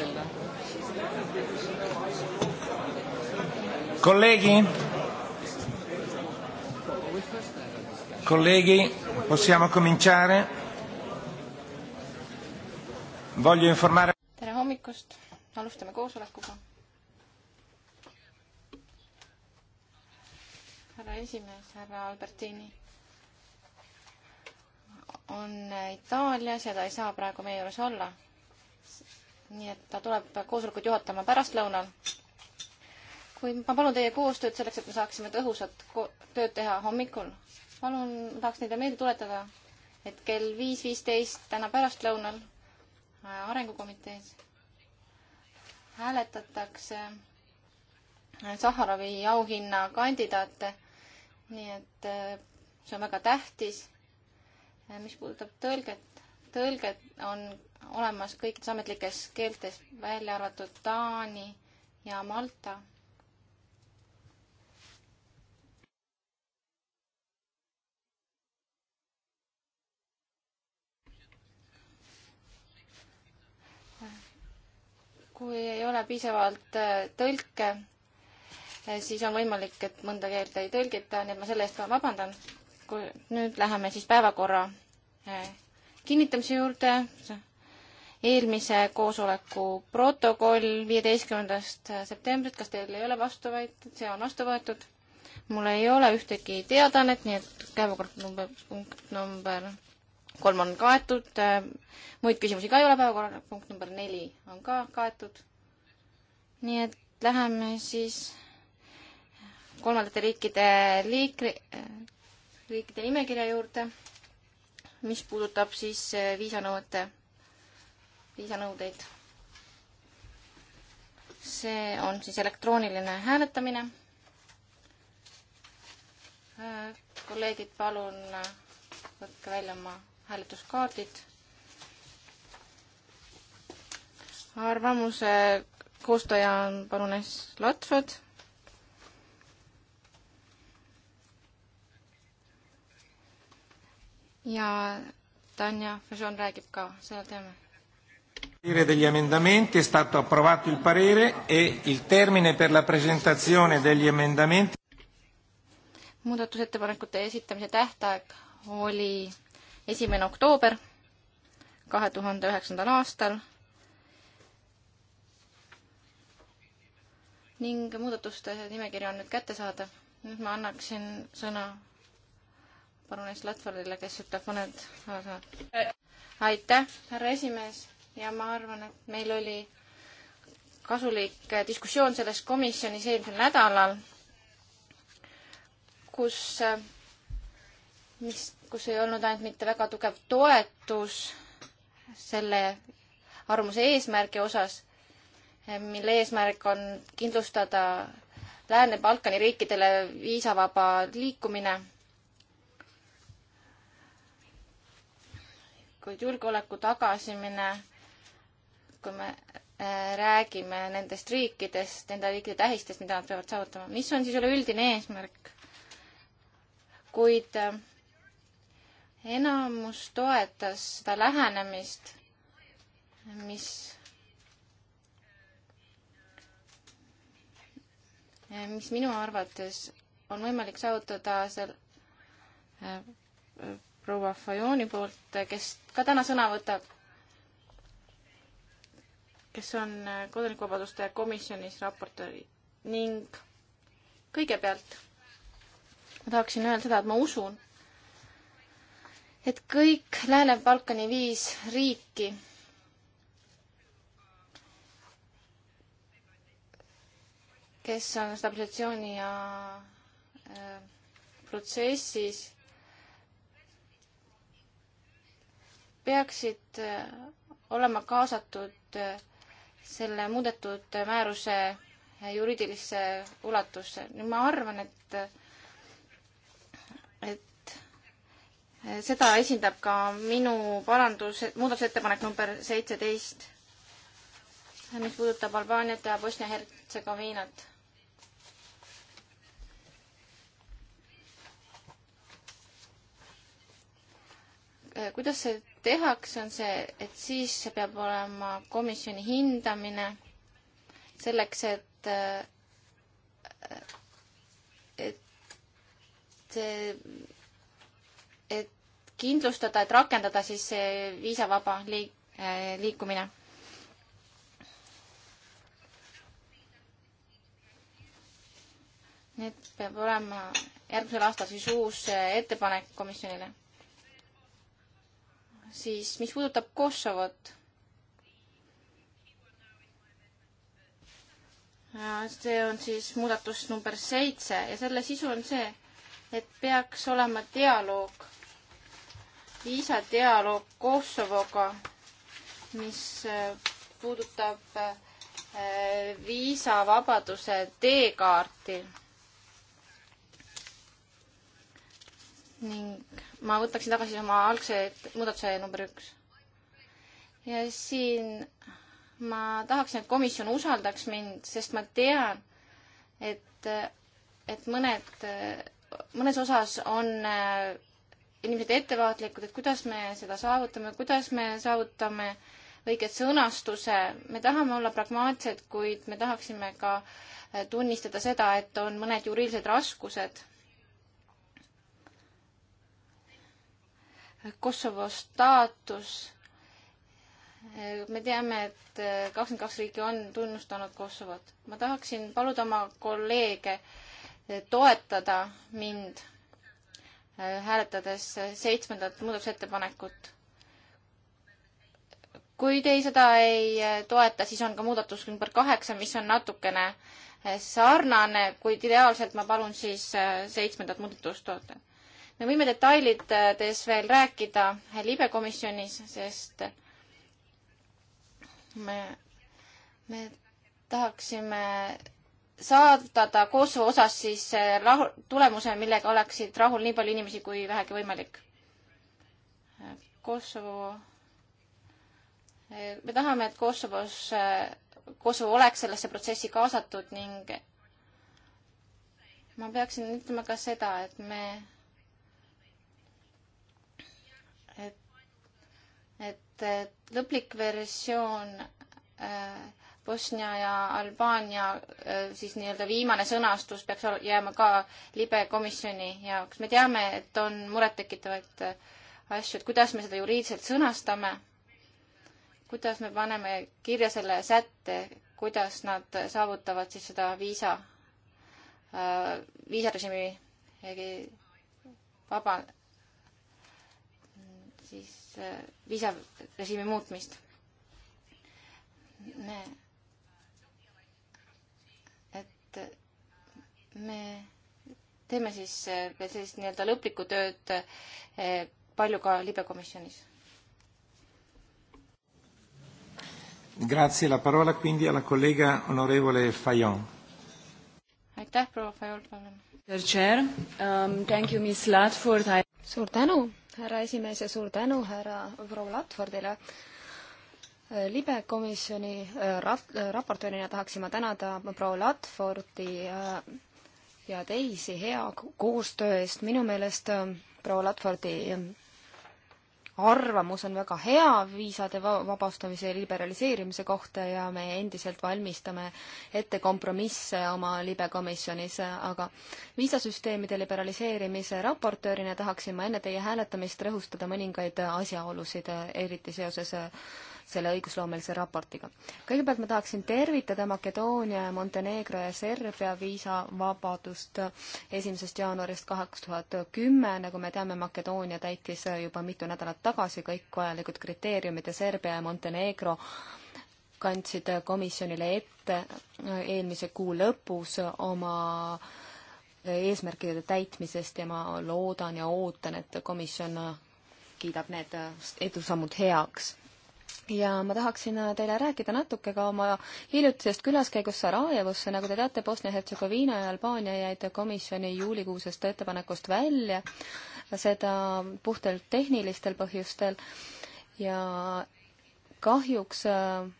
ütelda. kolleegi. kolleegi, possiamo cominciare? Voglio informare. tere hommikust, alustame koosolekuga. härra esimees, härra Albertini on Itaalias ja ta ei saa praegu meie juures olla nii et ta tuleb koosolekut juhatama pärastlõunal. kui ma palun teie koostööd selleks, et me saaksime tõhusat tööd teha hommikul, palun, ma tahaks neile meelde tuletada, et kell viis viisteist täna pärastlõunal äh, arengukomitees hääletatakse äh, Saharovi auhinna kandidaate. nii et äh, see on väga tähtis. mis puudutab tõlget, tõlged on olemas kõikides ametlikes keeltes, välja arvatud Taani ja Malta. kui ei ole piisavalt äh, tõlke, äh, siis on võimalik, et mõnda keelt ei tõlgita, nii et ma selle eest ka vabandan. kui nüüd läheme siis päevakorra äh, kinnitamise juurde eelmise koosoleku protokoll viieteistkümnendast septembrist, kas teil ei ole vastuväited, see on vastu võetud. mul ei ole ühtegi teadaannet, nii et päevakord number, punkt number kolm on kaetud, muid küsimusi ka ei ole, päevakorrapunkt number neli on ka kaetud. nii et läheme siis kolmandate riikide liikri, riikide nimekirja juurde mis puudutab siis eh, viisanõuete, viisanõudeid. see on siis elektrooniline hääletamine. Eh, kolleegid, palun eh, võtke välja oma hääletuskaardid. arvamuse koostaja on parunes Latsvad ja Tanja Fajon räägib ka sellel teemal. degli emendamenti è stato approvato il parere e il termine per la presentazione degli emendamenti muudatusettepanekute esitamise tähtaeg oli esimene oktoober kahe tuhande üheksandal aastal ning muudatuste nimekiri on nüüd kättesaadav. nüüd ma annaksin sõna baroness Latvardile, kes ütleb mõned osad. aitäh, härra esimees ja ma arvan, et meil oli kasulik diskussioon selles komisjonis eelmisel nädalal, kus, mis, kus ei olnud ainult mitte väga tugev toetus selle arvamuse eesmärgi osas, mille eesmärk on kindlustada Lääne-Balkani riikidele viisavaba liikumine kuid julgeoleku tagasimine, kui me äh, räägime nendest riikidest, nende riikide tähistest, mida nad peavad saavutama, mis on siis üleüldine eesmärk? kuid äh, enamus toetas seda lähenemist, mis, äh, mis minu arvates on võimalik saavutada seal proua Fajoni poolt, kes ka täna sõna võtab, kes on kodanikuvabaduste komisjonis raportööri ning kõigepealt ma tahaksin öelda seda, et ma usun, et kõik Lääne-Balkani viis riiki kes on stabilisatsiooni ja äh, protsessis peaksid äh, olema kaasatud äh, selle muudetud määruse äh, juriidilisse ulatusse. nüüd ma arvan, et, et seda esindab ka minu parandus, muudatusettepanek number seitseteist, mis puudutab Albaaniat ja Bosnia-Hertsegoviinat. kuidas see tehakse, on see, et siis peab olema komisjoni hindamine selleks, et, et, et kindlustada, et rakendada siis see viisavaba liik-, liikumine. nii et peab olema järgmisel aastal siis uus ettepanek komisjonile siis mis puudutab Kosovot, äh, see on siis muudatus number seitse ja selle sisu on see, et peaks olema dialoog, viisadialoog Kosovoga, mis äh, puudutab äh, viisavabaduse teekaarti ning ma võtaksin tagasi oma algse muudatuse number üks. ja siin ma tahaksin, et komisjon usaldaks mind, sest ma tean, et, et mõned, mõnes osas on äh, inimesed ettevaatlikud, et kuidas me seda saavutame, kuidas me saavutame õiget sõnastuse, me tahame olla pragmaatsed, kuid me tahaksime ka äh, tunnistada seda, et on mõned juriidilised raskused Kosovo staatus. me teame, et kakskümmend kaks riiki on tunnustanud Kosovot. ma tahaksin paluda oma kolleege toetada mind äh, hääletades seitsmendat muudatusettepanekut. kui te seda ei äh, toeta, siis on ka muudatus number kaheksa, mis on natukene äh, sarnane, kuid ideaalselt ma palun siis seitsmendat muudatust toota me võime detailides äh, veel rääkida libekomisjonis, sest me, me tahaksime saavutada Kosovo osas siis äh, rahu, tulemuse, millega oleksid rahul nii palju inimesi kui vähegi võimalik. Äh, Kosovo, me tahame, et Kosovos, Kosovo oleks sellesse protsessi kaasatud ning ma peaksin ütlema ka seda, et me et lõplik versioon äh, Bosnia ja Albaania äh, siis nii-öelda viimane sõnastus peaks jääma ka libe komisjoni jaoks. me teame, et on murettekitavaid äh, asju, et kuidas me seda juriidiliselt sõnastame, kuidas me paneme kirja selle sätte, kuidas nad saavutavad siis seda viisa, viisarežiimi vaba, siis äh, viisarežiimi muutmist. me, et äh, me teeme siis äh, veel sellist nii-öelda lõplikku tööd palju ka libekomisjonis. Grazie, la parola quindi alla collega onorevole Fajon. aitäh, proua Fajon, palun. Um, Suur tänu härra esimees ja suur tänu härra proua Latvordile libe komisjoni äh, rap-, äh, raportöörina tahaksin ma tänada proua Latfordi äh, ja teisi hea koostöö eest. minu meelest proua Latfordi arvamus on väga hea viisade vabastamise ja liberaliseerimise kohta ja me endiselt valmistame ette kompromisse oma libekomisjonis, aga viisasüsteemide liberaliseerimise raportöörina tahaksin ma enne teie hääletamist rõhustada mõningaid asjaolusid, eriti seoses selle õigusloomelise raportiga. kõigepealt ma tahaksin tervitada Makedoonia ja Montenegro ja Serbia viisavabadust esimesest jaanuarist kaks tuhat kümme, nagu me teame, Makedoonia täitis juba mitu nädalat tagasi kõik vajalikud kriteeriumid ja Serbia ja Montenegro kandsid komisjonile ette eelmise kuu lõpus oma eesmärkide täitmisest ja ma loodan ja ootan, et komisjon kiidab need edusammud heaks ja ma tahaksin äh, teile rääkida natuke ka oma hiljutisest külaskäigust Sarajevosse, nagu te teate, Bosnia-Hertsegoviina ja Albaania jäid komisjoni juulikuusest ettepanekust välja, seda puhtalt tehnilistel põhjustel ja kahjuks äh,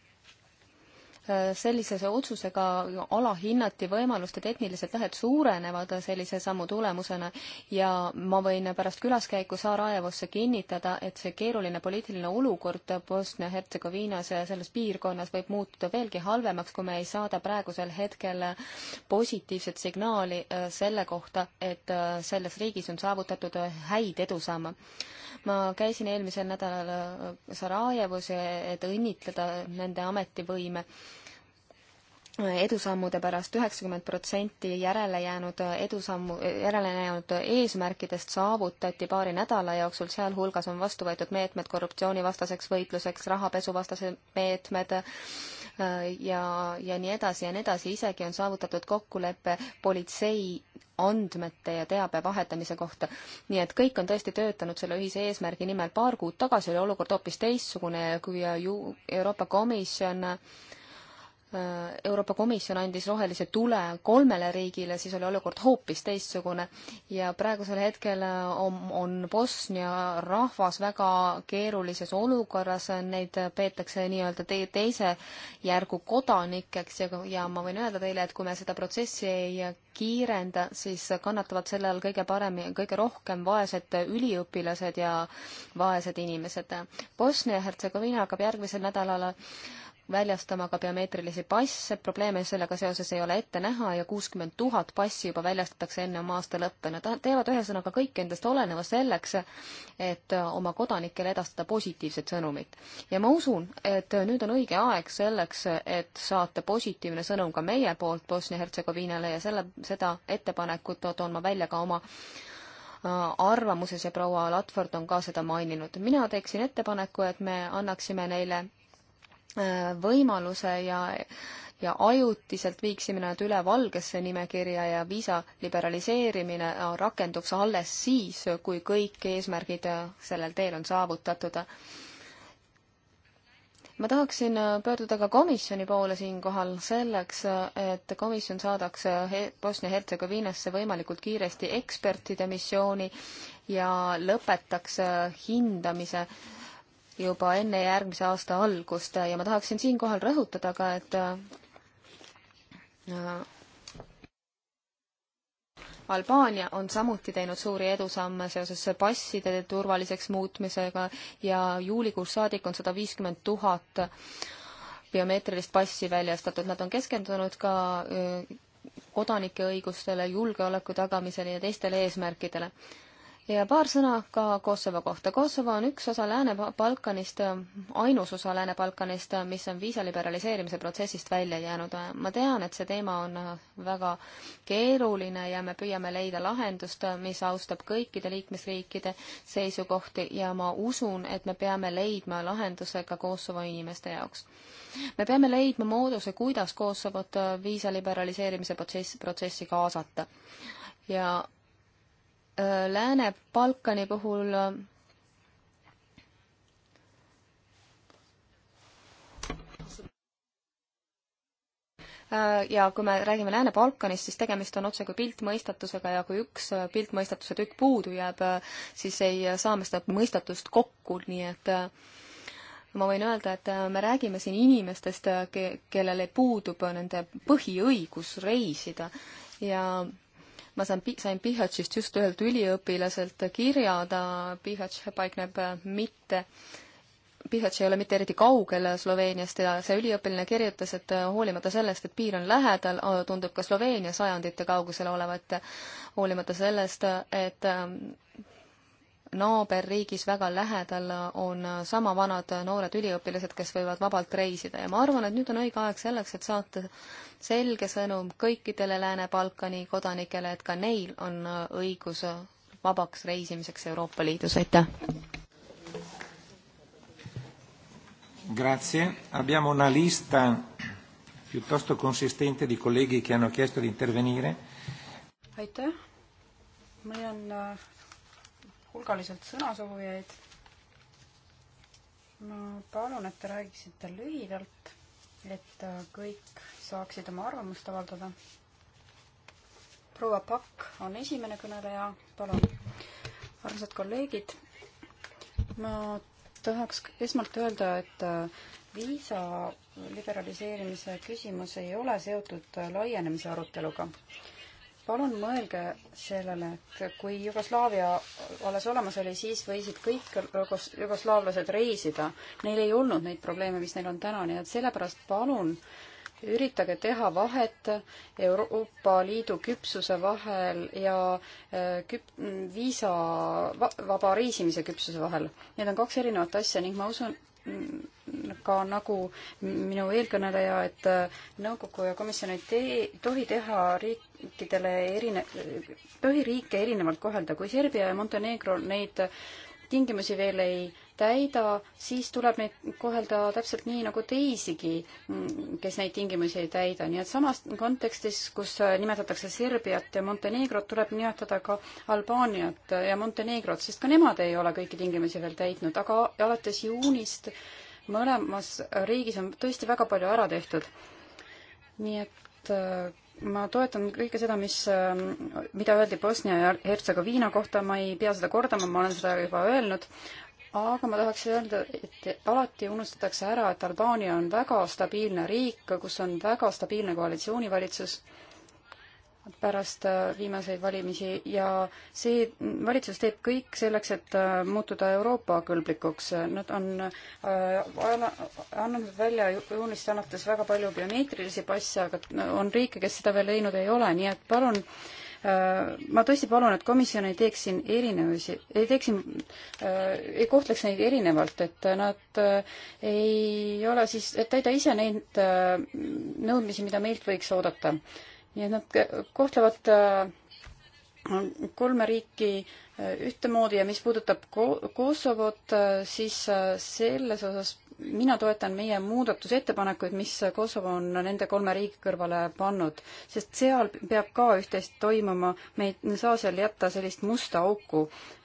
sellise otsusega alahinnati võimalust, et etnilised lõhed suurenevad sellise sammu tulemusena ja ma võin pärast külaskäiku Sarajevosse kinnitada, et see keeruline poliitiline olukord Bosnia-Hertsegoviinas ja selles piirkonnas võib muutuda veelgi halvemaks, kui me ei saada praegusel hetkel positiivset signaali äh, selle kohta, et äh, selles riigis on saavutatud äh, häid edusamme. ma käisin eelmisel nädalal Sarajevos, et õnnitleda nende ametivõime edusammude pärast üheksakümmend protsenti järele jäänud edusammu, järele jäänud eesmärkidest saavutati paari nädala jooksul, sealhulgas on vastu võetud meetmed korruptsioonivastaseks võitluseks, rahapesuvastase meetmed äh, ja, ja nii edasi ja nii edasi, isegi on saavutatud kokkulepe politsei andmete ja teabe vahetamise kohta. nii et kõik on tõesti töötanud selle ühise eesmärgi nimel. paar kuud tagasi oli olukord hoopis teistsugune, kui ju Euroopa Komisjon Äh, Euroopa Komisjon andis rohelise tule kolmele riigile, siis oli olukord hoopis teistsugune ja praegusel hetkel äh, on, on Bosnia rahvas väga keerulises olukorras, neid peetakse nii-öelda te teise järgu kodanikeks ja, ja ma võin öelda teile, et kui me seda protsessi ei kiirenda, siis kannatavad selle all kõige paremini, kõige rohkem vaesed üliõpilased ja vaesed inimesed. Bosnia-Hertsegoviina hakkab järgmisel nädalal väljastama ka biomeetrilisi passe, probleeme sellega seoses ei ole ette näha ja kuuskümmend tuhat passi juba väljastatakse enne oma aasta lõppu. Nad teevad ühesõnaga kõik endast oleneva selleks, et oma kodanikele edastada positiivset sõnumit. ja ma usun, et nüüd on õige aeg selleks, et saata positiivne sõnum ka meie poolt Bosnia-Hertsegoviinale ja selle, seda ettepanekut toon ma välja ka oma äh, arvamuses ja proua Latford on ka seda maininud. mina teeksin ettepaneku, et me annaksime neile Äh, võimaluse ja ja ajutiselt viiksime nad üle valgesse nimekirja ja viisa liberaliseerimine äh, rakenduks alles siis, kui kõik eesmärgid äh, sellel teel on saavutatud. ma tahaksin pöörduda ka komisjoni poole siinkohal selleks, et komisjon saadaks Bosnia-Hertsegoviinasse võimalikult kiiresti ekspertide missiooni ja lõpetaks hindamise äh, juba enne järgmise aasta algust ja ma tahaksin siinkohal rõhutada ka, et äh, Albaania on samuti teinud suuri edusamme seoses passide turvaliseks muutmisega ja juulikuus saadik on sada viiskümmend tuhat biomeetrilist passi väljastatud, nad on keskendunud ka äh, kodanike õigustele, julgeoleku tagamisele ja teistele eesmärkidele ja paar sõna ka Kosovo kohta. Kosovo on üks osa Lääne-Balkanist, ainus osa Lääne-Balkanist, mis on viisa liberaliseerimise protsessist välja jäänud. ma tean, et see teema on väga keeruline ja me püüame leida lahendust, mis austab kõikide liikmesriikide seisukohti ja ma usun, et me peame leidma lahenduse ka Kosovo inimeste jaoks. me peame leidma mooduse, kuidas Kosovot viisa liberaliseerimise protsess, protsessi kaasata ja Lääne-Balkani puhul äh, ja kui me räägime Lääne-Balkanist, siis tegemist on otsekui piltmõistatusega ja kui üks äh, piltmõistatuse tükk puudu jääb, äh, siis ei saa me seda mõistatust kokku, nii et ma võin öelda, et me räägime siin inimestest, kellele puudub nende põhiõigus reisida ja ma saan, sain Pihachist just ühelt üliõpilaselt kirja, ta, Pihach paikneb äh, mitte Pihats ei ole mitte eriti kaugel Sloveeniast ja see üliõpilane kirjutas, et äh, hoolimata sellest, et piir on lähedal, äh, tundub ka Sloveenia sajandite kaugusel olevat, hoolimata sellest, et ähm, naaberriigis väga lähedal on sama vanad noored üliõpilased, kes võivad vabalt reisida ja ma arvan, et nüüd on õige aeg selleks, et saata selge sõnum kõikidele Lääne-Balkani kodanikele, et ka neil on õigus vabaks reisimiseks Euroopa Liidus, aitäh! Grazie, abbiamo una lista piuttosto consistente di colleghi che hanno chiesto di intervenire. aitäh, meil on hulgaliselt sõnasoovijaid. ma palun, et te räägiksite lühidalt, et kõik saaksid oma arvamust avaldada. proua Pakk on esimene kõneleja, palun. armsad kolleegid, ma tahaks esmalt öelda, et viisa liberaliseerimise küsimus ei ole seotud laienemise aruteluga palun mõelge sellele, et kui Jugoslaavia alles olemas oli, siis võisid kõik jugos-, jugoslaavlased reisida. Neil ei olnud neid probleeme, mis neil on täna, nii et sellepärast palun üritage teha vahet Euroopa Liidu küpsuse vahel ja äh, küp-, viisavaba reisimise küpsuse vahel. Need on kaks erinevat asja ning ma usun, ka nagu minu eelkõneleja, et äh, nõukogu ja komisjon ei tee, tohi teha riikidele erine-, tohi riike erinevalt kohelda, kui Serbia ja Montenegro neid tingimusi veel ei täida, siis tuleb neid kohelda täpselt nii nagu teisigi, mm, kes neid tingimusi ei täida, nii et samas kontekstis, kus äh, nimetatakse Serbiat ja Montenegrot, tuleb nimetada ka Albaaniat ja Montenegrot, sest ka nemad ei ole kõiki tingimusi veel täitnud, aga alates juunist mõlemas riigis on tõesti väga palju ära tehtud. nii et äh, ma toetan kõike seda, mis, äh, mida öeldi Bosnia ja Hertsegoviina kohta, ma ei pea seda kordama, ma olen seda juba öelnud, aga ma tahaks öelda, et alati unustatakse ära, et Albaania on väga stabiilne riik, kus on väga stabiilne koalitsioonivalitsus pärast äh, viimaseid valimisi ja see valitsus teeb kõik selleks, et äh, muutuda Euroopa kõlblikuks. Nad on äh, andnud välja joonist annetes väga palju biomeetrilisi passe, aga on riike, kes seda veel teinud ei ole, nii et palun äh, Äh, ma tõesti palun, et komisjon ei teeks siin erinevusi, ei teeks siin, äh, ei kohtleks neid erinevalt, et nad äh, ei ole siis, et täida ise neid nõudmisi, mida meilt võiks oodata. nii et nad kohtlevad kolme riiki ühtemoodi ja mis puudutab Kosovot, siis selles osas mina toetan meie muudatusettepanekuid, mis Kosovo on nende kolme riigi kõrvale pannud, sest seal peab ka üht-teist toimuma, me ei saa seal jätta sellist musta auku,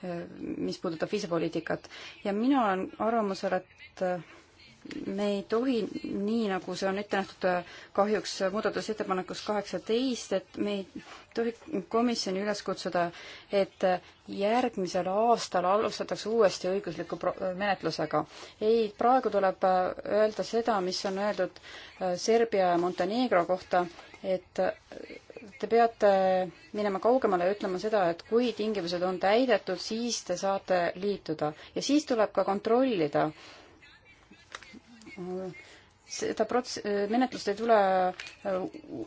eh, mis puudutab viisapoliitikat. ja mina olen arvamusel, et me ei tohi, nii nagu see on ette nähtud äh, kahjuks muudatusettepanekus kaheksateist, et me ei tohi komisjoni üles kutsuda, et äh, järgmisel aastal alustatakse uuesti õigusliku äh, menetlusega. ei, praegu tuleb öelda seda, mis on öeldud Serbia ja Montenegro kohta, et te peate minema kaugemale ja ütlema seda, et kui tingimused on täidetud, siis te saate liituda ja siis tuleb ka kontrollida seda prots-, äh, menetlust ei tule äh,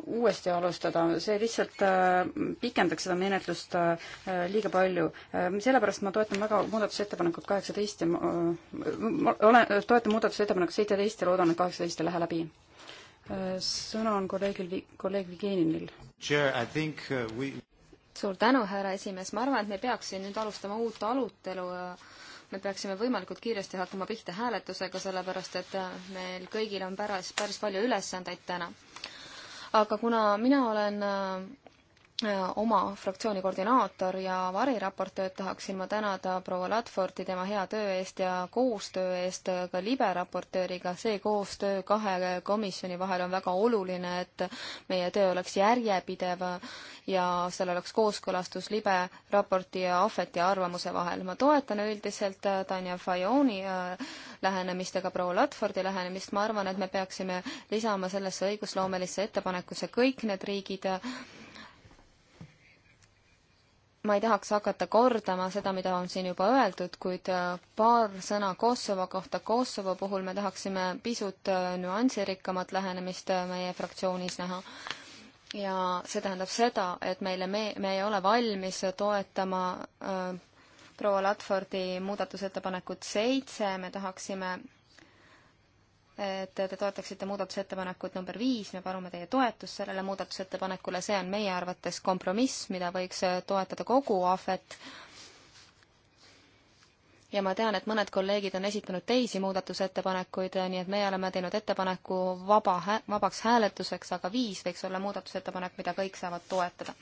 uuesti alustada, see lihtsalt äh, pikendaks seda menetlust liiga palju. sellepärast ma toetan väga muudatusettepanekut kaheksateist ja ma, ma olen, toetan muudatusettepanekut seitseteist ja loodan, et kaheksateist ei lähe läbi. sõna on kolleegil, kolleeg Vigeninil. Uh, suur tänu, härra esimees, ma arvan, et me peaks siin nüüd alustama uut arutelu ja me peaksime võimalikult kiiresti hakkama pihta hääletusega, sellepärast et äh, meil kõigil on päris, päris palju ülesandeid täna. aga kuna mina olen äh, Äh, oma fraktsiooni koordinaator ja variraportööd tahaksin ma tänada proua Ladforti tema hea töö eest ja koostöö eest ka liberaportööriga. see koostöö kahe komisjoni vahel on väga oluline, et meie töö oleks järjepidev ja seal oleks kooskõlastus libe raporti ja ahveti arvamuse vahel. ma toetan üldiselt Tanja Fajoni äh, lähenemist ja ka proua Ladfordi lähenemist. ma arvan, et me peaksime lisama sellesse õigusloomelisse ettepanekusse kõik need riigid, ma ei tahaks hakata kordama seda, mida on siin juba öeldud, kuid äh, paar sõna Kosovo kohta. Kosovo puhul me tahaksime pisut äh, nüansirikkamat lähenemist äh, meie fraktsioonis näha. ja see tähendab seda, et meile, me, me ei ole valmis toetama äh, proua Ladfordi muudatusettepanekut seitse, me tahaksime et te toetaksite muudatusettepanekut number viis, me palume teie toetust sellele muudatusettepanekule, see on meie arvates kompromiss, mida võiks toetada kogu ahvet. ja ma tean, et mõned kolleegid on esitanud teisi muudatusettepanekuid, nii et meie oleme teinud ettepaneku vaba, vabaks hääletuseks, aga viis võiks olla muudatusettepanek, mida kõik saavad toetada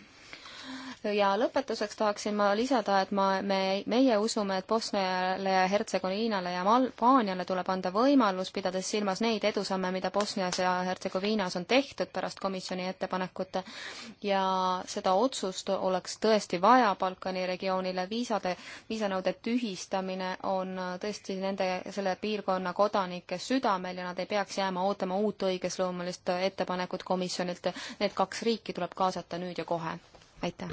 ja lõpetuseks tahaksin ma lisada, et ma, me, meie usume, et Bosniale, Hertsegoviinale ja Albaaniale tuleb anda võimalus, pidades silmas neid edusamme, mida Bosnias ja Hertsegoviinas on tehtud pärast komisjoni ettepanekut. ja seda otsust oleks tõesti vaja Balkani regioonile, viisade, viisanõude tühistamine on tõesti nende, selle piirkonna kodanike südamel ja nad ei peaks jääma ootama uut õigusloomulist ettepanekut komisjonilt. Need kaks riiki tuleb kaasata nüüd ja kohe aitäh.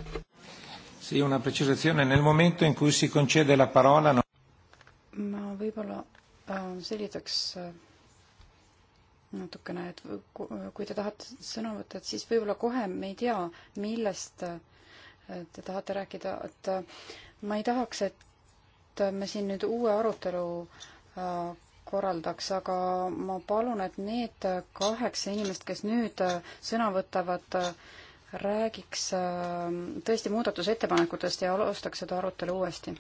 ma võib-olla äh, selgitaks äh, natukene, et kui te tahate sõna võtta, et siis võib-olla kohe me ei tea, millest äh, te tahate rääkida, et ma ei tahaks, et me siin nüüd uue arutelu korraldaks, aga ma palun, et need kaheksa inimest, kes nüüd sõna võtavad, räägiks ähm, tõesti muudatusettepanekutest ja alustaks seda arutelu uuesti.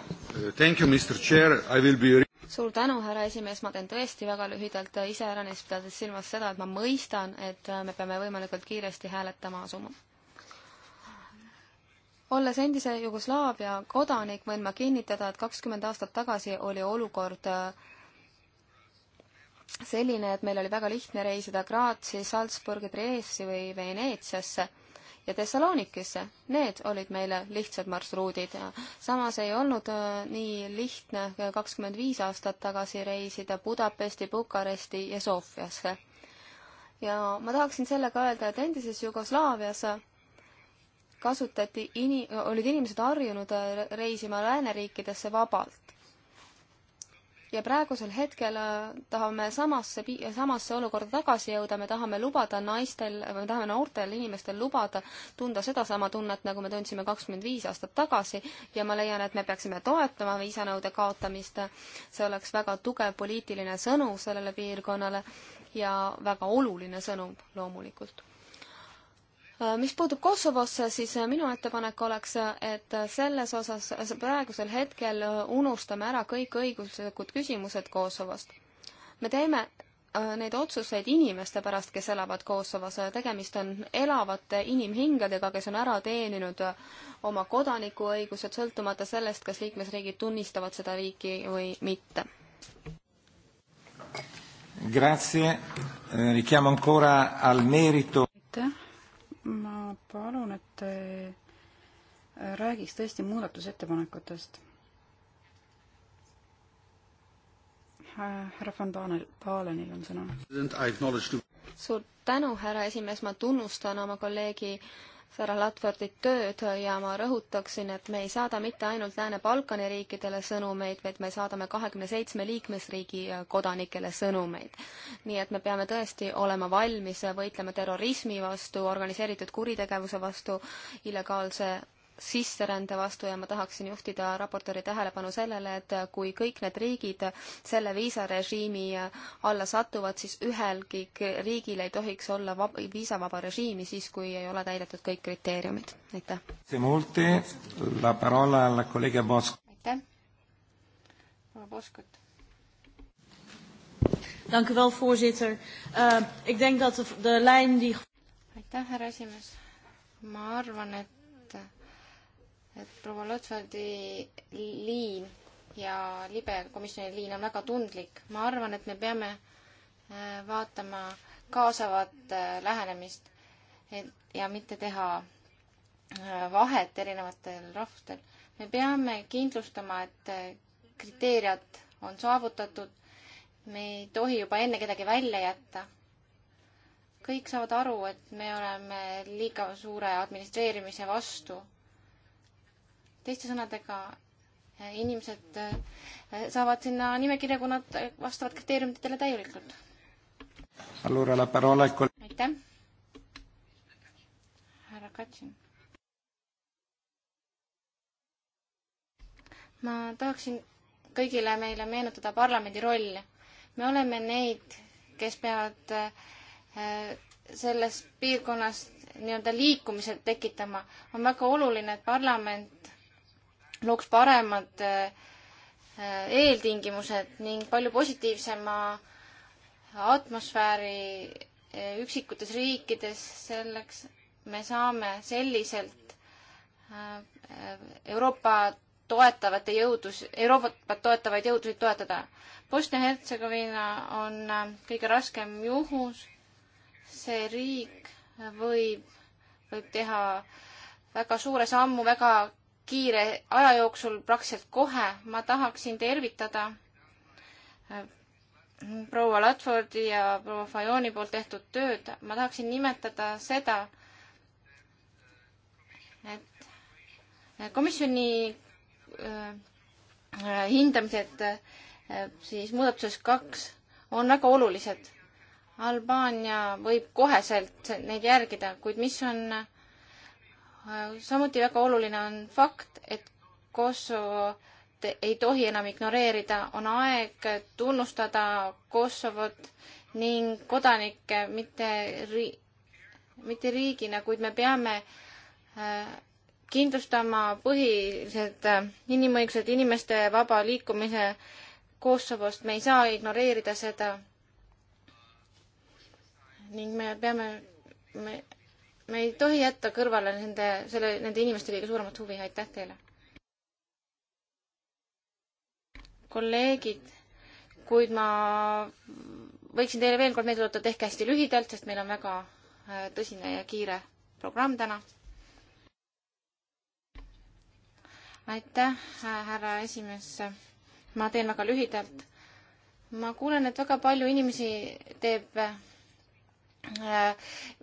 Uh, thank you, Mr Chair, I will be suur tänu, härra esimees, ma teen tõesti väga lühidalt äh, iseäranis, pidades silmas seda, et ma mõistan, et äh, me peame võimalikult kiiresti hääletama asuma. olles endise Jugoslaavia kodanik, võin ma kinnitada, et kakskümmend aastat tagasi oli olukord äh, selline, et meil oli väga lihtne reisida Graatsi, Salzburgi, Dresdeni või Veneetsiasse ja Thessalonikisse. Need olid meile lihtsad marsruudid. samas ei olnud äh, nii lihtne kakskümmend viis aastat tagasi reisida Budapesti, Bukaresti ja Sofiasse. ja ma tahaksin sellega öelda, et endises Jugoslaavias kasutati ini-, olid inimesed harjunud äh, reisima lääneriikidesse vabalt ja praegusel hetkel äh, tahame samasse, samasse olukorda tagasi jõuda, me tahame lubada naistel, me tahame noortel inimestel lubada tunda sedasama tunnet, nagu me tundsime kakskümmend viis aastat tagasi ja ma leian, et me peaksime toetama viisanõude kaotamist. see oleks väga tugev poliitiline sõnum sellele piirkonnale ja väga oluline sõnum loomulikult Äh, mis puutub Kosovosse, siis äh, minu ettepanek oleks, äh, et selles osas praegusel hetkel unustame ära kõik õiguslikud küsimused Kosovost. me teeme neid otsuseid inimeste pärast, kes elavad Kosovos, tegemist on elavate inimhingadega, kes on ära teeninud oma kodanikuõigused, sõltumata sellest, kas liikmesriigid tunnistavad seda riiki või mitte. Grazie, eh, richiamo ancora al merito. aitäh ma palun, et te äh, räägiks tõesti muudatusettepanekutest. härra von Paanel, Paalenil on sõna. suur tänu, härra esimees, ma tunnustan oma kolleegi äh, härra Latvordit tööd ja ma rõhutaksin, et me ei saada mitte ainult Lääne-Balkani riikidele sõnumeid, vaid me saadame kahekümne seitsme liikmesriigi äh, kodanikele sõnumeid. nii et me peame tõesti olema valmis võitlema terrorismi vastu, organiseeritud kuritegevuse vastu, illegaalse sisserände vastu ja ma tahaksin juhtida raportööri tähelepanu sellele, et kui kõik need riigid selle viisarežiimi alla satuvad, siis ühelgi riigil ei tohiks olla vab-, viisavaba režiimi siis, kui ei ole täidetud kõik kriteeriumid. aitäh! aitäh! proua Poskut. Dank u wel, voorzitter. Uh, ik denk dat de, de lijn die... Aitäh, härra esimees. Ma arvan, et et proua Lotsvaldi liin ja libe komisjoni liin on väga tundlik. ma arvan, et me peame äh, vaatama kaasavat äh, lähenemist ja mitte teha äh, vahet erinevatel rahvustel. me peame kindlustama, et kriteeriad on saavutatud. me ei tohi juba enne kedagi välja jätta. kõik saavad aru, et me oleme liiga suure administreerimise vastu teiste sõnadega, eh, inimesed eh, saavad sinna nimekirja, kui nad vastavad kriteeriumitele täielikult. aitäh. härra Katsin. ma tahaksin kõigile meile meenutada parlamendi rolli. me oleme neid, kes peavad eh, selles piirkonnas nii-öelda liikumised tekitama. on väga oluline, et parlament looks paremad eh, eeltingimused ning palju positiivsema atmosfääri eh, üksikutes riikides, selleks me saame selliselt eh, Euroopa toetavate jõudus, Euroopat toetavaid jõudusid toetada. Bosnia-Hertsegoviina on kõige raskem juhus. see riik võib, võib teha väga suure sammu väga kiire aja jooksul, praktiliselt kohe, ma tahaksin tervitada äh, proua Ladfordi ja proua Fajoni poolt tehtud tööd. ma tahaksin nimetada seda, et komisjoni äh, äh, hindamised siis muudatuses kaks on väga olulised. Albaania võib koheselt neid järgida, kuid mis on äh, samuti väga oluline on fakt, et Kosovot ei tohi enam ignoreerida, on aeg tunnustada Kosovot ning kodanikke mitte ri-, mitte riigina, kuid me peame äh, kindlustama põhilised äh, inimõigused, inimeste vaba liikumise Kosovost, me ei saa ignoreerida seda. ning me peame, me me ei tohi jätta kõrvale nende, selle, nende inimeste kõige suuremat huvi, aitäh teile! kolleegid, kuid ma võiksin teile veel kord meelde tuletada, tehke hästi lühidalt, sest meil on väga äh, tõsine ja kiire programm täna. aitäh, äh, härra esimees. ma teen väga lühidalt. ma kuulen, et väga palju inimesi teeb äh, Äh,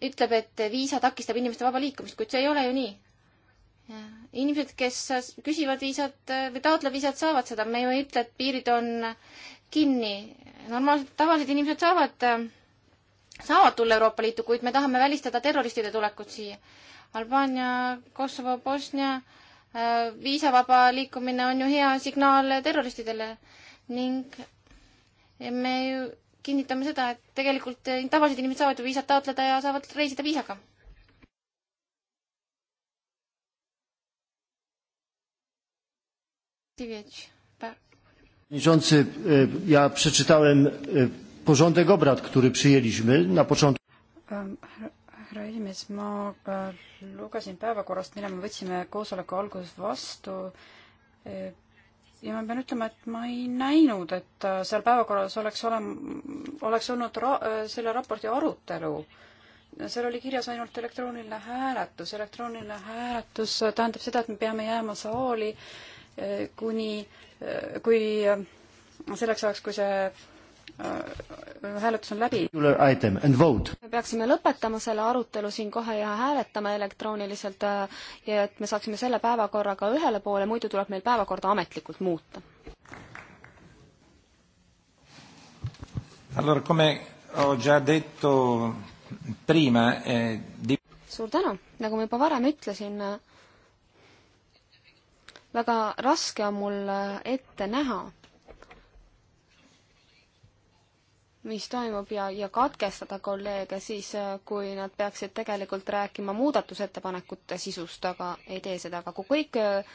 ütleb, et viisa takistab inimeste vaba liikumist, kuid see ei ole ju nii. inimesed, kes küsivad viisat äh, või taotlevad viisat, saavad seda, me ju ei ütle, et piirid on kinni. normaalsed, tavalised inimesed saavad, äh, saavad tulla Euroopa Liitu, kuid me tahame välistada terroristide tulekut siia. Albaania, Kosovo, Bosnia, viisavaba liikumine on ju hea signaal terroristidele ning me ju kinnitame seda, et tegelikult eh, tavalised inimesed saavad ju viisat taotleda ja saavad reisida viisaga. Przewodniczący, e, ja przeczytałem e, porządek obrad, który przyjęliśmy na początku. Ehm, härra esimees, ma e, lugesin päevakorrast, mille me võtsime koosoleku alguses vastu ja ma pean ütlema, et ma ei näinud, et äh, seal päevakorras oleks olem-, oleks olnud ra-, äh, selle raporti arutelu. seal oli kirjas ainult elektrooniline hääletus. elektrooniline hääletus äh, tähendab seda, et me peame jääma saali kuni, kui selleks ajaks, kui see Äh, hääletus on läbi. me peaksime lõpetama selle arutelu siin kohe ja hääletama elektrooniliselt äh, ja et me saaksime selle päevakorraga ühele poole, muidu tuleb meil päevakorda ametlikult muuta. Eh, suur tänu, nagu ma juba varem ütlesin, äh, väga raske on mul ette näha mis toimub ja, ja katkestada kolleege siis, äh, kui nad peaksid tegelikult rääkima muudatusettepanekute sisust, aga ei tee seda, aga kui kõik äh,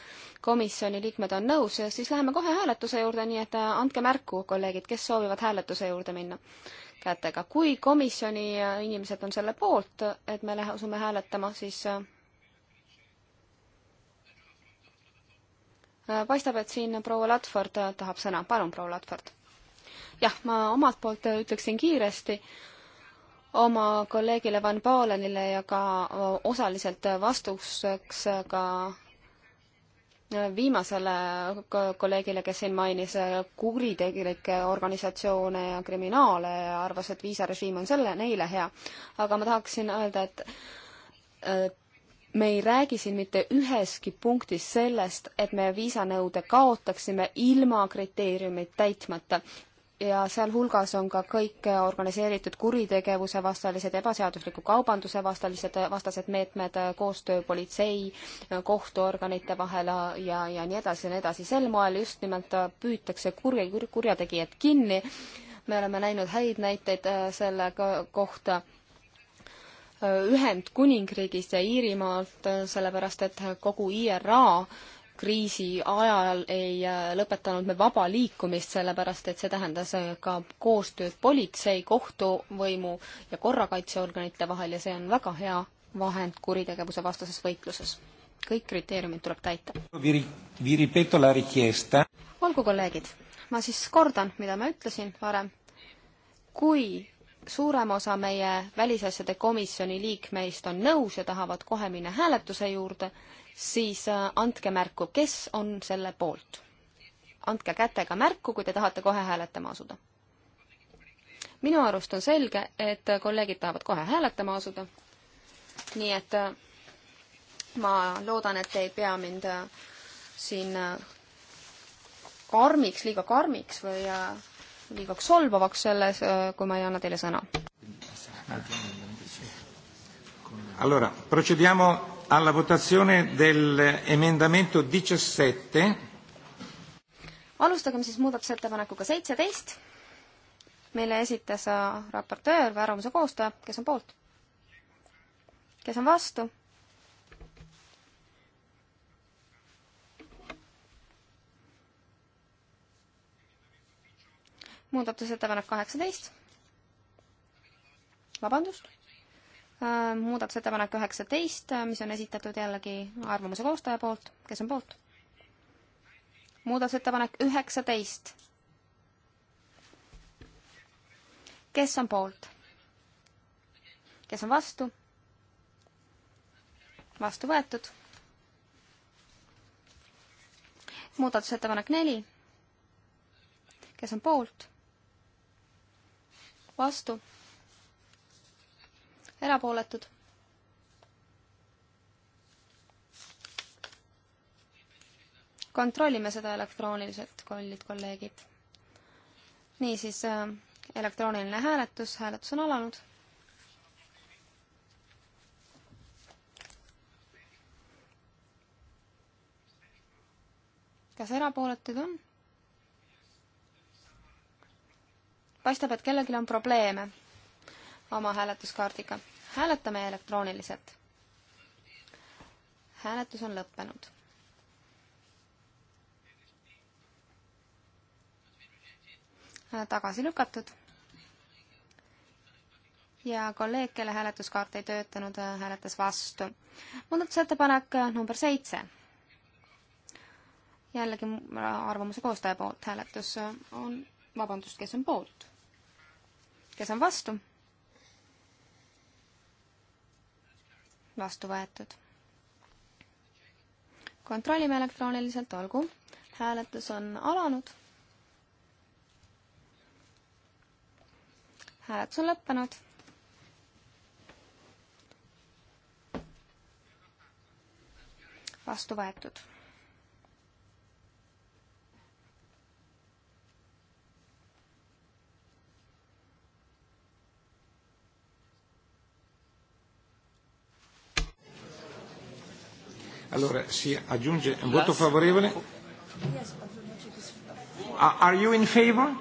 komisjoni liikmed on nõus, siis läheme kohe hääletuse juurde, nii et äh, andke märku, kolleegid, kes soovivad hääletuse juurde minna kätega. kui komisjoni inimesed on selle poolt, et me lähe-, asume hääletama, siis paistab, et siin proua Ladford tahab sõna. palun, proua Ladford jah, ma omalt poolt ütleksin kiiresti oma kolleegile Van Balenile ja ka osaliselt vastuseks ka viimasele kolleegile, kes siin mainis kuritegelikke organisatsioone ja kriminaale ja arvas, et viisarežiim on selle, neile hea. aga ma tahaksin öelda, et me ei räägi siin mitte üheski punktis sellest, et me viisanõude kaotaksime ilma kriteeriumid täitmata ja sealhulgas on ka kõik organiseeritud kuritegevuse vastalised, ebaseadusliku kaubanduse vastalised, vastased meetmed, koostöö politsei, kohtuorganite vahel ja, ja nii edasi ja nii edasi. sel moel just nimelt püütakse kurje, kurjategijad kinni. me oleme näinud häid näiteid äh, selle kohta äh, Ühendkuningriigist ja Iirimaalt, äh, sellepärast et kogu IRA kriisi ajal ei äh, lõpetanud me vaba liikumist, sellepärast et see tähendas äh, ka koostööd politsei, kohtuvõimu ja korrakaitseorganite vahel ja see on väga hea vahend kuritegevuse vastases võitluses. kõik kriteeriumid tuleb täita. olgu, kolleegid, ma siis kordan, mida ma ütlesin varem. kui suurem osa meie välisasjade komisjoni liikmeist on nõus ja tahavad kohe minna hääletuse juurde, siis äh, andke märku, kes on selle poolt. andke kätega märku, kui te tahate kohe hääletama asuda. minu arust on selge, et kolleegid tahavad kohe hääletama asuda. nii et äh, ma loodan, et te ei pea mind äh, siin karmiks, liiga karmiks või liigaks solvavaks selles, äh, kui ma ei anna teile sõna. Allora, procediamo alla votazione dell'emendamento 17. alustagem siis muudatusettepanekuga seitseteist, mille esitas äh, raportöör või arvamuse koostaja, kes on poolt? kes on vastu? muudatusettepanek kaheksateist, vabandust, äh, muudatusettepanek üheksateist, äh, mis on esitatud jällegi arvamuse koostaja poolt, kes on poolt? muudatusettepanek üheksateist. kes on poolt? kes on vastu? vastu võetud. muudatusettepanek neli. kes on poolt? vastu, erapooletud. kontrollime seda elektrooniliselt, kallid kolleegid. niisiis, elektrooniline hääletus, hääletus on alanud. kas erapooletuid on? paistab, et kellelgi on probleeme oma hääletuskaardiga. hääletame elektrooniliselt. hääletus on lõppenud. tagasi lükatud. ja kolleeg, kelle hääletuskaart ei töötanud, hääletas vastu. muudatusettepanek number seitse. jällegi arvamuse koostaja poolt hääletus on, vabandust, kes on poolt kes on vastu? vastu võetud. kontrollime elektrooniliselt, olgu. hääletus on alanud. hääletus on lõppenud. vastu võetud Allora si aggiunge un voto favorevole. Ah, are you in favor?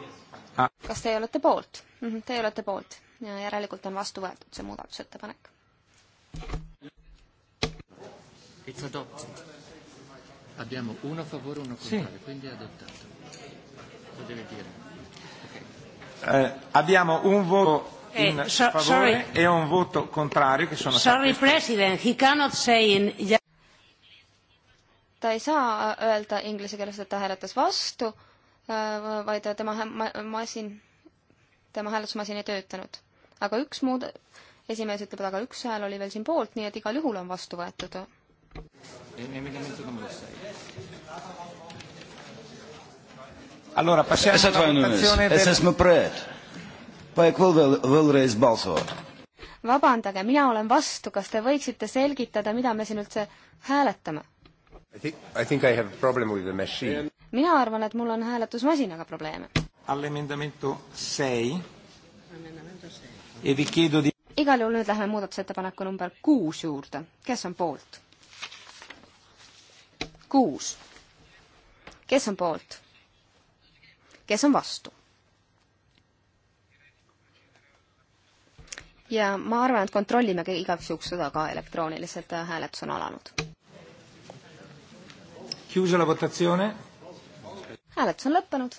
Ah. kas teie olete poolt? Mhm, teie olete poolt ja järelikult on vastu võetud see muudatusettepanek. It's adopted. Abbiamo uno a favore, uno contrario, sì. quindi è adottato. Lo deve dire. Okay. Eh, abbiamo un voto eh, in favore sorry. e un voto contrario che sono Sorry President, he cannot say in ta ei saa äh, öelda inglise keeles, et ta hääletas vastu, äh, vaid tema ma masin, tema hääletusmasin ei töötanud. aga üks muud, esimees ütleb, et aga üks hääl oli veel siin poolt, nii et igal juhul on vastu võetud. Eh, allora passiamo alla votazione del... SS Mupred. Poi quel vil, vil reis balsuot vabandage, mina olen vastu, kas te võiksite selgitada, mida me siin üldse hääletame? mina arvan, et mul on hääletusmasinaga probleeme. E igal juhul nüüd läheme muudatusettepaneku number kuus juurde. kes on poolt? kuus. kes on poolt? kes on vastu? ja ma arvan, et kontrollime igaks juhuks seda ka elektrooniliselt, hääletus on alanud Chiusa la votazione. hääletus on lõppenud.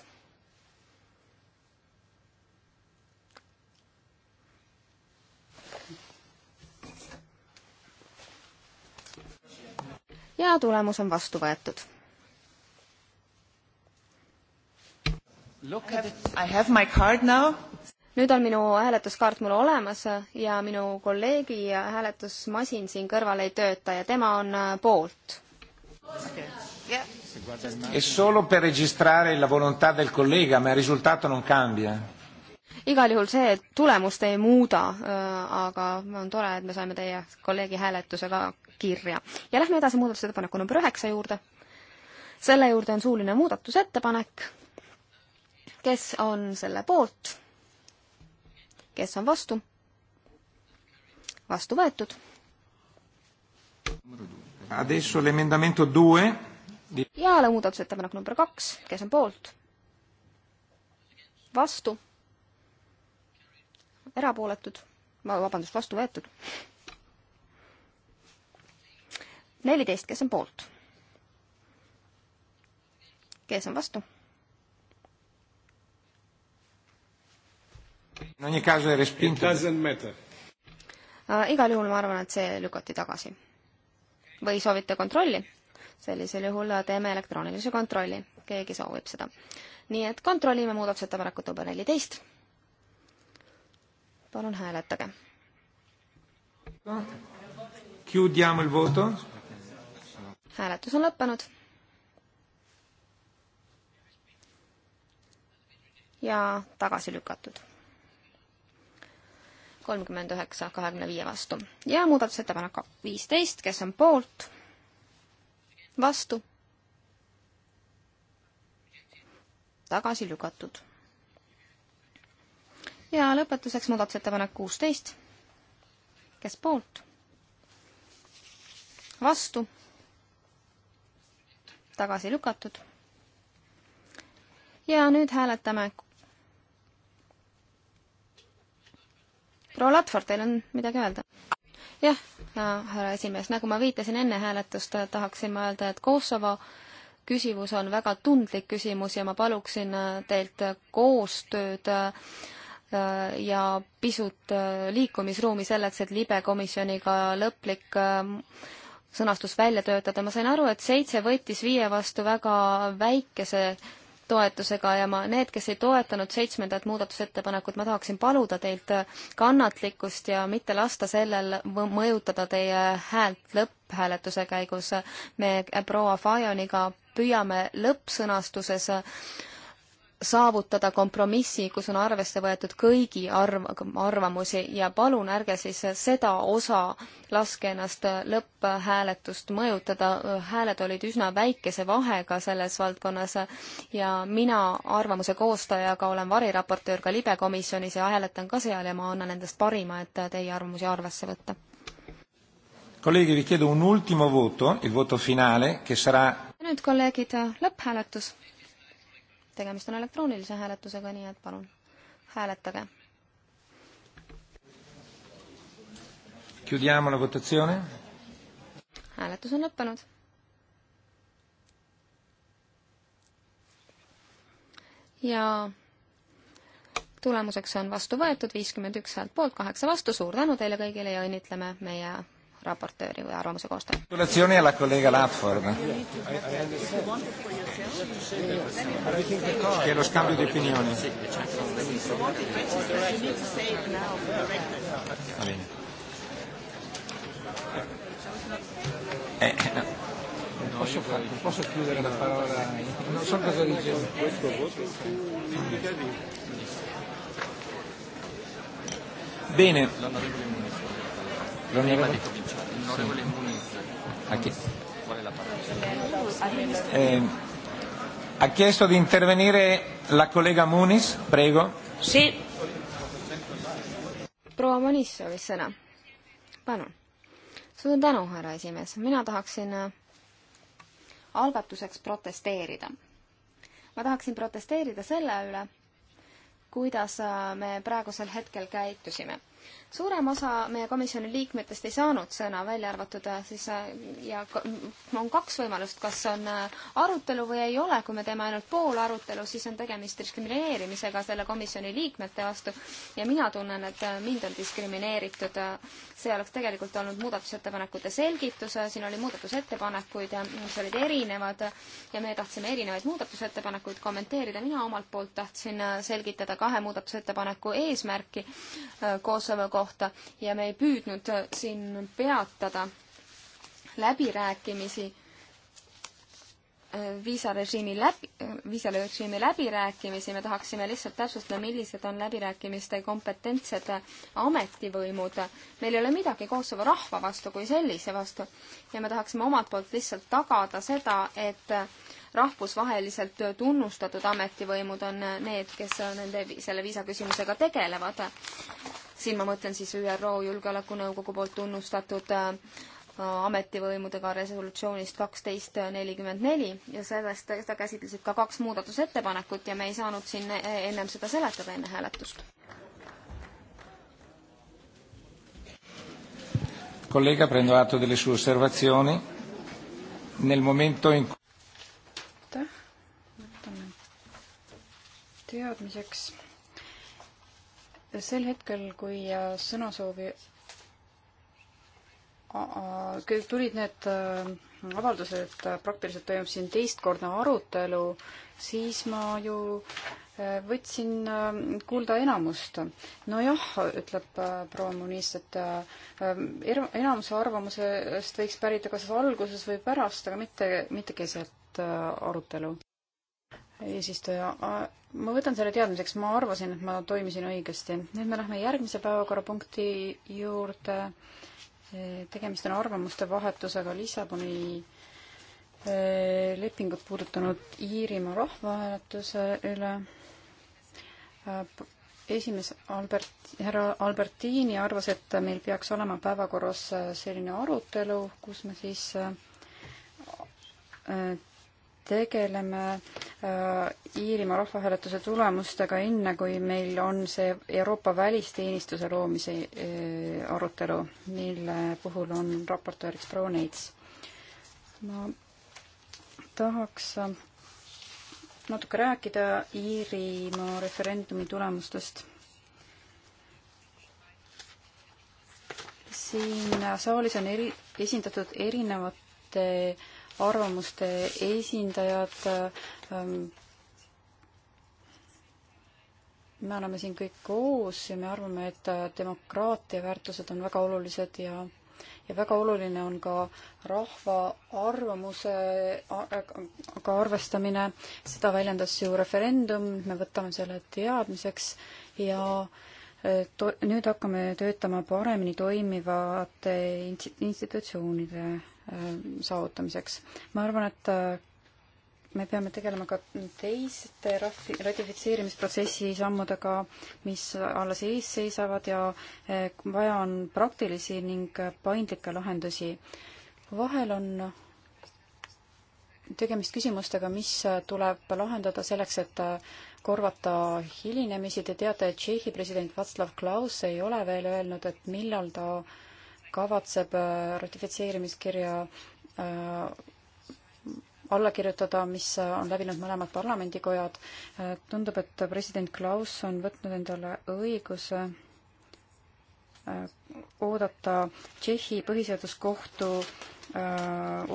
ja tulemus on vastu võetud. nüüd on minu hääletuskaart mul olemas ja minu kolleegi hääletusmasin siin kõrval ei tööta ja tema on poolt È solo per registrare la volontà del collega, ma il risultato non cambia. igal juhul see tulemust ei muuda, äh, aga on tore, et me saime teie kolleegi hääletuse ka kirja. ja lähme edasi muudatusettepaneku number üheksa juurde. selle juurde on suuline muudatusettepanek. kes on selle poolt? kes on vastu? vastu võetud. number üks Adesso l'emendamento 2. Jaale muudatusettepanek number kaks, kes on poolt? vastu? erapooletud? vabandust, vastu võetud. neliteist, kes on poolt? kes on vastu? In ogni caso è respinto. It doesn't matter. Uh, igal juhul ma arvan, et see lükati tagasi või soovite kontrolli, sellisel juhul teeme elektroonilise kontrolli, keegi soovib seda. nii et kontrollime muudatusettepanekut number neliteist. palun hääletage. hääletus on lõppenud. ja tagasi lükatud kolmkümmend üheksa kahekümne viie vastu. ja muudatusettepanek viisteist, kes on poolt, vastu, tagasi lükatud. ja lõpetuseks muudatusettepanek kuusteist, kes poolt, vastu, tagasi lükatud. ja nüüd hääletame proua Latvar, teil on midagi öelda? jah, härra esimees, nagu ma viitasin enne hääletust, tahaksin ma öelda, et Kosovo küsimus on väga tundlik küsimus ja ma paluksin äh, teilt koostööd äh, ja pisut äh, liikumisruumi selleks, et libe komisjoniga lõplik sõnastus välja töötada. ma sain aru, et seitse võttis viie vastu väga väikese toetusega ja ma, need, kes ei toetanud seitsmendat muudatusettepanekut, ma tahaksin paluda teilt kannatlikkust ja mitte lasta sellel mõjutada teie häält lõpphääletuse käigus. me proua Fajoniga püüame lõppsõnastuses äh, saavutada kompromissi, kus on arvesse võetud kõigi arv, arvamusi ja palun ärge siis seda osa laske ennast lõpphääletust mõjutada, hääled olid üsna väikese vahega selles valdkonnas ja mina arvamuse koostajaga olen variraportöör ka libekomisjonis ja hääletan ka seal ja ma annan endast parima, et teie arvamusi arvesse võtta. kolleegid, vi chiedo un ultimo voto, il voto finale, kes sarà nüüd kolleegid, lõpphääletus tegemist on elektroonilise hääletusega, nii et palun hääletage. hääletus on lõppenud. ja tulemuseks on vastu võetud viiskümmend üks häält poolt, kaheksa vastu, suur tänu teile kõigile ja õnnitleme meie raportööri või arvamuse koostaja. Eh, eh, no. Non posso, fare, non posso chiudere la parola, non so cosa dice. Questo voto Bene. Prima di cominciare, l'onorevole Muniz ha chiesto, vuole la parola. Eh, ha chiesto di intervenire eh, la collega Muniz, prego. Sì. proua Muniz soovis sõna. palun. suur tänu, härra esimees, mina tahaksin äh, algatuseks protesteerida. ma tahaksin protesteerida selle üle, kuidas äh, me praegusel hetkel käitusime suurem osa meie komisjoni liikmetest ei saanud sõna, välja arvatud äh, siis äh, ja mm, on kaks võimalust, kas on äh, arutelu või ei ole, kui me teeme ainult pool arutelu, siis on tegemist diskrimineerimisega selle komisjoni liikmete vastu ja mina tunnen, et mind on diskrimineeritud. see oleks tegelikult olnud muudatusettepanekute selgitus, siin oli muudatusettepanekuid, mis olid erinevad ja me tahtsime erinevaid muudatusettepanekuid kommenteerida, mina omalt poolt tahtsin selgitada kahe muudatusettepaneku eesmärki Kosovo kohta ja me ei püüdnud äh, siin peatada läbirääkimisi äh, viisarežiimi läbi, äh, viisarežiimi läbirääkimisi, me tahaksime lihtsalt täpsustada, millised on läbirääkimiste kompetentsed ametivõimud. meil ei ole midagi Kosovo rahva vastu kui sellise vastu ja me tahaksime omalt poolt lihtsalt tagada seda, et rahvusvaheliselt tunnustatud ametivõimud on need, kes nende, selle viisaküsimusega tegelevad siin ma mõtlen siis ÜRO Julgeolekunõukogu poolt tunnustatud äh, ametivõimudega resolutsioonist kaksteist nelikümmend neli ja sellest, seda käsitlesid ka kaks muudatusettepanekut ja me ei saanud siin e-, ennem seda seletada enne hääletust. Collega, prendo atto delle sue osservazioni. Nel momento in cui teadmiseks sel hetkel, kui äh, sõnasoovi küll tulid need äh, avaldused, äh, praktiliselt toimub siin teistkordne arutelu, siis ma ju võtsin kuulda enamust. nojah, ütleb proua Muniz, et enamuse arvamusest võiks pärida kas alguses või pärast, aga mitte, mitte keset arutelu eesistuja, ma võtan selle teadmiseks, ma arvasin, et ma toimisin õigesti. nüüd me lähme järgmise päevakorrapunkti juurde. E, tegemist on arvamuste vahetusega Lissaboni e, lepingut puudutanud Iirimaa rahvahääletuse üle. esimees Albert, härra Albertini arvas, et meil peaks olema päevakorras selline arutelu, kus me siis e, tegeleme äh, Iirimaa rahvahääletuse tulemustega enne, kui meil on see Euroopa välisteenistuse loomise äh, arutelu, mille puhul on raportööriks proua Neits. ma tahaks äh, natuke rääkida Iirimaa referendumi tulemustest. siin saalis on eri, esindatud erinevate äh, arvamuste esindajad. Ähm, me oleme siin kõik koos ja me arvame, et äh, demokraatia väärtused on väga olulised ja ja väga oluline on ka rahva arvamusega arvestamine, seda väljendas ju referendum, me võtame selle teadmiseks ja äh, to-, nüüd hakkame töötama paremini toimivate institutsioonide Äh, saavutamiseks. ma arvan, et äh, me peame tegelema ka teiste rahvi-, ratifitseerimisprotsessi sammudega, mis alles ees seisavad ja äh, vaja on praktilisi ning paindlikke lahendusi. vahel on tegemist küsimustega, mis tuleb lahendada selleks, et korvata hilinemisi. Te teate, et Tšehhi president Václav Klaus ei ole veel öelnud, et millal ta äh, kavatseb äh, ratifitseerimiskirja äh, alla kirjutada, mis äh, on läbinud mõlemad parlamendikojad. tundub, et president Klaus on võtnud endale õiguse oodata Tšehhi põhiseaduskohtu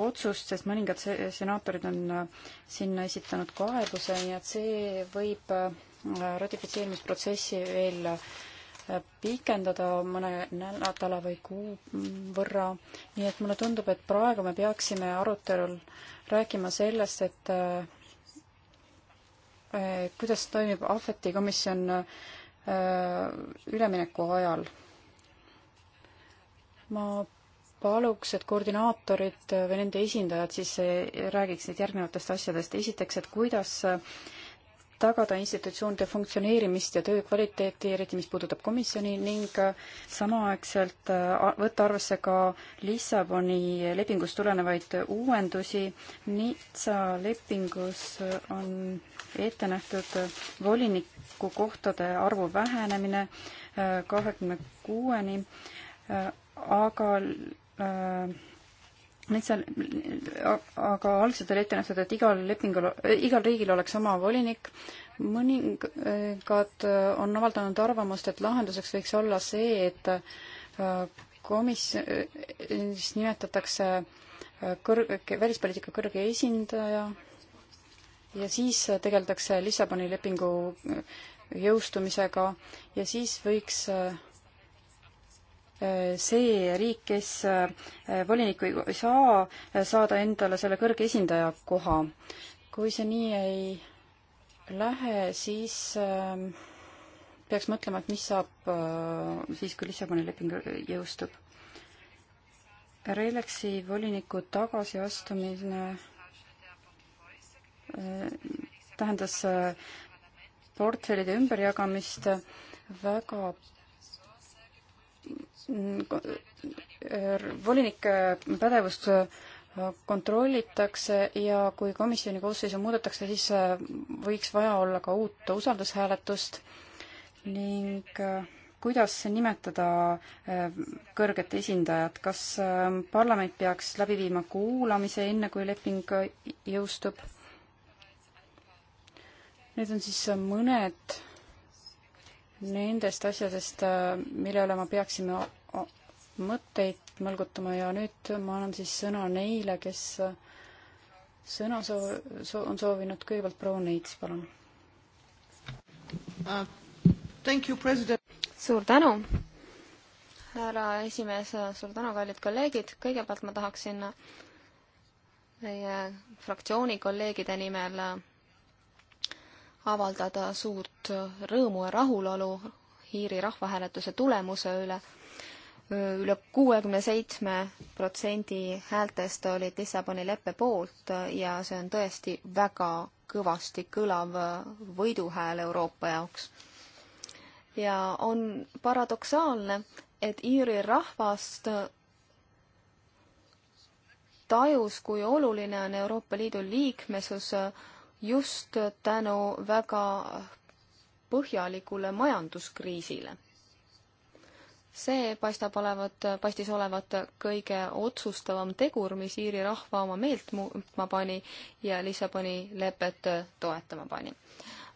otsust, sest mõningad senaatorid on sinna esitanud kaebuse, nii et see võib ratifitseerimisprotsessi veel pikendada mõne nädala või kuu võrra. nii et mulle tundub, et praegu me peaksime arutelul rääkima sellest, et eh, kuidas toimib Ahveti komisjon eh, ülemineku ajal. ma paluks, et koordinaatorid või nende esindajad siis eh, räägiksid järgnevatest asjadest. esiteks, et kuidas äh, tagada institutsioonide funktsioneerimist ja töö kvaliteeti, eriti mis puudutab komisjoni, ning äh, samaaegselt äh, võtta arvesse ka Lissaboni lepingust tulenevaid äh, uuendusi. Nitsa lepingus on ette nähtud voliniku kohtade arvu vähenemine kahekümne kuueni, aga et seal, aga algselt oli ette nähtud, et igal lepingul, igal riigil oleks oma volinik. mõningad äh, on avaldanud arvamust, et lahenduseks võiks olla see, et äh, komisjonis nimetatakse äh, kõrge, välispoliitika kõrge esindaja ja siis tegeldakse Lissaboni lepingu jõustumisega ja siis võiks äh, see riik, kes äh, volinikku ei saa, äh, saada endale selle kõrge esindaja koha. kui see nii ei lähe, siis ähm, peaks mõtlema, et mis saab äh, siis, kui Lissaboni leping jõustub. Relexi voliniku tagasiastumine tähendas portfellide ümberjagamist väga Äh, volinike äh, pädevust äh, kontrollitakse ja kui komisjoni koosseisu muudetakse, siis võiks vaja olla ka uut usaldushääletust ning kuidas nimetada kõrget esindajat, kas parlament peaks läbi viima kuulamise, enne kui leping jõustub? Need on siis mõned nendest asjadest, mille üle me peaksime mõtteid mõlgutama ja nüüd ma annan siis sõna neile, kes sõna soo-, soo-, on soovinud, kõigepealt proua Neits, palun uh,. suur tänu, härra esimees, suur tänu, kallid kolleegid, kõigepealt ma tahaksin meie fraktsiooni kolleegide nimel avaldada suurt rõõmu ja rahulolu Iiri rahvahääletuse tulemuse üle üle. üle kuuekümne seitsme protsendi häältest olid Lissaboni leppe poolt ja see on tõesti väga kõvasti kõlav võiduhääl Euroopa jaoks. ja on paradoksaalne, et Iiri rahvast tajus, kui oluline on Euroopa Liidu liikmesus just tänu väga põhjalikule majanduskriisile. see paistab olevat, paistis olevat kõige otsustavam tegur, mis Iiri rahva oma meelt muutma pani ja Lissaboni lepet toetama pani.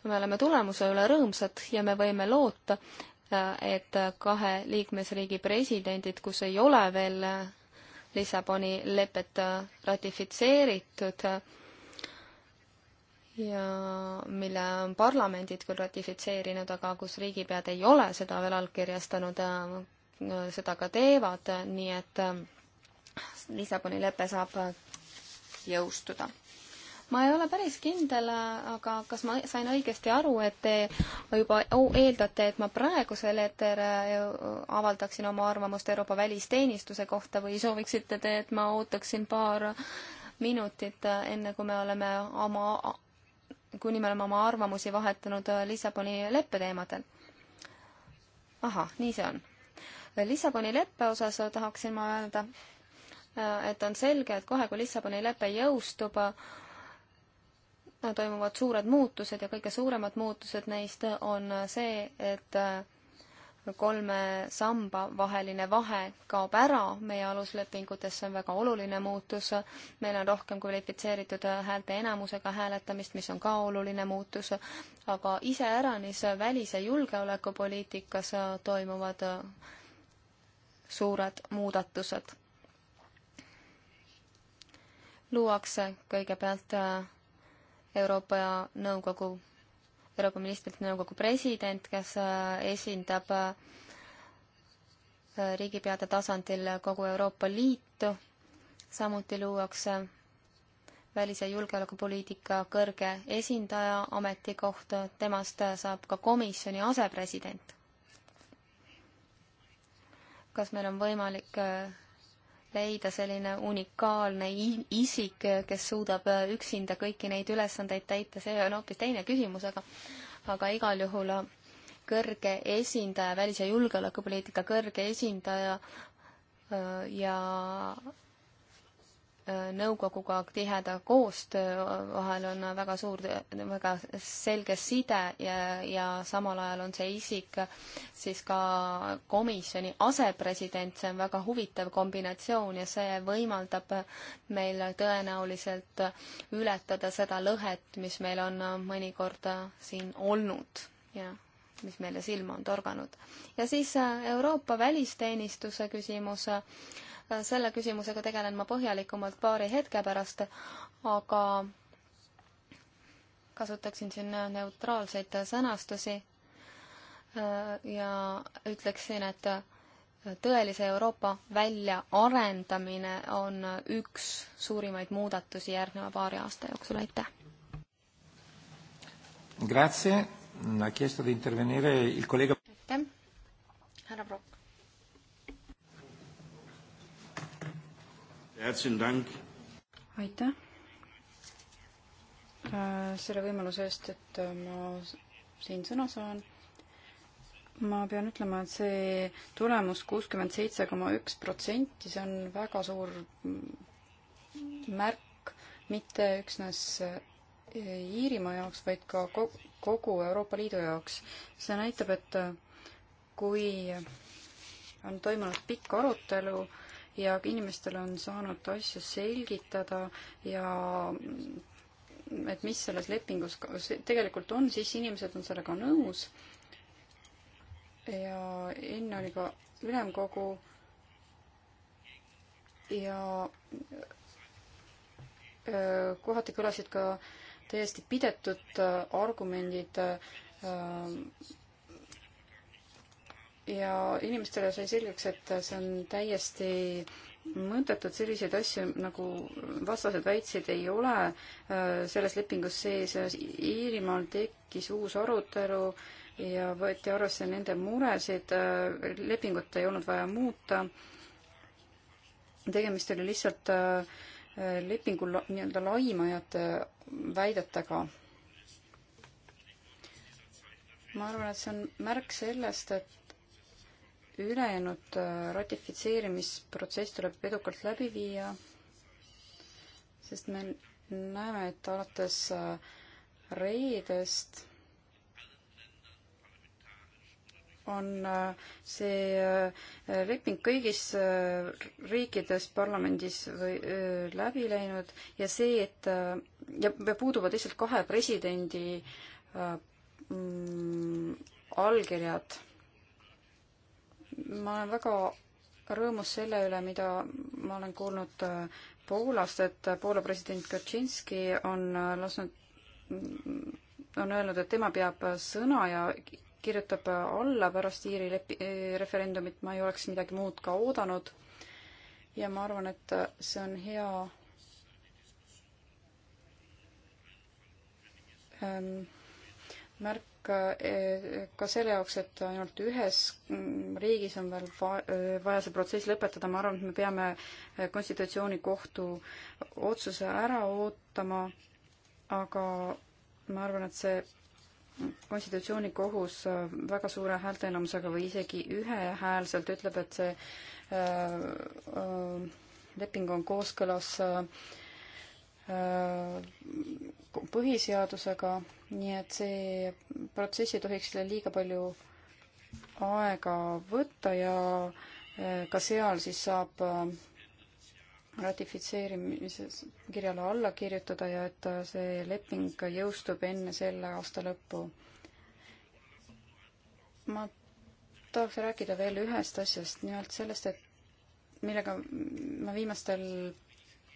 me oleme tulemuse üle rõõmsad ja me võime loota, et kahe liikmesriigi presidendid, kus ei ole veel Lissaboni lepet ratifitseeritud, ja mille on parlamendid küll ratifitseerinud, aga kus riigipead ei ole seda veel allkirjastanud, äh, seda ka teevad, nii et äh, Lissaboni lepe saab äh, jõustuda. ma ei ole päris kindel, aga kas ma sain õigesti aru, et te juba eeldate, et ma praegusel hetkel avaldaksin oma arvamust Euroopa välisteenistuse kohta või sooviksite te, et ma ootaksin paar minutit, enne kui me oleme oma kuni me oleme oma arvamusi vahetanud äh, Lissaboni leppe teemadel. ahah, nii see on. Lissaboni leppe osas tahaksin ma öelda, äh, et on selge, et kohe, kui Lissaboni lepe jõustub, äh, toimuvad suured muutused ja kõige suuremad muutused neist on see, et kolme samba vaheline vahe kaob ära meie aluslepingutes, see on väga oluline muutus. meil on rohkem kvalifitseeritud häälte enamusega hääletamist, mis on ka oluline muutus, aga iseäranis välis- ja julgeolekupoliitikas toimuvad suured muudatused. luuakse kõigepealt Euroopa Nõukogu Euroopa Ministrite Nõukogu president, kes äh, esindab äh, riigipeade tasandil kogu Euroopa Liitu, samuti luuakse välis- ja julgeolekupoliitika kõrge esindaja ametikoht, temast saab ka komisjoni asepresident. kas meil on võimalik äh, leida selline unikaalne isik, kes suudab üksinda kõiki neid ülesandeid täita, see on hoopis teine küsimus, aga aga igal juhul äh, kõrge esindaja, välis- ja julgeolekupoliitika kõrge esindaja äh, ja nõukoguga tiheda koostöö vahel on väga suur, väga selge side ja, ja samal ajal on see isik siis ka komisjoni asepresident, see on väga huvitav kombinatsioon ja see võimaldab meil tõenäoliselt ületada seda lõhet, mis meil on mõnikord siin olnud ja mis meile silma on torganud. ja siis Euroopa välisteenistuse küsimus selle küsimusega tegelen ma põhjalikumalt paari hetke pärast, aga kasutaksin siin neutraalseid sõnastusi äh, ja ütleksin, et tõelise Euroopa väljaarendamine on üks suurimaid muudatusi järgneva paari aasta jooksul, aitäh! Grazie, ha chiesto di intervenire il collega aitäh, härra Prokk. aitäh äh, selle võimaluse eest, et äh, ma siin sõna saan. ma pean ütlema, et see tulemus kuuskümmend seitse koma üks protsenti, see on väga suur märk mitte üksnes äh, Iirimaa jaoks, vaid ka kogu Euroopa Liidu jaoks. see näitab, et kui on toimunud pikk arutelu ja inimestele on saanud asju selgitada ja et mis selles lepingus tegelikult on, siis inimesed on sellega nõus. ja enne oli ka ülemkogu ja kohati kõlasid ka täiesti pidetud äh, argumendid äh, ja inimestele sai selgeks, et see on täiesti mõttetud, selliseid asju, nagu vastased väitsid, ei ole äh, selles lepingus sees ja Iirimaal tekkis uus arutelu ja võeti arvesse nende muresid, äh, lepingut ei olnud vaja muuta. tegemist oli lihtsalt äh, lepingu nii-öelda laimajate väidetega ma arvan, et see on märk sellest, et ülejäänud äh, ratifitseerimisprotsess tuleb edukalt läbi viia, sest me näeme, et alates äh, reedest on äh, see leping kõigis riikides parlamendis või läbi läinud ja see, et ja puuduvad lihtsalt kahe presidendi mm, allkirjad ma olen väga rõõmus selle üle, mida ma olen kuulnud äh, Poolast, et äh, Poola president Kaczynski on äh, lasknud, mm, on öelnud, et tema peab sõna ja kirjutab alla pärast Iiri lepi-, referendumit, ma ei oleks midagi muud ka oodanud. ja ma arvan, et see on hea ähm, märk ka, ka selle jaoks, et ainult ühes riigis on veel vaja see protsess lõpetada, ma arvan, et me peame konstitutsioonikohtu otsuse ära ootama, aga ma arvan, et see konstitutsioonikohus väga suure häälteenamusega või isegi ühehäälselt ütleb, et see äh, äh, leping on kooskõlas äh, Äh, põhiseadusega, nii et see protsess ei tohiks liiga palju aega võtta ja äh, ka seal siis saab äh, ratifitseerimises kirjale alla kirjutada ja et see leping jõustub enne selle aasta lõppu. ma tahaks rääkida veel ühest asjast, nimelt sellest, et millega ma viimastel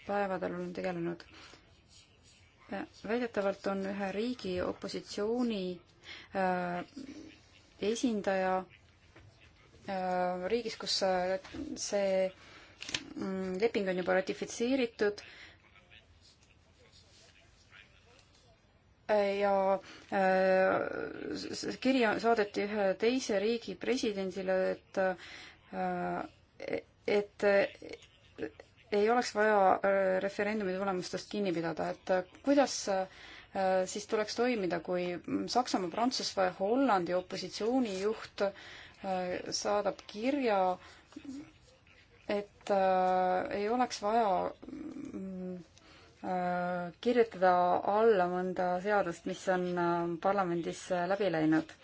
päevadel olen tegelenud. väidetavalt on ühe riigi opositsiooni äh, esindaja äh, riigis, kus äh, see mm, leping on juba ratifitseeritud ja kiri saadeti ühe teise riigi presidendile, et et ei oleks vaja äh, referendumi tulemustest kinni pidada, et äh, kuidas äh, siis tuleks toimida, kui mm, Saksamaa, Prantsusmaa ja Hollandi opositsioonijuht saadab kirja, et äh, ei oleks vaja mm, äh, kirjutada alla mõnda seadust, mis on äh, parlamendis läbi läinud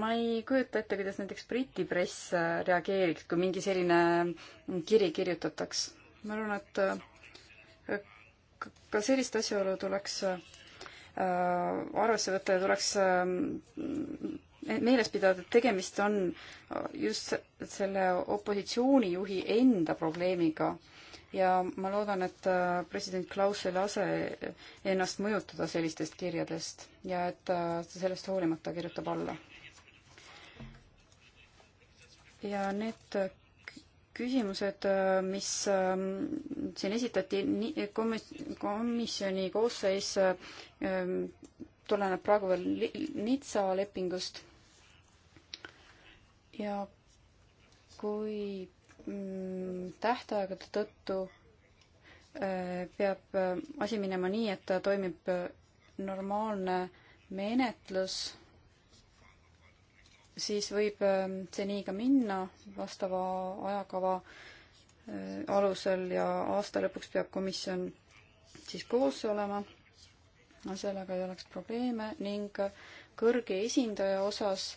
ma ei kujuta ette, kuidas näiteks Briti press äh, reageeriks, kui mingi selline mm, kiri kirjutataks. ma arvan, et äh, ka sellist asjaolu tuleks äh, arvesse võtta ja tuleks meeles pidada, et tegemist on just selle opositsioonijuhi enda probleemiga ja ma loodan, et president Klaus ei lase ennast mõjutada sellistest kirjadest ja et ta sellest hoolimata kirjutab alla ja need äh, küsimused, äh, mis ähm, siin esitati, komisjoni koosseis äh, ähm, tuleneb praegu veel Nitsa lepingust ja kui mm, tähtaegade tõttu peab asi minema nii, et toimib normaalne menetlus siis võib ähm, see nii ka minna vastava ajakava äh, alusel ja aasta lõpuks peab komisjon siis koos olema. no sellega ei oleks probleeme ning kõrge esindaja osas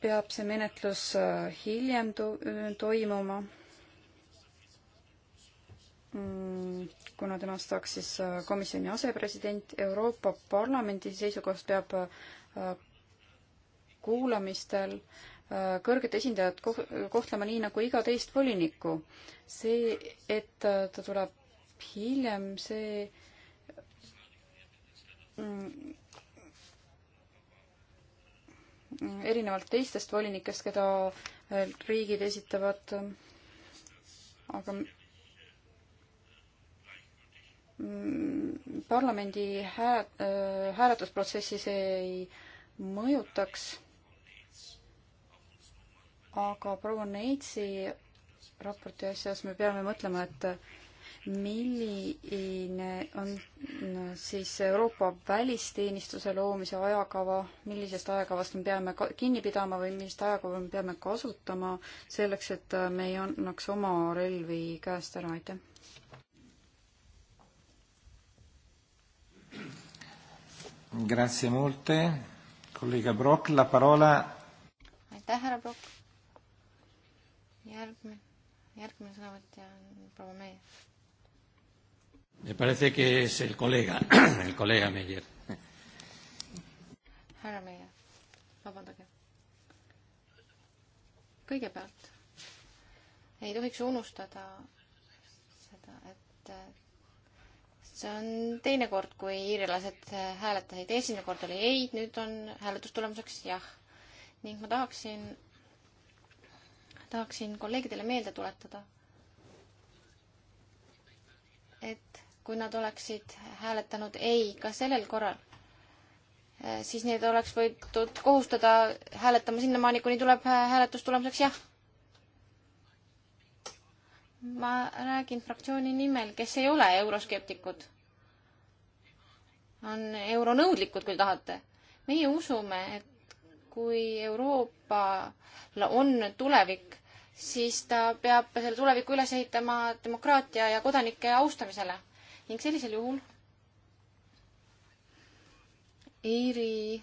peab see menetlus äh, hiljem to äh, toimuma. Mm, kuna temast saaks siis komisjoni asepresident, Euroopa Parlamendi seisukohast peab kuulamistel äh, kõrget esindajat kohtlema nii nagu iga teist volinikku. see, et äh, ta tuleb hiljem, see mm, mm, erinevalt teistest volinikest, keda äh, riigid esitavad, aga mm, parlamendi hää-, hääletusprotsessi see ei mõjutaks aga proua Neitsi raporti asjas me peame mõtlema, et milline on siis Euroopa välisteenistuse loomise ajakava, millisest ajakavast me peame kinni pidama või millist ajakava me peame kasutama selleks, et me ei annaks oma relvi käest ära, aitäh. Grazie molte, kolleeg Brock, la parola. aitäh, härra Brock järgmine, järgmine sõnavõtja on proua Meier. Me parece que es el colega, el colega Meier. härra Meier, vabandage. kõigepealt ei tohiks unustada seda, et see on teine kord, kui iirlased hääletasid, esimene kord oli ei, nüüd on hääletustulemuseks jah. ning ma tahaksin tahaksin kolleegidele meelde tuletada, et kui nad oleksid hääletanud ei ka sellel korral, eh, siis neid oleks võidud kohustada hääletama sinnamaani, kuni tuleb hääletustulemuseks jah. ma räägin fraktsiooni nimel, kes ei ole euroskeptikud. on euronõudlikud, kui tahate. meie usume, et kui Euroopal on tulevik, siis ta peab selle tuleviku üles ehitama demokraatia ja kodanike austamisele. ning sellisel juhul Iiri,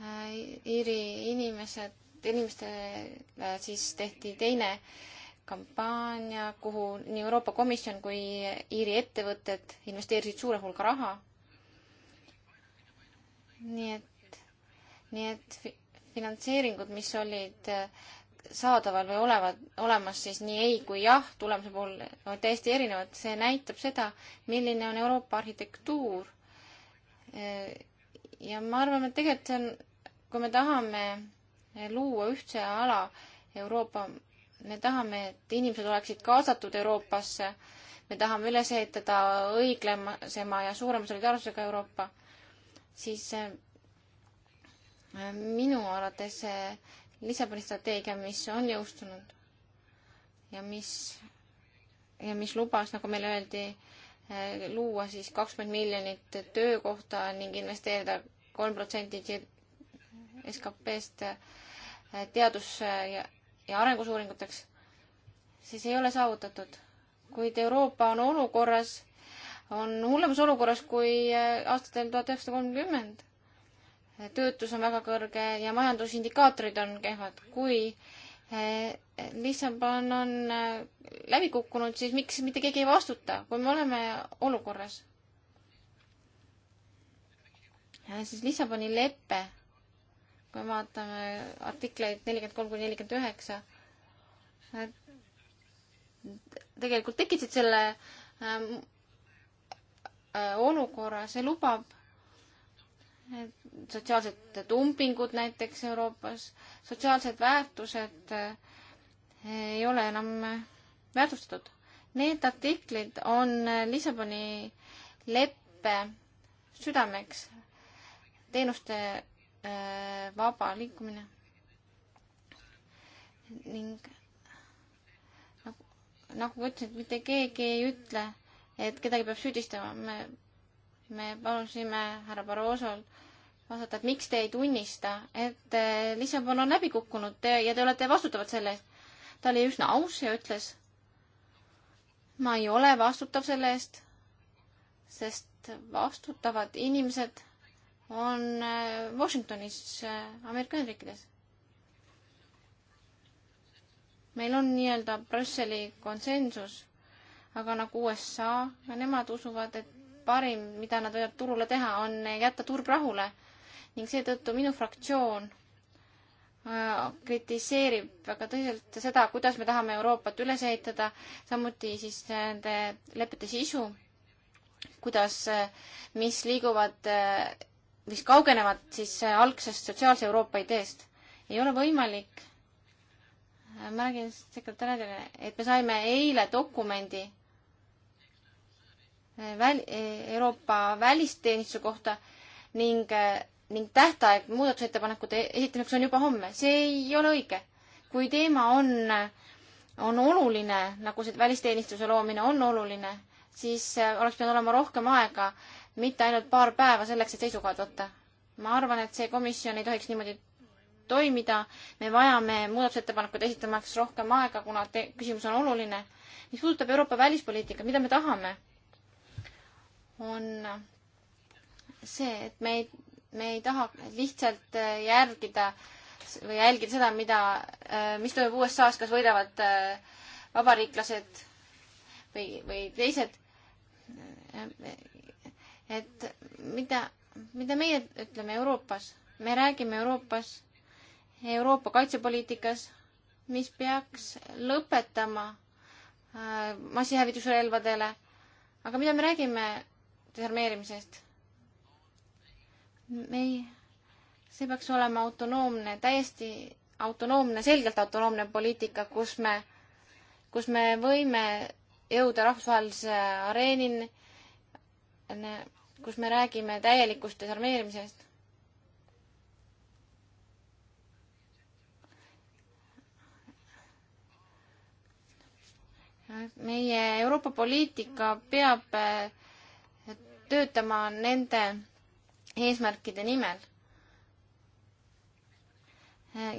äh, Iiri inimesed, inimestele siis tehti teine kampaania, kuhu nii Euroopa Komisjon kui Iiri ettevõtted investeerisid suure hulga raha. nii et, nii et finantseeringud, mis olid äh, saadaval või olevat, olemas siis nii ei kui jah tulemuse puhul on täiesti erinevad. see näitab seda, milline on Euroopa arhitektuur. Äh, ja ma arvan, et tegelikult see on, kui me tahame luua ühtse ala Euroopa, me tahame, et inimesed oleksid kaasatud Euroopasse, me tahame üles ehitada õiglasema ja suurema solidaarsusega Euroopa, siis äh, minu arvates äh, Lissaboni strateegia, mis on jõustunud ja mis, ja mis lubas, nagu meile öeldi, eh, luua siis kakskümmend miljonit töökohta ning investeerida kolm protsenti SKP-st eh, teadus- ja, ja arengusuuringuteks, siis ei ole saavutatud. kuid Euroopa on olukorras, on hullemas olukorras kui eh, aastatel tuhat üheksasada kolmkümmend töötus on väga kõrge ja majandusindikaatorid on kehvad. kui eh, Lissabon on eh, läbi kukkunud, siis miks mitte keegi ei vastuta, kui me oleme olukorras? siis Lissaboni lepe, kui me vaatame artikleid nelikümmend kolm kuni nelikümmend üheksa, tegelikult tekitasid selle ähm, äh, olukorra, see lubab sotsiaalsed dumpingud näiteks Euroopas, sotsiaalsed väärtused eh, ei ole enam väärtustatud. Need artiklid on Lissaboni leppe südameks, teenuste eh, vaba liikumine ning nagu, nagu ma ütlesin, et mitte keegi ei ütle, et kedagi peab süüdistama, me me palusime härra Barrosol vastata, et miks te ei tunnista, et eh, Lissabon on läbi kukkunud te, ja te olete vastutavad selle eest. ta oli üsna aus ja ütles, ma ei ole vastutav selle eest, sest vastutavad inimesed on eh, Washingtonis, eh, Ameerika Ühendriikides. meil on nii-öelda Brüsseli konsensus, aga nagu USA, nemad usuvad, et parim, mida nad võivad turule teha, on jätta turg rahule ning seetõttu minu fraktsioon äh, kritiseerib väga tõsiselt seda, kuidas me tahame Euroopat üles ehitada, samuti siis nende lepete sisu, kuidas, äh, mis liiguvad, äh, mis kaugenevad siis algsest sotsiaalse Euroopa ideest. ei ole võimalik, märgin sekretäridele, et me saime eile dokumendi väl-, Euroopa välisteenistuse kohta ning, ning tähtaeg muudatusettepanekute esitamiseks on juba homme. see ei ole õige. kui teema on, on oluline, nagu see välisteenistuse loomine on oluline, siis oleks pidanud olema rohkem aega, mitte ainult paar päeva selleks, et seisukohad võtta. ma arvan, et see komisjon ei tohiks niimoodi toimida, me vajame muudatusettepanekute esitamaks rohkem aega, kuna te-, küsimus on oluline. mis puudutab Euroopa välispoliitikat, mida me tahame on see, et me ei, me ei taha lihtsalt äh, järgida või jälgida seda, mida, äh, mis toimub USA-s, kas võidavad äh, vabariiklased või, või teised. et mida, mida meie ütleme Euroopas, me räägime Euroopas, Euroopa kaitsepoliitikas, mis peaks lõpetama massihävitusrelvadele. aga mida me räägime desarmeerimise eest. ei, see peaks olema autonoomne, täiesti autonoomne, selgelt autonoomne poliitika, kus me, kus me võime jõuda rahvusvahelise areenini, kus me räägime täielikust desarmeerimisest. meie Euroopa poliitika peab töötama nende eesmärkide nimel.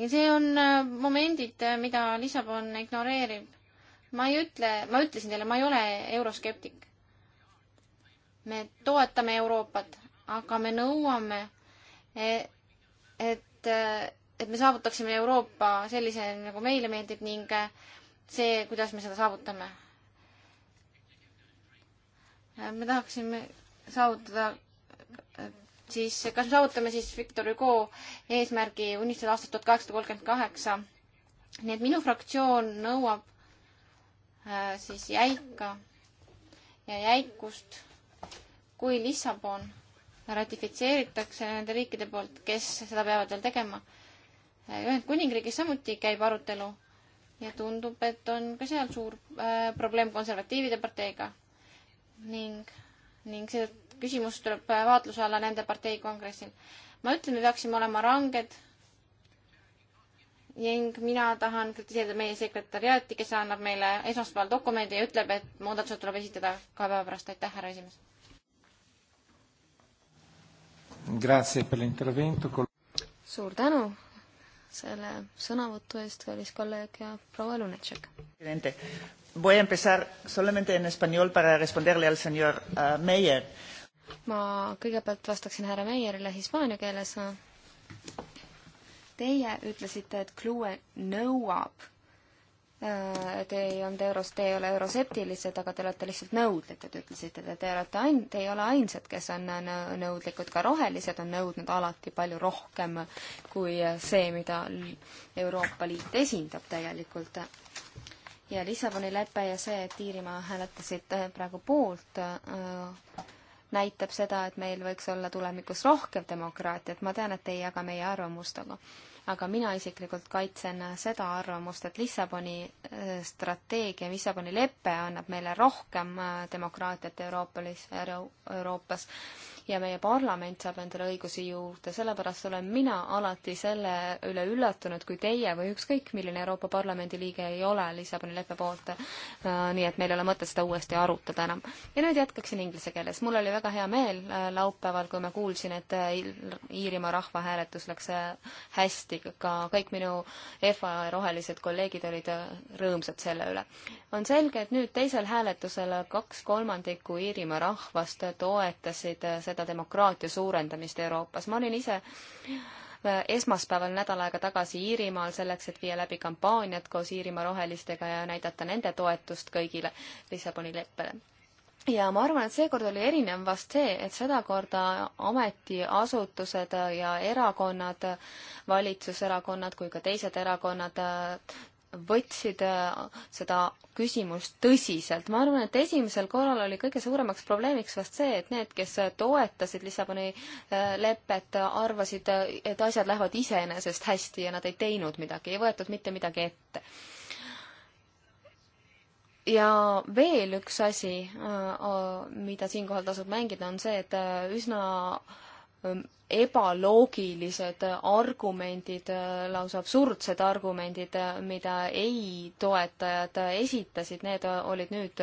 ja see on äh, momendid, äh, mida Lissabon ignoreerib. ma ei ütle, ma ütlesin teile, ma ei ole euroskeptik. me toetame Euroopat, aga me nõuame, e, et, äh, et me saavutaksime Euroopa sellise, nagu meile meeldib ning see, kuidas me seda saavutame. me tahaksime saavutada, siis kas me saavutame siis Victor Hugo eesmärgi unistada aastat tuhat kaheksasada kolmkümmend kaheksa. nii et minu fraktsioon nõuab äh, siis jäika ja jäikust, kui Lissabon ratifitseeritakse nende riikide poolt, kes seda peavad veel tegema. Äh, Ühendkuningriigis samuti käib arutelu ja tundub, et on ka seal suur äh, probleem konservatiivide parteiga ning ning see küsimus tuleb vaatluse alla nende partei kongressil. ma ütlen, me peaksime olema ranged ning mina tahan kritiseerida meie sekretäriaati, kes annab meile esmaspäeval dokumendi ja ütleb, et muudatused tuleb esitada kahe päeva pärast. aitäh, härra esimees. suur tänu selle sõnavõtu eest, kallis kolleeg ja proua Lunetšek. Voy a empezar solamente en español para responderle al señor uh, Meyer. ma kõigepealt vastaksin härra Meierile hispaania keeles. Teie ütlesite, et Clue nõuab. Uh, te ei olnud euros, te ei ole euroseptilised, aga te olete lihtsalt nõudlikud, ütlesite te, te olete ain-, te ei ole ainsad, kes on nõudlikud, ka rohelised on nõudnud alati palju rohkem kui see, mida Euroopa Liit esindab tegelikult ja Lissaboni lepe ja see, et Iirimaa hääletasid äh, praegu poolt, äh, näitab seda, et meil võiks olla tulevikus rohkem demokraatiat, ma tean, et te ei jaga meie arvamust, aga aga mina isiklikult kaitsen äh, seda arvamust, et Lissaboni strateegia, Lissaboni lepe annab meile rohkem demokraatiat Euroopa, Euroopas ja meie parlament saab endale õigusi juurde, sellepärast olen mina alati selle üle üllatunud, kui teie või ükskõik milline Euroopa Parlamendi liige ei ole Lissaboni leppe poolt, äh, nii et meil ei ole mõtet seda uuesti arutada enam. ja nüüd jätkaksin inglise keeles. mul oli väga hea meel äh, laupäeval, kui ma kuulsin, et äh, Iirimaa rahvahääletus läks hästi, ka kõik minu EFA rohelised kolleegid olid rõõmsad selle üle. on selge, et nüüd teisel hääletusel kaks kolmandikku Iirimaa rahvast toetasid seda toetada demokraatia suurendamist Euroopas. ma olin ise äh, esmaspäeval nädal aega tagasi Iirimaal selleks, et viia läbi kampaaniat koos Iirimaa rohelistega ja näidata nende toetust kõigile Lissaboni leppele. ja ma arvan, et seekord oli erinev vast see, et sedakorda ametiasutused ja erakonnad, valitsuserakonnad kui ka teised erakonnad võtsid äh, seda küsimust tõsiselt. ma arvan, et esimesel korral oli kõige suuremaks probleemiks vast see, et need, kes toetasid Lissaboni äh, lepet, arvasid, äh, et asjad lähevad iseenesest hästi ja nad ei teinud midagi, ei võetud mitte midagi ette. ja veel üks asi, mida siinkohal tasub mängida, on see, et üsna ebaloogilised argumendid, äh, lausa absurdsed argumendid, äh, mida ei-toetajad äh, esitasid, need olid nüüd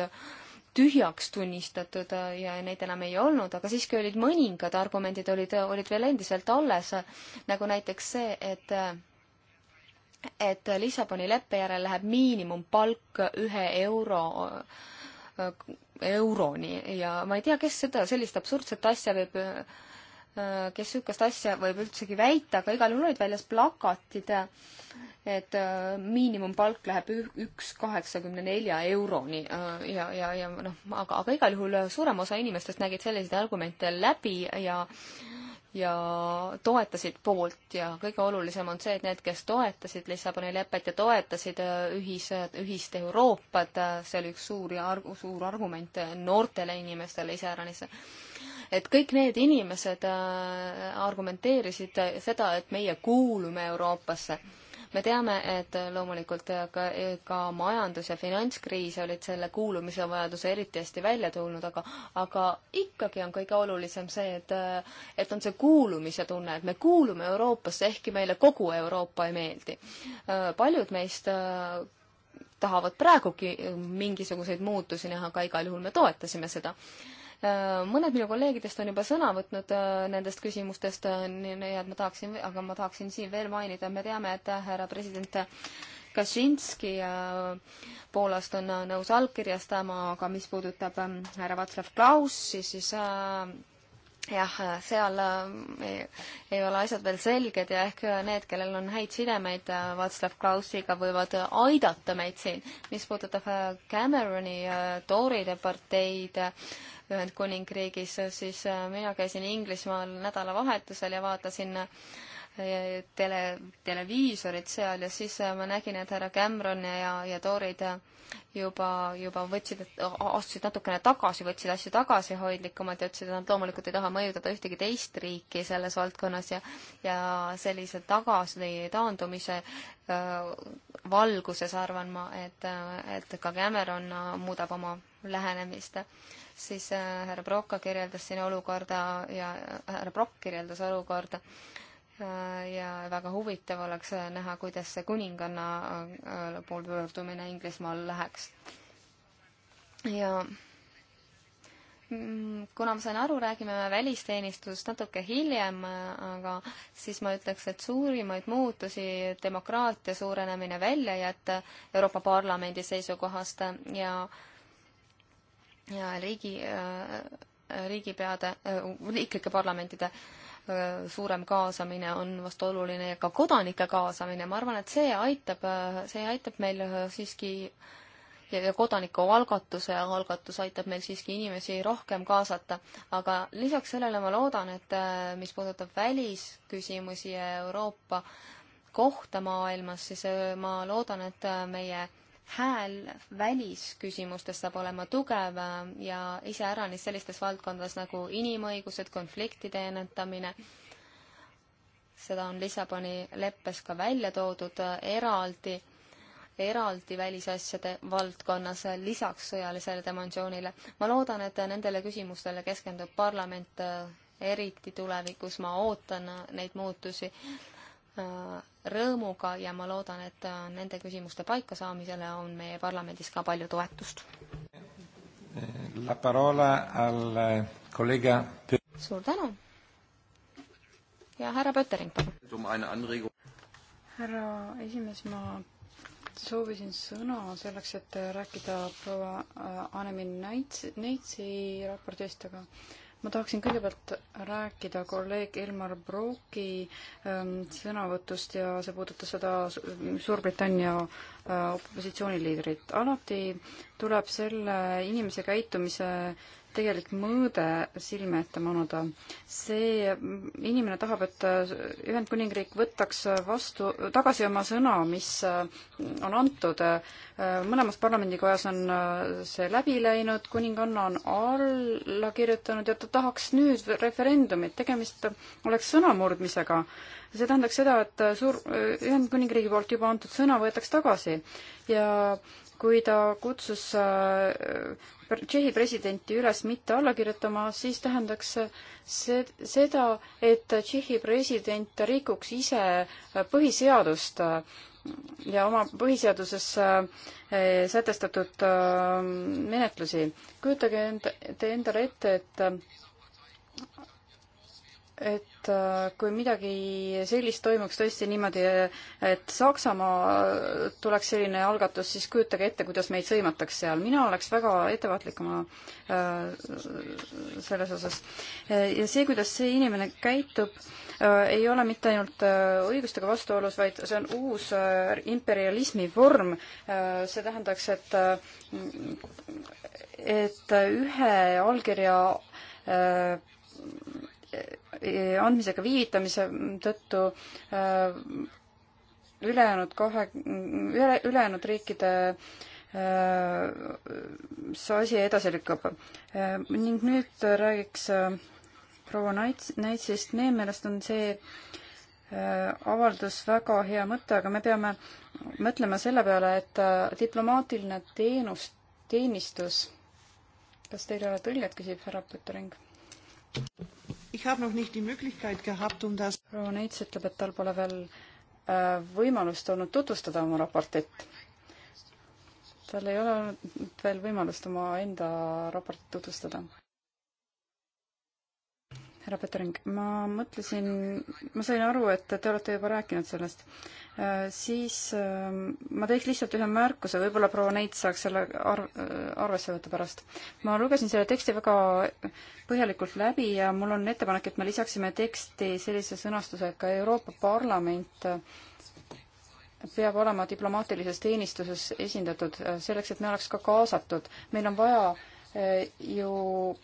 tühjaks tunnistatud ja neid enam ei olnud, aga siiski olid mõningad argumendid olid, olid veel endiselt alles, nagu näiteks see, et et Lissaboni leppe järel läheb miinimumpalk ühe euro euroni ja ma ei tea, kes seda, sellist absurdset asja võib kes niisugust asja võib üldsegi väita, aga igal juhul olid väljas plakatid, et äh, miinimumpalk läheb üks kaheksakümne nelja euroni äh, ja, ja, ja noh, aga, aga igal juhul äh, suurem osa inimestest nägid selliseid argumente läbi ja ja toetasid poolt ja kõige olulisem on see, et need, kes toetasid Lissaboni lepet ja toetasid ühis, ühist Euroopat, see oli üks suuri arg-, suur argument noortele inimestele iseäranis et kõik need inimesed äh, argumenteerisid seda, et meie kuulume Euroopasse me teame, et loomulikult ka, ka majandus- ja finantskriis olid selle kuulumise vajaduse eriti hästi välja tulnud, aga, aga ikkagi on kõige olulisem see, et, et on see kuulumise tunne, et me kuulume Euroopasse, ehkki meile kogu Euroopa ei meeldi. Äh, paljud meist äh, tahavad praegugi mingisuguseid muutusi näha, aga igal juhul me toetasime seda Äh, mõned minu kolleegidest on juba sõna võtnud äh, nendest küsimustest, äh, nii et ma tahaksin, aga ma tahaksin siin veel mainida, me teame, et härra president Kaczynski Poolast on nõus allkirjastama, aga mis puudutab ähm, härra Václav Klaussi, siis, siis jah, seal äh, ei, ei ole asjad veel selged ja ehk need, kellel on häid sidemeid äh, Václav Klausiga, võivad aidata meid siin. mis puudutab äh, Cameroni tooride parteid Ühendkuningriigis, siis mina käisin Inglismaal nädalavahetusel ja vaatasin äh, tele, televiisorid seal ja siis äh, ma nägin, et härra Cameron ja, ja Torid äh, juba, juba võtsid, astusid natukene tagasi, võtsid asju tagasihoidlikumalt ja ütlesid, et nad loomulikult ei taha mõjutada ühtegi teist riiki selles valdkonnas ja ja sellise tagasi taandumise äh, valguses arvan ma, et, et ka Cameron muudab oma lähenemist siis härra Brocka kirjeldas siin olukorda ja härra Brock kirjeldas olukorda äh, ja väga huvitav oleks näha, kuidas see kuninganna äh, pool pöördumine Inglismaal läheks. ja mm, kuna ma sain aru, räägime me välisteenistusest natuke hiljem, aga siis ma ütleks, et suurimaid muutusi demokraatia suurenemine välja jätta Euroopa Parlamendi seisukohast ja ja riigi, äh, riigipeade, äh, riiklike parlamentide äh, Äh, suurem kaasamine on vast oluline ja ka kodanike kaasamine, ma arvan, et see aitab, äh, see aitab meil äh, siiski ja, ja kodanikualgatuse algatus aitab meil siiski inimesi rohkem kaasata. aga lisaks sellele ma loodan, et mis puudutab välisküsimusi ja Euroopa kohta maailmas, siis ma loodan, et meie hääl välisküsimustes saab olema tugev ja iseäranis sellistes valdkondades nagu inimõigused, konfliktide ennetamine, seda on Lissaboni leppes ka välja toodud eraldi, eraldi välisasjade valdkonnas lisaks sõjalisele dimensioonile. ma loodan, et nendele küsimustele keskendub parlament eriti tulevikus, ma ootan neid muutusi Äh, rõõmuga ja ma loodan, et äh, nende küsimuste paikasaamisele on meie parlamendis ka palju toetust. Eh, la parola al kollega eh, suur tänu! ja härra Pöttering, palun! Um härra esimees, ma soovisin sõna selleks, et rääkida proua äh, Anemi Neits, Neitsi raportist, aga äh, ma tahaksin kõigepealt rääkida kolleeg Elmar Brocki ähm, sõnavõtust ja see puudutas seda Suurbritannia äh, opositsiooniliidrit. alati tuleb selle inimese käitumise äh, tegelik mõõde silme ette manada. see inimene tahab, et Ühendkuningriik võtaks vastu, tagasi oma sõna, mis on antud. mõlemas parlamendikojas on see läbi läinud, kuninganna on alla kirjutanud ja ta tahaks nüüd referendumit, tegemist oleks sõnamurdmisega see tähendaks seda, et suur, Ühendkuningriigi poolt juba antud sõna võetaks tagasi ja kui ta kutsus Tšehhi presidenti üles mitte alla kirjutama, siis tähendaks see seda, et Tšehhi president rikuks ise põhiseadust ja oma põhiseaduses eh, sätestatud eh, menetlusi. kujutage enda, endale ette, et et et äh, kui midagi sellist toimuks tõesti niimoodi, et Saksamaa äh, tuleks selline algatus, siis kujutage ette, kuidas meid sõimatakse seal. mina oleks väga ettevaatlik oma äh, selles osas. ja see, kuidas see inimene käitub, ei ole mitte ainult õigustega vastuolus, vaid see on uus imperialismi vorm. see tähendaks, et et ühe allkirja andmisega viivitamise tõttu äh, ülejäänud kahe, üle, ülejäänud riikide äh, see asi edasi lükkab. Äh, ning nüüd räägiks proua Naits, Naitsist, meie meelest on see avaldus väga hea mõte, aga me peame mõtlema selle peale, et diplomaatiline teenus, teenistus, kas teil ei ole tõlget, küsib härra Püttering. Um proua Neits ütleb, et tal pole veel äh, võimalust olnud tutvustada oma raportit. tal ei ole olnud veel võimalust omaenda raportit tutvustada härra Petering, ma mõtlesin, ma sain aru, et te olete juba rääkinud sellest. Äh, siis äh, ma teeks lihtsalt ühe märkuse, võib-olla proua Neit saaks selle arv-, äh, arvesse võtta pärast. ma lugesin selle teksti väga põhjalikult läbi ja mul on ettepanek, et me lisaksime teksti sellise sõnastusega Euroopa Parlament peab olema diplomaatilises teenistuses esindatud, selleks et me oleks ka kaasatud. meil on vaja ju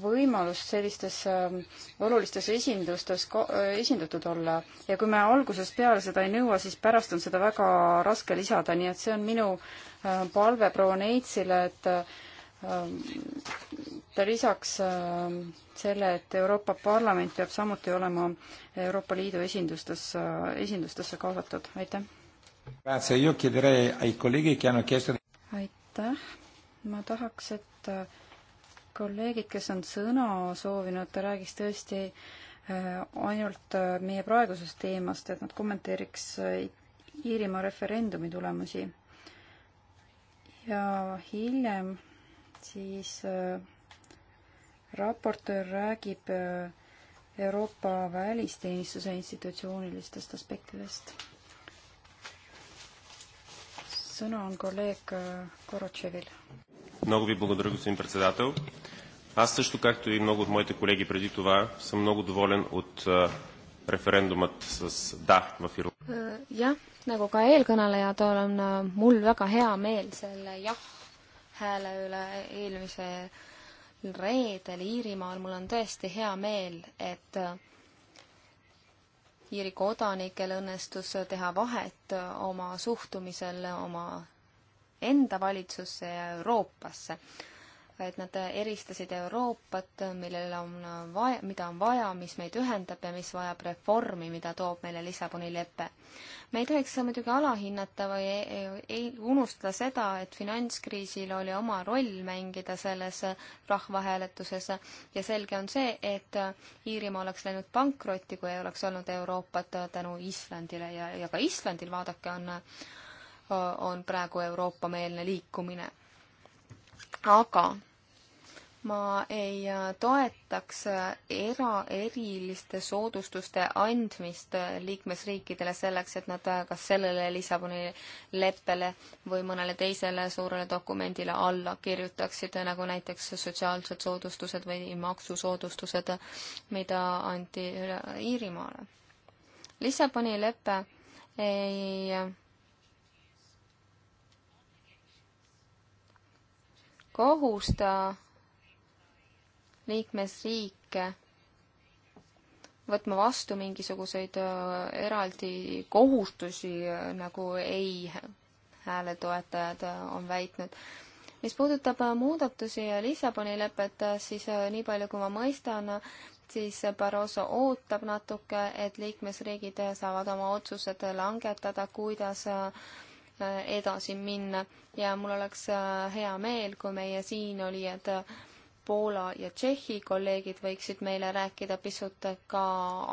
võimalust sellistes ähm, olulistes esindustes äh, esindatud olla ja kui me algusest peale seda ei nõua, siis pärast on seda väga raske lisada, nii et see on minu äh, palve proua Neitsile, et ähm, ta lisaks ähm, selle, et Euroopa Parlament peab samuti olema Euroopa Liidu esindustes, äh, esindustesse kaasatud, aitäh. aitäh, ma tahaks, et kolleegid, kes on sõna soovinud, räägiks tõesti äh, ainult äh, meie praegusest teemast, et nad kommenteeriks äh, Iirimaa referendumi tulemusi. ja hiljem siis raportöör räägib Euroopa välisteenistuse institutsioonilistest aspektidest. sõna on kolleeg Korotševil. Много ви благодаря, господин председател. Аз също, както и много от моите колеги преди това, съм много доволен от referendumit siis da või Iru-? jah, nagu ka eelkõnelejad, on mul väga hea meel selle jah-hääle üle eelmisel reedel Iirimaal, mul on tõesti hea meel, et äh, Iiri kodanikel õnnestus teha vahet äh, oma suhtumisel oma enda valitsusse ja Euroopasse et nad eristasid Euroopat, millel on vaja, mida on vaja, mis meid ühendab ja mis vajab reformi, mida toob meile Lissaboni lepe. me ei tohiks muidugi alahinnata või ei, ei, ei unustada seda, et finantskriisil oli oma roll mängida selles rahvahääletuses ja selge on see, et Iirimaa oleks läinud pankrotti, kui ei oleks olnud Euroopat tänu Islandile ja, ja ka Islandil, vaadake, on on praegu Euroopa-meelne liikumine. aga ma ei äh, toetaks äh, era, eriliste soodustuste andmist äh, liikmesriikidele selleks, et nad kas sellele Lissaboni leppele või mõnele teisele suurele dokumendile alla kirjutaksid, nagu näiteks sotsiaalsed soodustused või maksusoodustused, mida anti üle Iirimaale. Lissaboni lepe ei kohusta liikmesriike võtma vastu mingisuguseid eraldi kohustusi, nagu ei hääletoetajad on väitnud. mis puudutab muudatusi Lissaboni lepet, siis nii palju, kui ma mõistan, siis Barroso ootab natuke, et liikmesriigid saavad oma otsused langetada, kuidas edasi minna ja mul oleks hea meel, kui meie siinolijad et Poola ja Tšehhi kolleegid võiksid meile rääkida pisut ka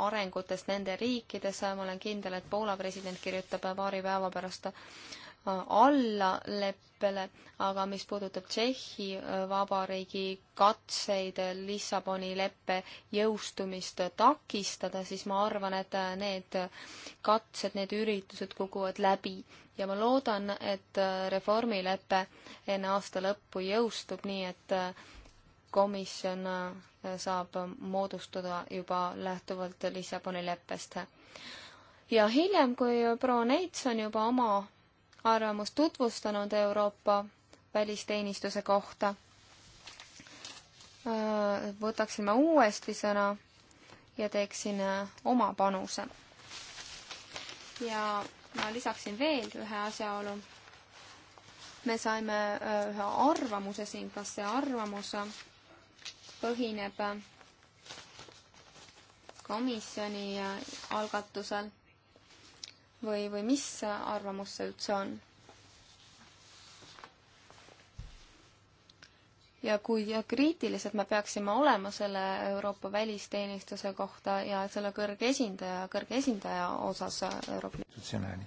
arengutest nende riikides. ma olen kindel, et Poola president kirjutab paari päeva pärast äh, alla leppele, aga mis puudutab Tšehhi äh, Vabariigi katseid Lissaboni leppe jõustumist takistada, siis ma arvan, et äh, need katsed, need üritused kukuvad läbi ja ma loodan, et reformilepe enne aasta lõppu jõustub, nii et äh, komisjon äh, saab moodustada juba lähtuvalt Lissaboni leppest. ja hiljem, kui proua Neits on juba oma arvamust tutvustanud Euroopa välisteenistuse kohta, äh, võtaksin ma uuesti sõna ja teeksin äh, oma panuse. ja ma lisaksin veel ühe asjaolu. me saime ühe arvamuse siin, kas see arvamus põhineb komisjoni algatusel või, või mis arvamus see üldse on? ja kui kriitilised me peaksime olema selle Euroopa välisteenistuse kohta ja selle kõrge esindaja, kõrge esindaja osas Euroopa institutsionaali?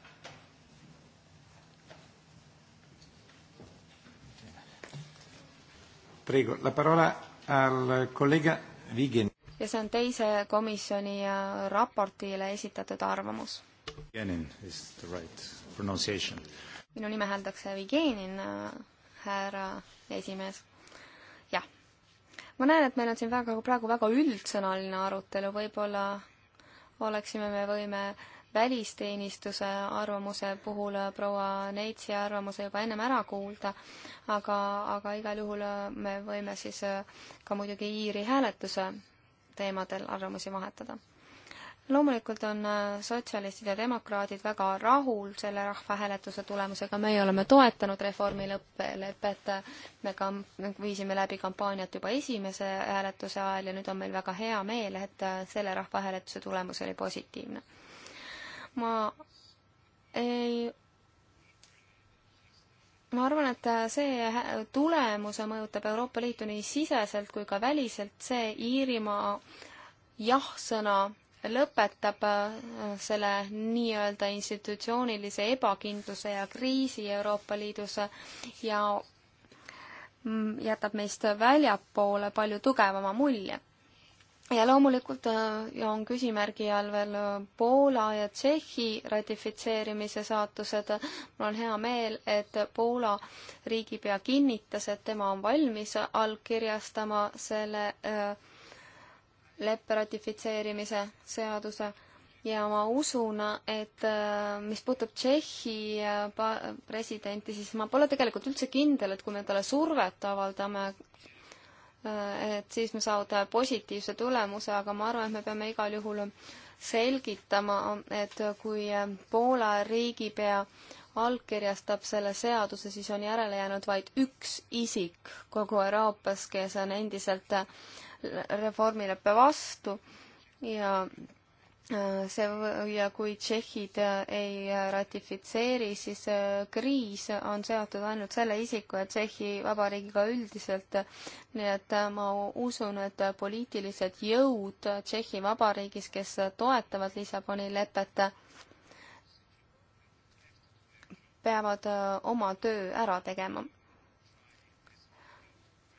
Prego, la parola ja see on teise komisjoni raportile esitatud arvamus. Right minu nime hääldakse Vigenin, härra esimees. jah. ma näen, et meil on siin väga, praegu väga üldsõnaline arutelu, võib-olla oleksime me võime välisteenistuse arvamuse puhul äh, proua Neitsi arvamuse juba ennem ära kuulda, aga, aga igal juhul äh, me võime siis äh, ka muidugi Iiri hääletuse teemadel arvamusi vahetada. loomulikult on sotsialistid ja demokraadid väga rahul selle rahvahääletuse tulemusega, meie oleme toetanud reformi lõppelepet, me ka viisime läbi kampaaniat juba esimese hääletuse ajal ja nüüd on meil väga hea meel, et selle rahvahääletuse tulemus oli positiivne ma ei ma arvan, et see tulemuse mõjutab Euroopa Liitu nii siseselt kui ka väliselt, see Iirimaa jah-sõna lõpetab äh, selle nii-öelda institutsioonilise ebakindluse ja kriisi Euroopa Liidus ja mm, jätab meist väljapoole palju tugevama mulje ja loomulikult äh, on küsimärgi all veel äh, Poola ja Tšehhi ratifitseerimise saatused. mul on hea meel, et Poola riigipea kinnitas, et tema on valmis allkirjastama selle äh, leppe ratifitseerimise seaduse ja ma usun, et mis puutub Tšehhi presidenti, siis ma pole tegelikult üldse kindel, et kui me talle survet avaldame Äh, et siis me saavutame positiivse tulemuse, aga ma arvan, et me peame igal juhul selgitama, et kui Poola riigipea allkirjastab selle seaduse, siis on järele jäänud vaid üks isik kogu Euroopas, kes on endiselt reformileppe vastu ja Äh, see ja kui tšehhid äh, ei äh, ratifitseeri, siis kriis on seotud ainult selle isiku ja Tšehhi Vabariigiga üldiselt. nii et ma usun, et poliitilised jõud Tšehhi Vabariigis, kes toetavad Lissaboni lepet, peavad oma töö ära tegema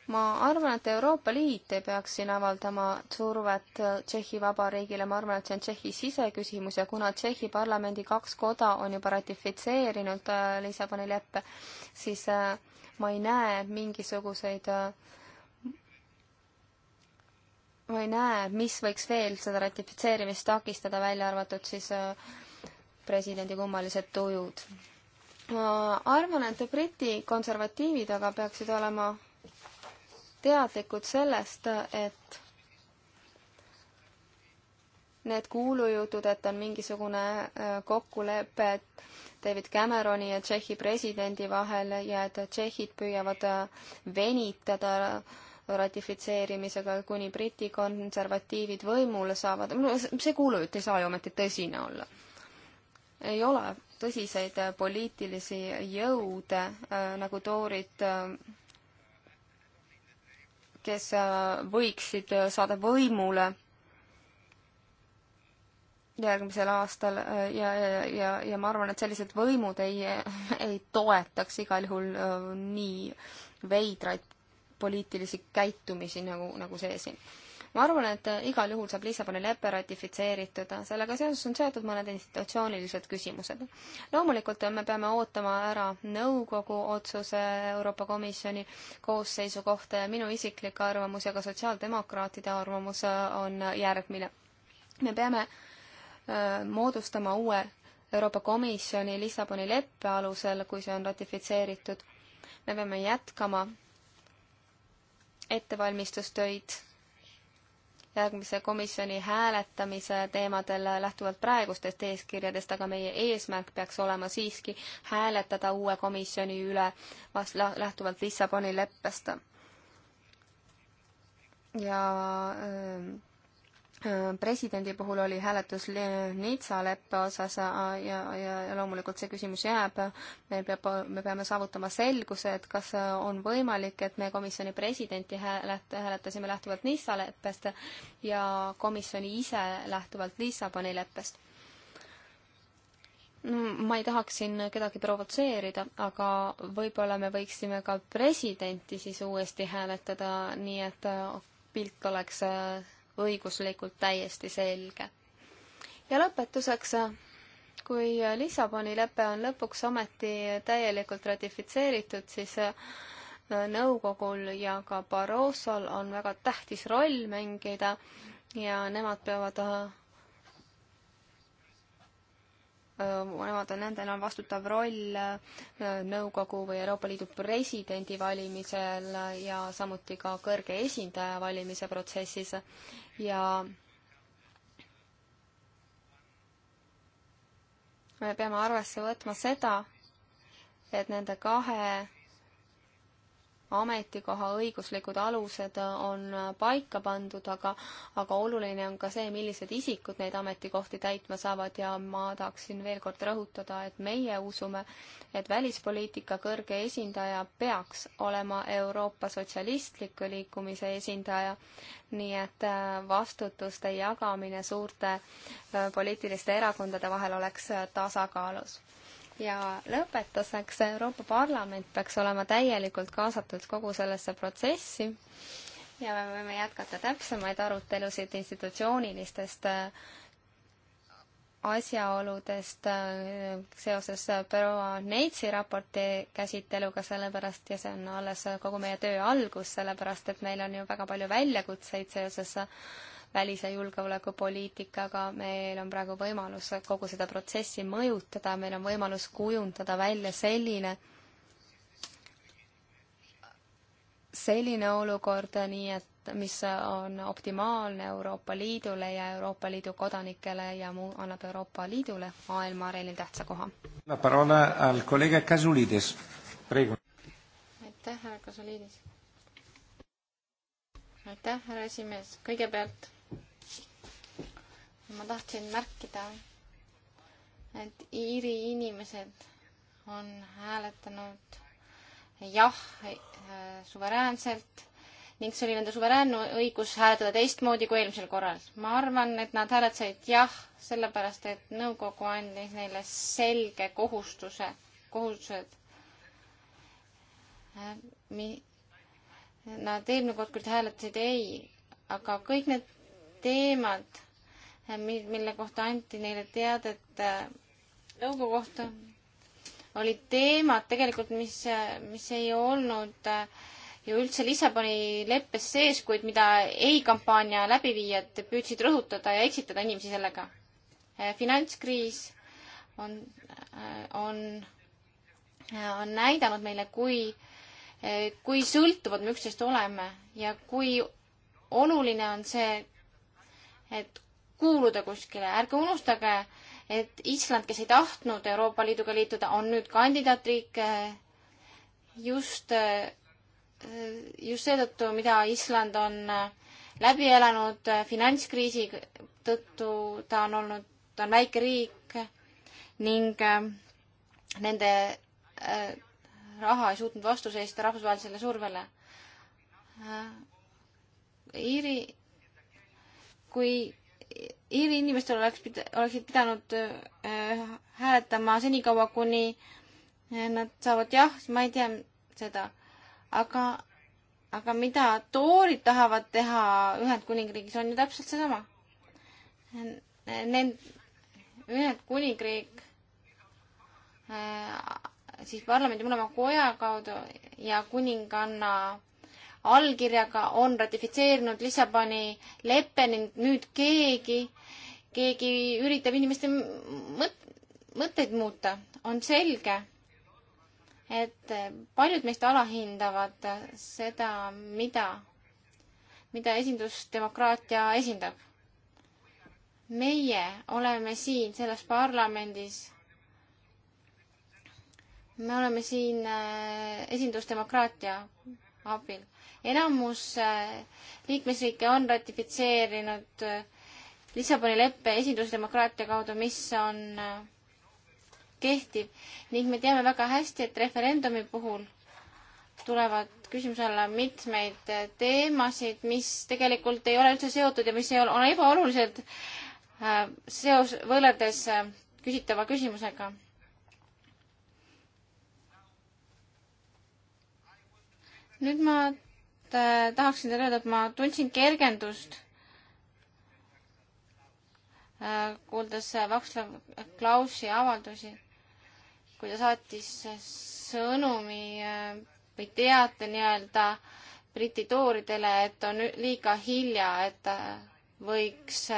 ma arvan, et Euroopa Liit ei peaks siin avaldama survet Tšehhi Vabariigile, ma arvan, et see on Tšehhi siseküsimus ja kuna Tšehhi parlamendi kaks koda on juba ratifitseerinud äh, Lissaboni leppe, siis äh, ma ei näe mingisuguseid äh, ma ei näe, mis võiks veel seda ratifitseerimist takistada, välja arvatud siis presidendi kummalised tujud. ma arvan, et Briti konservatiivid aga peaksid olema teadlikud sellest, et need kuulujutud, et on mingisugune äh, kokkulepe David Cameroni ja Tšehhi presidendi vahel ja et tšehhid püüavad äh, venitada ratifitseerimisega, kuni Briti konservatiivid võimule saavad, see kuulujutt ei saa ju ometi tõsine olla. ei ole tõsiseid äh, poliitilisi jõude nagu Toorid kes äh, võiksid äh, saada võimule järgmisel aastal äh, ja, ja, ja, ja ma arvan, et sellised võimud ei, ei toetaks igal juhul nii veidraid poliitilisi käitumisi, nagu, nagu see siin ma arvan, et äh, igal juhul saab Lissaboni lepe ratifitseeritud, sellega seoses on seotud mõned institutsioonilised küsimused. loomulikult äh, me peame ootama ära nõukogu otsuse Euroopa Komisjoni koosseisu kohta ja minu isiklik arvamus ja ka sotsiaaldemokraatide arvamus äh, on järgmine. me peame moodustama uue Euroopa Komisjoni Lissaboni leppe alusel, kui see on ratifitseeritud. me peame jätkama ettevalmistustöid järgmise komisjoni hääletamise teemadel lähtuvalt praegustest eeskirjadest, aga meie eesmärk peaks olema siiski hääletada uue komisjoni üle vast-, lähtuvalt Lissaboni leppest. ja öö, presidendi puhul oli hääletus Nitsa leppe osas ja, ja, ja loomulikult see küsimus jääb. meil peab, me peame saavutama selguse, et kas on võimalik, et me komisjoni presidenti häälet-, hääletasime lähtuvalt Nitsa leppest ja komisjoni ise lähtuvalt Lissaboni leppest. ma ei tahaks siin kedagi provotseerida, aga võib-olla me võiksime ka presidenti siis uuesti hääletada, nii et pilt oleks õiguslikult täiesti selge. ja lõpetuseks, kui Lissaboni lepe on lõpuks ometi täielikult ratifitseeritud, siis äh, nõukogul ja ka Barrosol on väga tähtis roll mängida ja nemad peavad äh, nemad on, nendel on vastutav roll äh, nõukogu või Euroopa Liidu presidendi valimisel ja samuti ka kõrge esindaja valimise protsessis ja me peame arvesse võtma seda, et nende kahe ametikoha õiguslikud alused on paika pandud, aga aga oluline on ka see, millised isikud neid ametikohti täitma saavad ja ma tahaksin veel kord rõhutada, et meie usume, et välispoliitika kõrge esindaja peaks olema Euroopa sotsialistliku liikumise esindaja, nii et äh, vastutuste jagamine suurte äh, poliitiliste erakondade vahel oleks äh, tasakaalus ja lõpetuseks, Euroopa Parlament peaks olema täielikult kaasatud kogu sellesse protsessi ja me võime jätkata täpsemaid arutelusid institutsioonilistest äh, asjaoludest äh, seoses äh, proua Neitsi raporti käsiteluga sellepärast ja see on alles kogu meie töö algus, sellepärast et meil on ju väga palju väljakutseid seoses välis- ja julgeolekupoliitikaga, meil on praegu võimalus kogu seda protsessi mõjutada, meil on võimalus kujundada välja selline selline olukord, nii et mis on optimaalne Euroopa Liidule ja Euroopa Liidu kodanikele ja muu, annab Euroopa Liidule maailma areenil tähtsa koha. aitäh, härra Kasuliidis! aitäh, härra esimees, kõigepealt ma tahtsin märkida, et Iiri inimesed on hääletanud jah eh, suveräänselt ning see oli nende suveräänne õigus hääletada teistmoodi kui eelmisel korral. ma arvan, et nad hääletasid jah, sellepärast et nõukogu andis neile selge kohustuse, kohustused. Eh, nad eelmine kord küll hääletasid ei, aga kõik need teemad mille kohta anti neile teadet nõukogu äh, kohta, olid teemad tegelikult, mis, äh, mis ei olnud äh, ju üldse Lissaboni leppes sees, kuid mida ei-kampaania läbiviijad püüdsid rõhutada ja eksitada inimesi sellega. finantskriis on, on, on näidanud meile, kui, kui sõltuvad me üksteist oleme ja kui oluline on see, et kuuluda kuskile. ärge unustage, et Island, kes ei tahtnud Euroopa Liiduga liituda, on nüüd kandidaatriik eh, just, eh, just seetõttu, mida Island on eh, läbi elanud finantskriisi tõttu, ta on olnud, ta on väike riik ning nende raha ei suutnud vastu seista rahvusvahelisele survele. Iiri, kui Iiri inimestel oleks pida-, oleksid pidanud äh, hääletama senikaua, kuni äh, nad saavad jah, ma ei tea seda. aga, aga mida toorid tahavad teha Ühendkuningriigis, on ju täpselt seesama. Nend-, Ühendkuningriik äh, siis parlamendi mõlema koja kaudu ja kuninganna allkirjaga on ratifitseerinud Lissaboni leppe ning nüüd keegi, keegi üritab inimeste mõt-, mõtteid muuta. on selge, et paljud meist alahindavad seda, mida, mida esindusdemokraatia esindab. meie oleme siin selles parlamendis me oleme siin äh, esindusdemokraatia abil enamus äh, liikmesriike on ratifitseerinud äh, Lissaboni leppe esindusdemokraatia kaudu, mis on äh, kehtiv ning me teame väga hästi, et referendumi puhul tulevad küsimuse alla mitmeid teemasid, mis tegelikult ei ole üldse seotud ja mis ei ole, on ebaolulised seos, võrreldes küsitava küsimusega. nüüd ma et äh, tahaksin teile öelda, et ma tundsin kergendust äh,, kuuldes äh, Václav Klausi avaldusi, kui ta saatis äh, sõnumi äh, või teate nii-öelda Briti tooridele, et on liiga hilja, et äh, võiks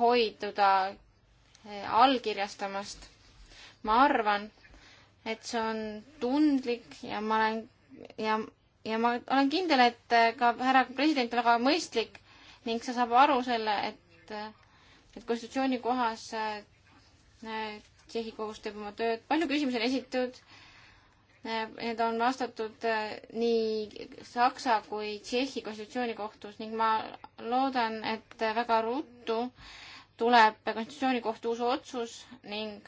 hoiduda allkirjastamast. ma arvan, et see on tundlik ja ma olen ja ja ma olen kindel, et äh, ka härra president on väga mõistlik ning see saab aru selle, et, äh, et konstitutsiooni kohas äh, Tšehhi kohus teeb oma tööd. palju küsimusi on esitatud. Need on vastatud nii Saksa kui Tšehhi konstitutsioonikohtus ning ma loodan, et väga ruttu tuleb konstitutsioonikohtu uus otsus ning,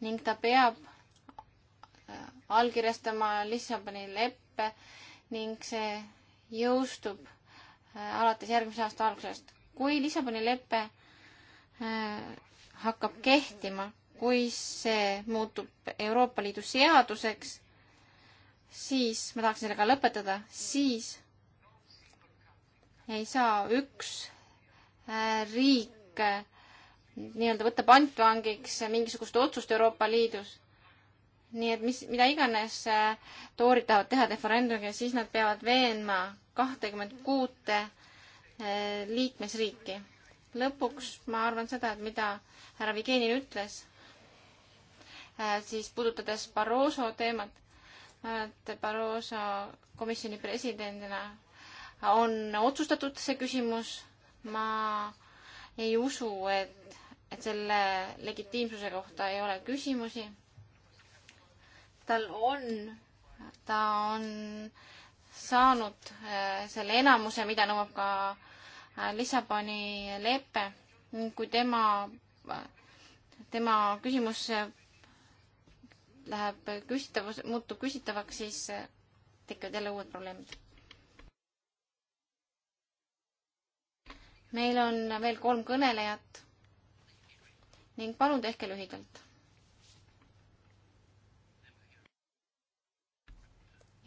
ning ta peab allkirjastama Lissaboni leppe ning see jõustub äh, alates järgmise aasta algusest. kui Lissaboni lepe äh, hakkab kehtima, kui see muutub Euroopa Liidu seaduseks, siis, ma tahaksin sellega lõpetada, siis ei saa üks äh, riik nii-öelda võtta pantvangiks mingisugust otsust Euroopa Liidus nii et mis, mida iganes äh, toorid tahavad teha referendumiga, siis nad peavad veenma kahtekümmet kuute äh, liikmesriiki. lõpuks ma arvan seda, et mida härra Vigenin ütles, äh, siis puudutades Barroso teemat, et Barroso komisjoni presidendina on otsustatud see küsimus, ma ei usu, et, et selle legitiimsuse kohta ei ole küsimusi tal on, ta on saanud äh, selle enamuse, mida nõuab ka äh, Lissaboni lepe. kui tema, äh, tema küsimus läheb küsitavus, muutub küsitavaks, siis tekivad jälle uued probleemid. meil on veel kolm kõnelejat ning palun tehke lühidalt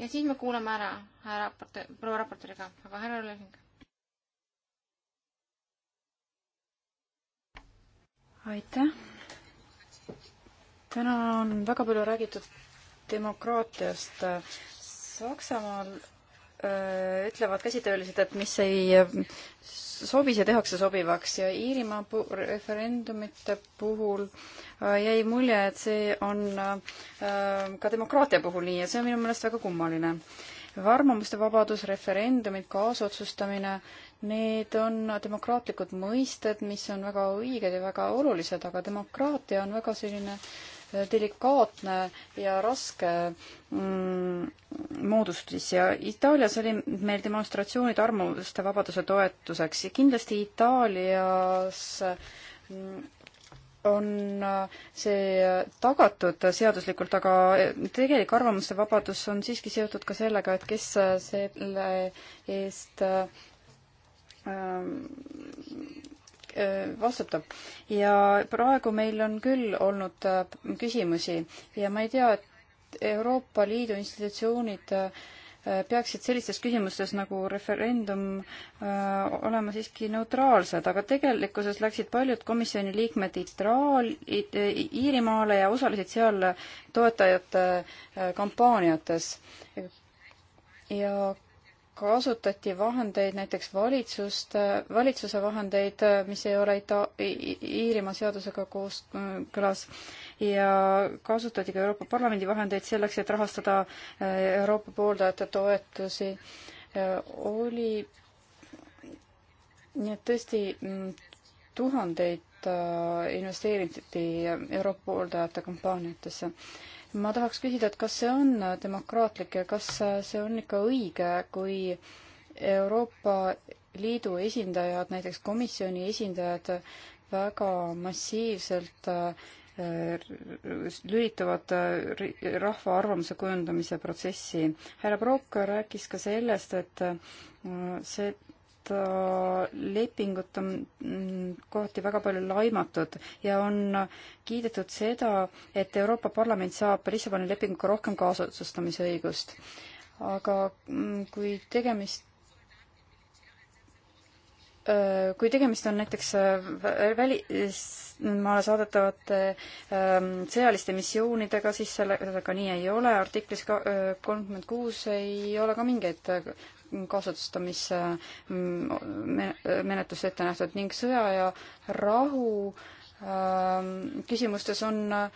ja siis me kuulame ära härra raportöö, proua raportööriga, aga härra Lööving. aitäh. täna on väga palju räägitud demokraatiast. Saksamaal Äh, ütlevad käsitöölised, et mis ei äh, sobi, see tehakse sobivaks ja Iirimaa pu referendumite puhul äh, jäi mulje, et see on ka demokraatia puhul nii ja see on minu meelest väga kummaline. arvamuste vabadus, referendumid, kaasotsustamine, need on demokraatlikud mõisted, mis on väga õiged ja väga olulised, aga demokraatia on väga selline äh, delikaatne ja raske mm, moodustis ja Itaalias oli meil demonstratsioonid armuste vabaduse toetuseks ja kindlasti Itaalias mm, on äh, see tagatud seaduslikult, aga äh, tegelik arvamuste vabadus on siiski seotud ka sellega, et kes äh, selle eest ähm, Äh, vastutab. ja praegu meil on küll olnud äh, küsimusi ja ma ei tea, et Euroopa Liidu institutsioonid äh, peaksid sellistes küsimustes nagu referendum öö, olema siiski neutraalsed, aga tegelikkuses läksid paljud komisjoni liikmed Itraal, Iirimaale ja osalesid seal toetajate kampaaniates. ja kasutati vahendeid, näiteks valitsust, valitsuse vahendeid, mis ei ole Ita-, Iirimaa seadusega kooskõlas ja kasutati ka Euroopa Parlamendi vahendeid selleks, et rahastada äh, Euroopa pooldajate toetusi. Äh, oli, nii et tõesti mm, tuhandeid äh, investeeriti Euroopa pooldajate kampaaniatesse ma tahaks küsida, et kas see on demokraatlik ja kas see on ikka õige, kui Euroopa Liidu esindajad, näiteks komisjoni esindajad väga massiivselt äh, lülituvad äh, rahva arvamuse kujundamise protsessi. härra Prokk rääkis ka sellest, et äh, see Äh, lepingut on mm, kohati väga palju laimatud ja on kiidetud seda, et Euroopa Parlament saab Lissaboni lepinguga rohkem kaasotsustamisõigust õigust aga mm, kui tegemist äh, kui tegemist on näiteks äh, välismaale saadetavate ähm, sõjaliste missioonidega, siis sellega nii ei ole, artiklis kolmkümmend kuus ei ole ka mingeid kaasotsustamise menetlust mm, ette nähtud ning sõja ja rahu ähm, küsimustes on äh,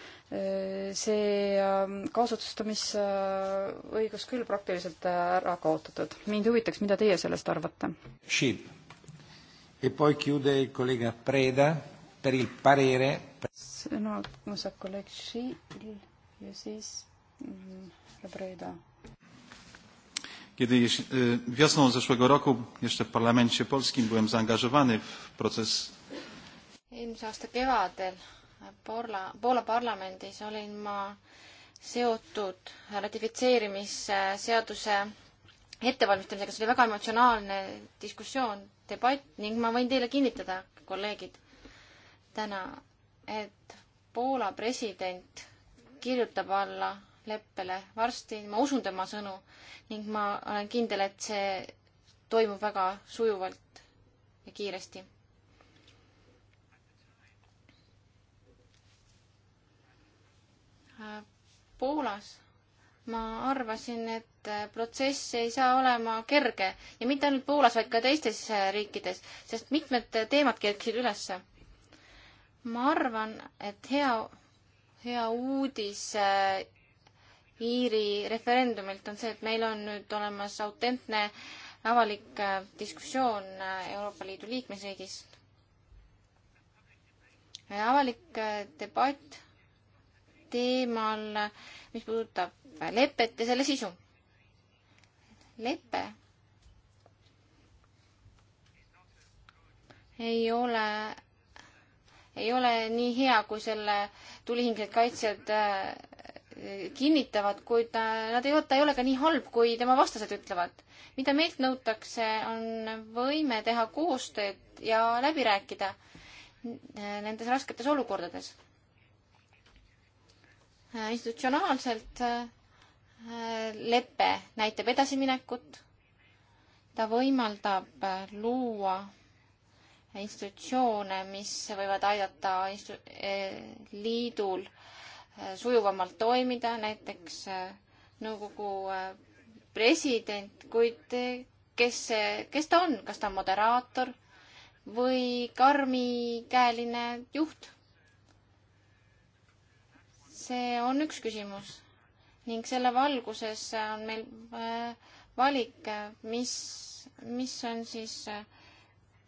see ähm, kaasotsustamisõigus äh, küll praktiliselt äh, ära kaotatud. mind huvitaks, mida teie sellest arvate? E sõna no, saab kolleeg Schiil ja siis härra mm, Preda Kiedy wiosną zeszłego roku jeszcze w parlamencie polskim byłem zaangażowany w proces eelmise aasta kevadel Poola, Poola parlamendis olin ma seotud ratifitseerimisseaduse ettevalmistamisega, see oli väga emotsionaalne diskussioon, debatt ning ma võin teile kinnitada, kolleegid, täna, et Poola president kirjutab alla leppele varsti, ma usun tema sõnu ning ma olen kindel, et see toimub väga sujuvalt ja kiiresti. Äh, Poolas ma arvasin, et protsess ei saa olema kerge ja mitte ainult Poolas, vaid ka teistes äh, riikides, sest mitmed teemad kerkisid ülesse. ma arvan, et hea, hea uudis äh, Iiri referendumilt, on see, et meil on nüüd olemas autentne avalik äh, diskussioon äh, Euroopa Liidu liikmesriigis. avalik äh, debatt teemal, mis puudutab lepet ja selle sisu. lepe ei ole ei ole nii hea, kui selle tulihinged kaitsjad kinnitavad, kuid nad ei, ta ei ole ka nii halb, kui tema vastased ütlevad. mida meilt nõutakse, on võime teha koostööd ja läbi rääkida nendes rasketes olukordades. institutsionaalselt äh, lepe näitab edasiminekut, ta võimaldab äh, luua institutsioone, mis võivad aidata äh, liidul äh, sujuvamalt toimida, näiteks äh, nõukogu äh, president, kuid kes see, kes ta on, kas ta on moderaator või karmikäeline juht? see on üks küsimus ning selle valguses on meil äh, valik, mis, mis on siis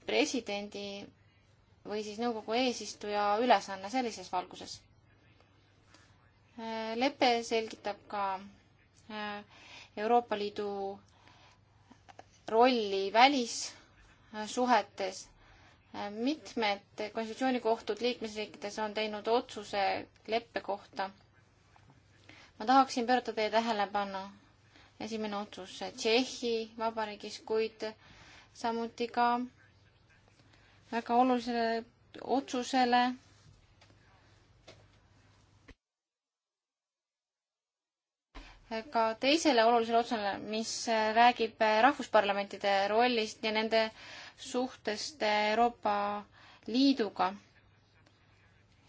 presidendi või siis nõukogu eesistuja ülesanne sellises valguses lepe selgitab ka äh, Euroopa Liidu rolli välissuhetes. Äh, mitmed konstitutsioonikohtud liikmesriikides on teinud otsuse leppe kohta. ma tahaksin pöörata teie tähelepanu, esimene otsus äh, Tšehhi Vabariigis, kuid samuti ka väga olulisele otsusele ka teisele olulisele otsale, mis räägib rahvusparlamentide rollist ja nende suhtest Euroopa Liiduga.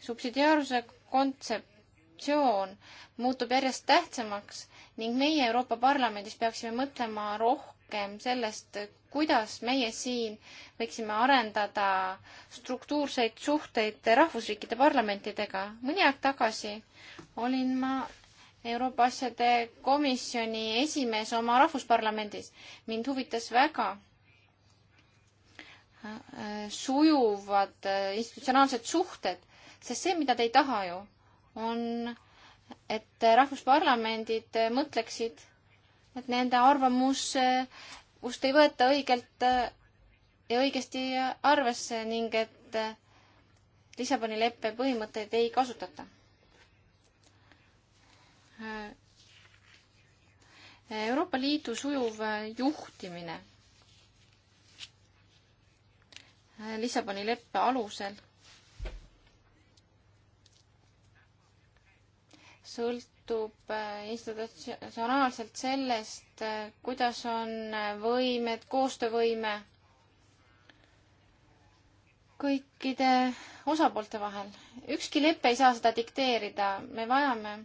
subsidiaarsuse kontseptsioon muutub järjest tähtsamaks ning meie Euroopa Parlamendis peaksime mõtlema rohkem sellest, kuidas meie siin võiksime arendada struktuurseid suhteid rahvusriikide parlamentidega. mõni aeg tagasi olin ma Euroopa Asjade Komisjoni esimees oma rahvusparlamendis. mind huvitas väga äh, sujuvad äh, institutsionaalsed suhted, sest see, mida te ei taha ju, on, et rahvusparlamendid äh, mõtleksid, et nende arvamus, kust ei võeta õigelt ja õigesti arvesse ning et Lissaboni leppe põhimõtteid ei kasutata Euroopa Liidu sujuv juhtimine Lissaboni leppe alusel sõltub äh, institutsionaalselt sellest, äh, kuidas on äh, võimed, koostöövõime kõikide osapoolte vahel. ükski lepe ei saa seda dikteerida, me vajame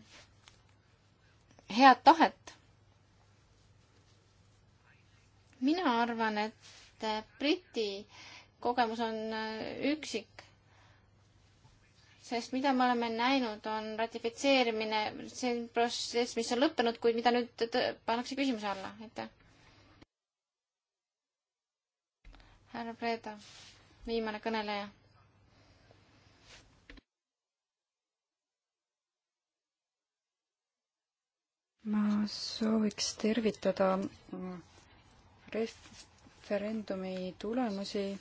head tahet. mina arvan, et Briti kogemus on äh, üksik. sest mida me oleme näinud, on ratifitseerimine, see on protsess, mis on lõppenud, kuid mida nüüd pannakse küsimuse alla, aitäh. härra Breda, viimane kõneleja ma sooviks tervitada referendumi tulemusi.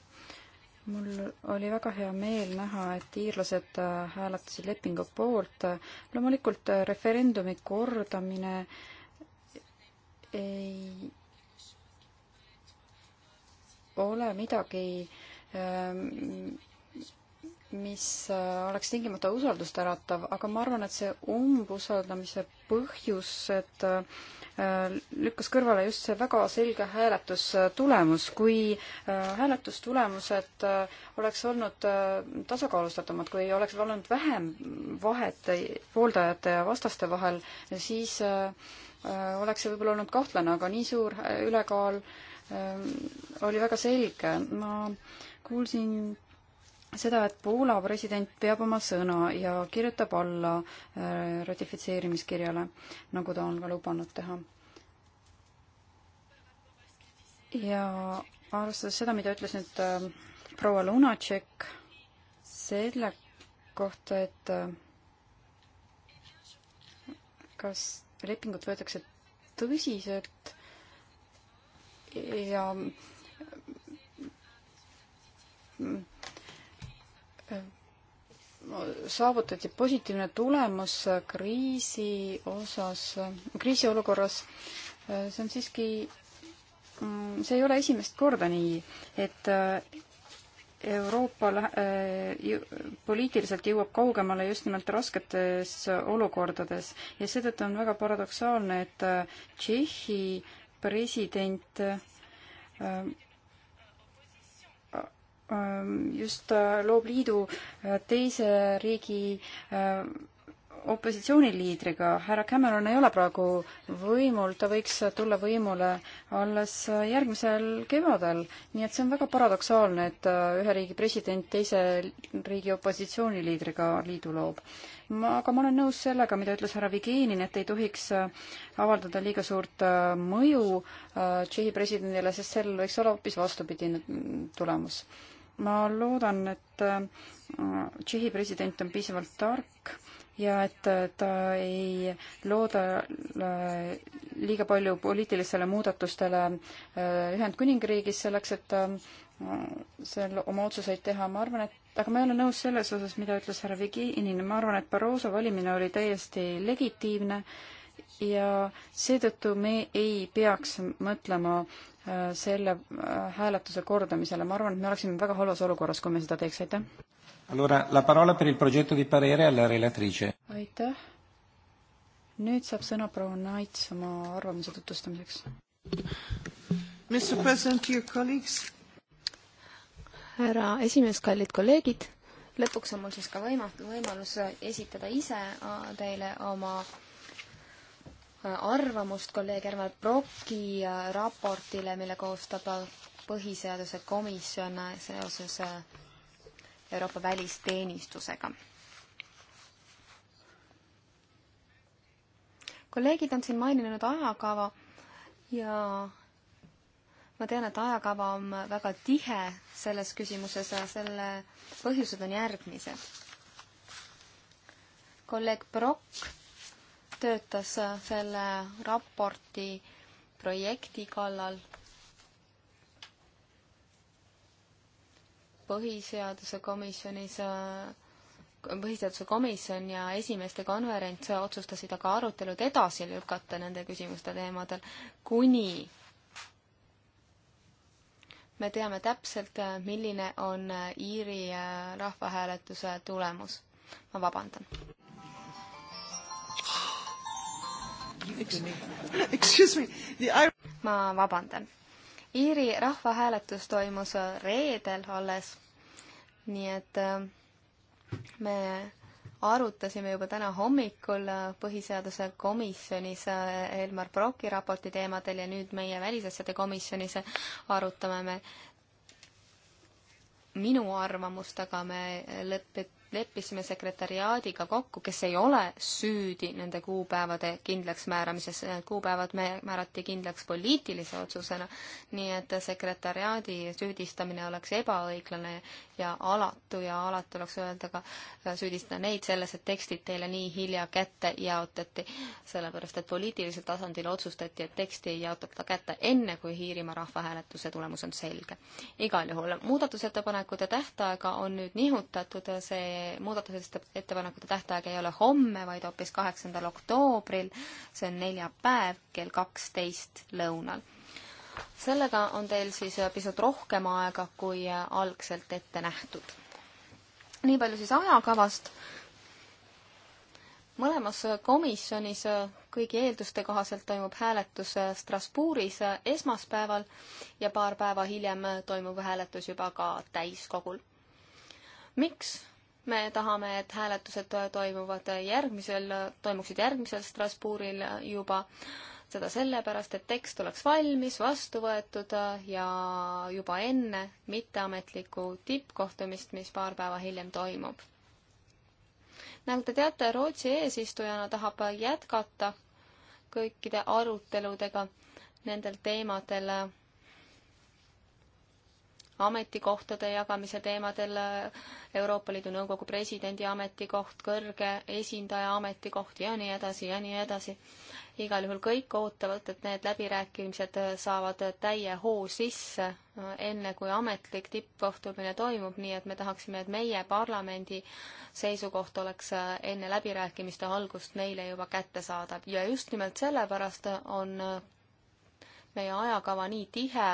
mul oli väga hea meel näha, et iirlased äh, hääletasid lepingu poolt. loomulikult äh, referendumi kordamine ei ole midagi ähm, mis äh, oleks tingimata usaldust äratav, aga ma arvan, et see umbusaldamise põhjus, et äh, lükkas kõrvale just see väga selge hääletustulemus. kui äh, hääletustulemused oleks olnud tasakaalustatumad, kui oleks olnud vähem vahet pooldajate ja vastaste vahel, siis oleks see võib-olla olnud kahtlane, aga nii suur ülekaal oli väga selge. ma kuulsin seda, et Poola president peab oma sõna ja kirjutab alla äh, ratifitseerimiskirjale, nagu ta on ka lubanud teha. ja arvestades seda, mida ütles nüüd äh, proua Lunatšek selle kohta, et äh, kas lepingut võetakse tõsiselt ja äh, saavutati positiivne tulemus kriisi osas, kriisiolukorras. see on siiski, mm, see ei ole esimest korda nii, et äh, Euroopa äh, poliitiliselt jõuab kaugemale just nimelt rasketes olukordades ja seetõttu on väga paradoksaalne, et äh, Tšehhi president äh, Ähm, just äh, loob liidu äh, teise riigi äh, opositsiooniliidriga. härra Cameron ei ole praegu võimul, ta võiks tulla võimule alles järgmisel kevadel. nii et see on väga paradoksaalne, et ühe riigi president teise riigi opositsiooniliidriga liidu loob. ma, aga ma olen nõus sellega, mida ütles härra Vigenin, et ei tohiks avaldada liiga suurt mõju Tšehhi presidendile, sest sellel võiks olla hoopis vastupidine tulemus ma loodan, et äh, Tšehhi president on piisavalt tark ja et äh, ta ei looda äh, liiga palju poliitilistele muudatustele Ühendkuningriigis selleks, et seal oma otsuseid teha, ma arvan, et aga ma ei ole nõus selles osas, mida ütles härra Viginini, ma arvan, et Barroso valimine oli täiesti legitiimne ja seetõttu me ei peaks mõtlema selle äh, hääletuse kordamisele, ma arvan, et me oleksime väga halvas olukorras, kui me seda teeks, aitäh. Allora la parola per il progetto di parere alla relatrice. aitäh. nüüd saab sõna proua Naits oma arvamuse tutvustamiseks. Mr President, dear colleagues. härra esimees, kallid kolleegid, lõpuks on mul siis ka võimatu, võimalus esitada ise äh, teile oma arvamust kolleeg Järvel Brocki raportile, mille koostab põhiseaduse komisjon seoses äh, Euroopa välisteenistusega. kolleegid on siin maininud ajakava ja ma tean, et ajakava on väga tihe selles küsimuses ja selle põhjused on järgmised. kolleeg Brock töötas selle raporti projekti kallal põhiseaduse komisjonis põhiseaduse komisjon ja esimeeste konverents otsustasid aga arutelud edasi lükata nende küsimuste teemadel, kuni me teame täpselt, milline on Iiri rahvahääletuse tulemus. ma vabandan. Excuse me. The... ma vabandan. Iiri rahvahääletus toimus reedel alles, nii et äh, me arutasime juba täna hommikul äh, Põhiseaduse komisjonis äh, Elmar Broki raporti teemadel ja nüüd meie välisasjade komisjonis arutame me minu arvamust, aga me lõpp-, leppisime sekretariaadiga kokku, kes ei ole süüdi nende kuupäevade kindlaksmääramises, need kuupäevad me määrati kindlaks poliitilise otsusena, nii et sekretariaadi süüdistamine oleks ebaõiglane ja alatu ja alatu oleks öelda ka süüdistada neid selles, et tekstid teile nii hilja kätte jaotati, sellepärast et poliitilisel tasandil otsustati, et teksti ei jaotata kätte enne, kui Iirimaa rahvahääletuse tulemus on selge. igal juhul muudatusettepanekute tähtaega on nüüd nihutatud, see muudatusettepanekute tähtaeg ei ole homme, vaid hoopis kaheksandal oktoobril, see on neljapäev kell kaksteist lõunal sellega on teil siis äh, pisut rohkem aega, kui äh, algselt ette nähtud. nii palju siis ajakavast. mõlemas äh, komisjonis kõigi eelduste kohaselt toimub hääletus Strasbourgis esmaspäeval ja paar päeva hiljem toimub hääletus juba ka täiskogul. miks? me tahame, et hääletused toimuvad järgmisel, toimuksid järgmisel Strasbourgil juba äh, seda sellepärast, et tekst oleks valmis, vastu võetud äh, ja juba enne mitteametlikku tippkohtumist, mis paar päeva hiljem toimub. nagu te teate, Rootsi eesistujana tahab jätkata kõikide aruteludega nendel teemadel ametikohtade jagamise teemadel, Euroopa Liidu Nõukogu presidendi ametikoht, kõrge esindaja ametikoht ja nii edasi ja nii edasi igal juhul kõik ootavad, et need läbirääkimised saavad täie hoo sisse, äh, enne kui ametlik tippkohtumine toimub, nii et me tahaksime, et meie parlamendi seisukoht oleks äh, enne läbirääkimiste algust neile juba kättesaadav ja just nimelt sellepärast on äh, meie ajakava nii tihe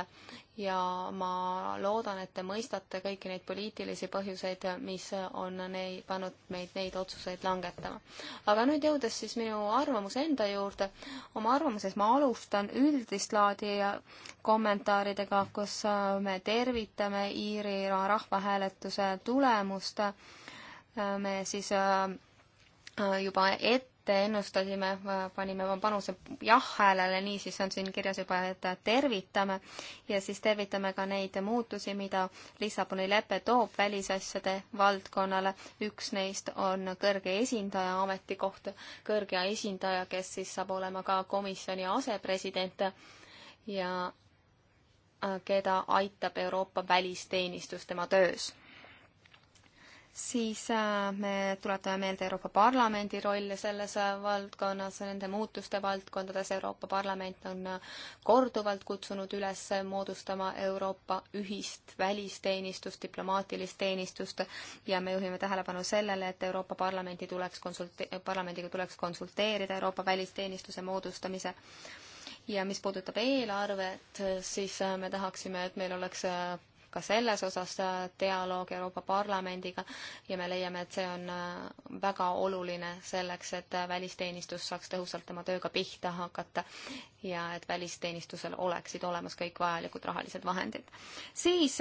ja ma loodan, et te mõistate kõiki neid poliitilisi põhjuseid, mis on nei-, pannud meid neid otsuseid langetama. aga nüüd jõudes siis minu arvamuse enda juurde, oma arvamuses ma alustan üldist laadi kommentaaridega, kus me tervitame Iiri rahvahääletuse tulemust, me siis äh, juba ette ennustasime, panime oma panuse jah-häälele, niisiis on siin kirjas juba, et tervitame ja siis tervitame ka neid muutusi, mida Lissaboni lepe toob välisasjade valdkonnale. üks neist on kõrge esindaja ametikoht, kõrge esindaja, kes siis saab olema ka komisjoni asepresident ja äh, keda aitab Euroopa välisteenistus tema töös siis äh, me tuletame meelde Euroopa Parlamendi rolli selles äh, valdkonnas, nende muutuste valdkondades Euroopa Parlament on äh, korduvalt kutsunud üles moodustama Euroopa ühist välisteenistust, diplomaatilist teenistust ja me juhime tähelepanu sellele, et Euroopa Parlamendi tuleks konsulte-, parlamendiga tuleks konsulteerida Euroopa välisteenistuse moodustamise ja mis puudutab eelarvet, siis me tahaksime, et meil oleks ka selles osas äh, dialoog Euroopa Parlamendiga ja me leiame, et see on äh, väga oluline selleks, et äh, välisteenistus saaks tõhusalt oma tööga pihta hakata ja et välisteenistusel oleksid olemas kõik vajalikud rahalised vahendid. siis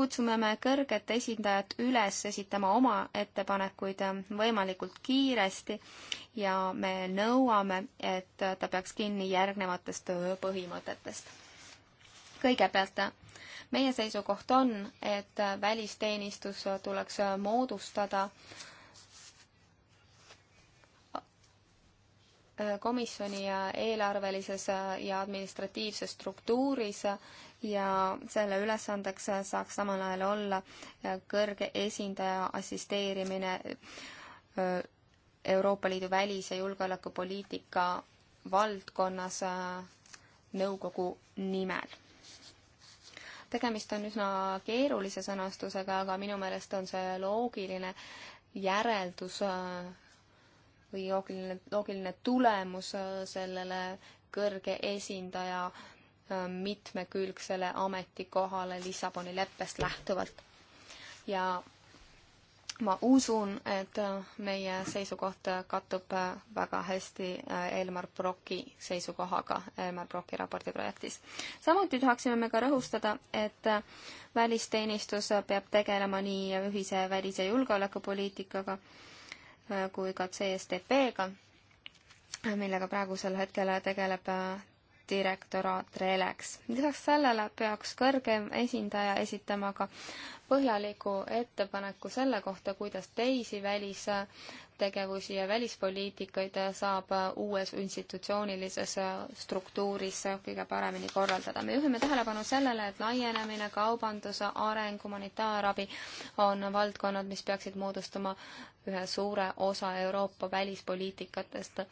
kutsume me kõrget esindajat üles esitama oma ettepanekuid võimalikult kiiresti ja me nõuame, et ta peaks kinni järgnevatest põhimõtetest. kõigepealt meie seisukoht on, et välisteenistus tuleks moodustada komisjoni eelarvelises ja administratiivses struktuuris ja selle ülesandeks saaks samal ajal olla kõrge esindaja assisteerimine Euroopa Liidu välis- ja julgeolekupoliitika valdkonnas nõukogu nimel tegemist on üsna keerulise sõnastusega, aga minu meelest on see loogiline järeldus äh, või loogiline, loogiline tulemus äh, sellele kõrge esindaja äh, mitmekülgsele ametikohale Lissaboni leppest lähtuvalt. ja ma usun, et meie seisukoht kattub väga hästi Elmar Broki seisukohaga Elmar Broki raporti projektis. samuti tahaksime me ka rõhustada, et välisteenistus peab tegelema nii ühise välis- ja julgeolekupoliitikaga kui ka CSDP-ga, millega praegusel hetkel tegeleb direktoraat Relex. lisaks sellele peaks kõrgem esindaja esitama ka põhjaliku ettepaneku selle kohta, kuidas teisi välistegevusi ja välispoliitikaid saab uues institutsioonilises struktuuris kõige paremini korraldada. me juhime tähelepanu sellele, et laienemine, kaubandus, areng, humanitaarabi on valdkonnad, mis peaksid moodustama ühe suure osa Euroopa välispoliitikatest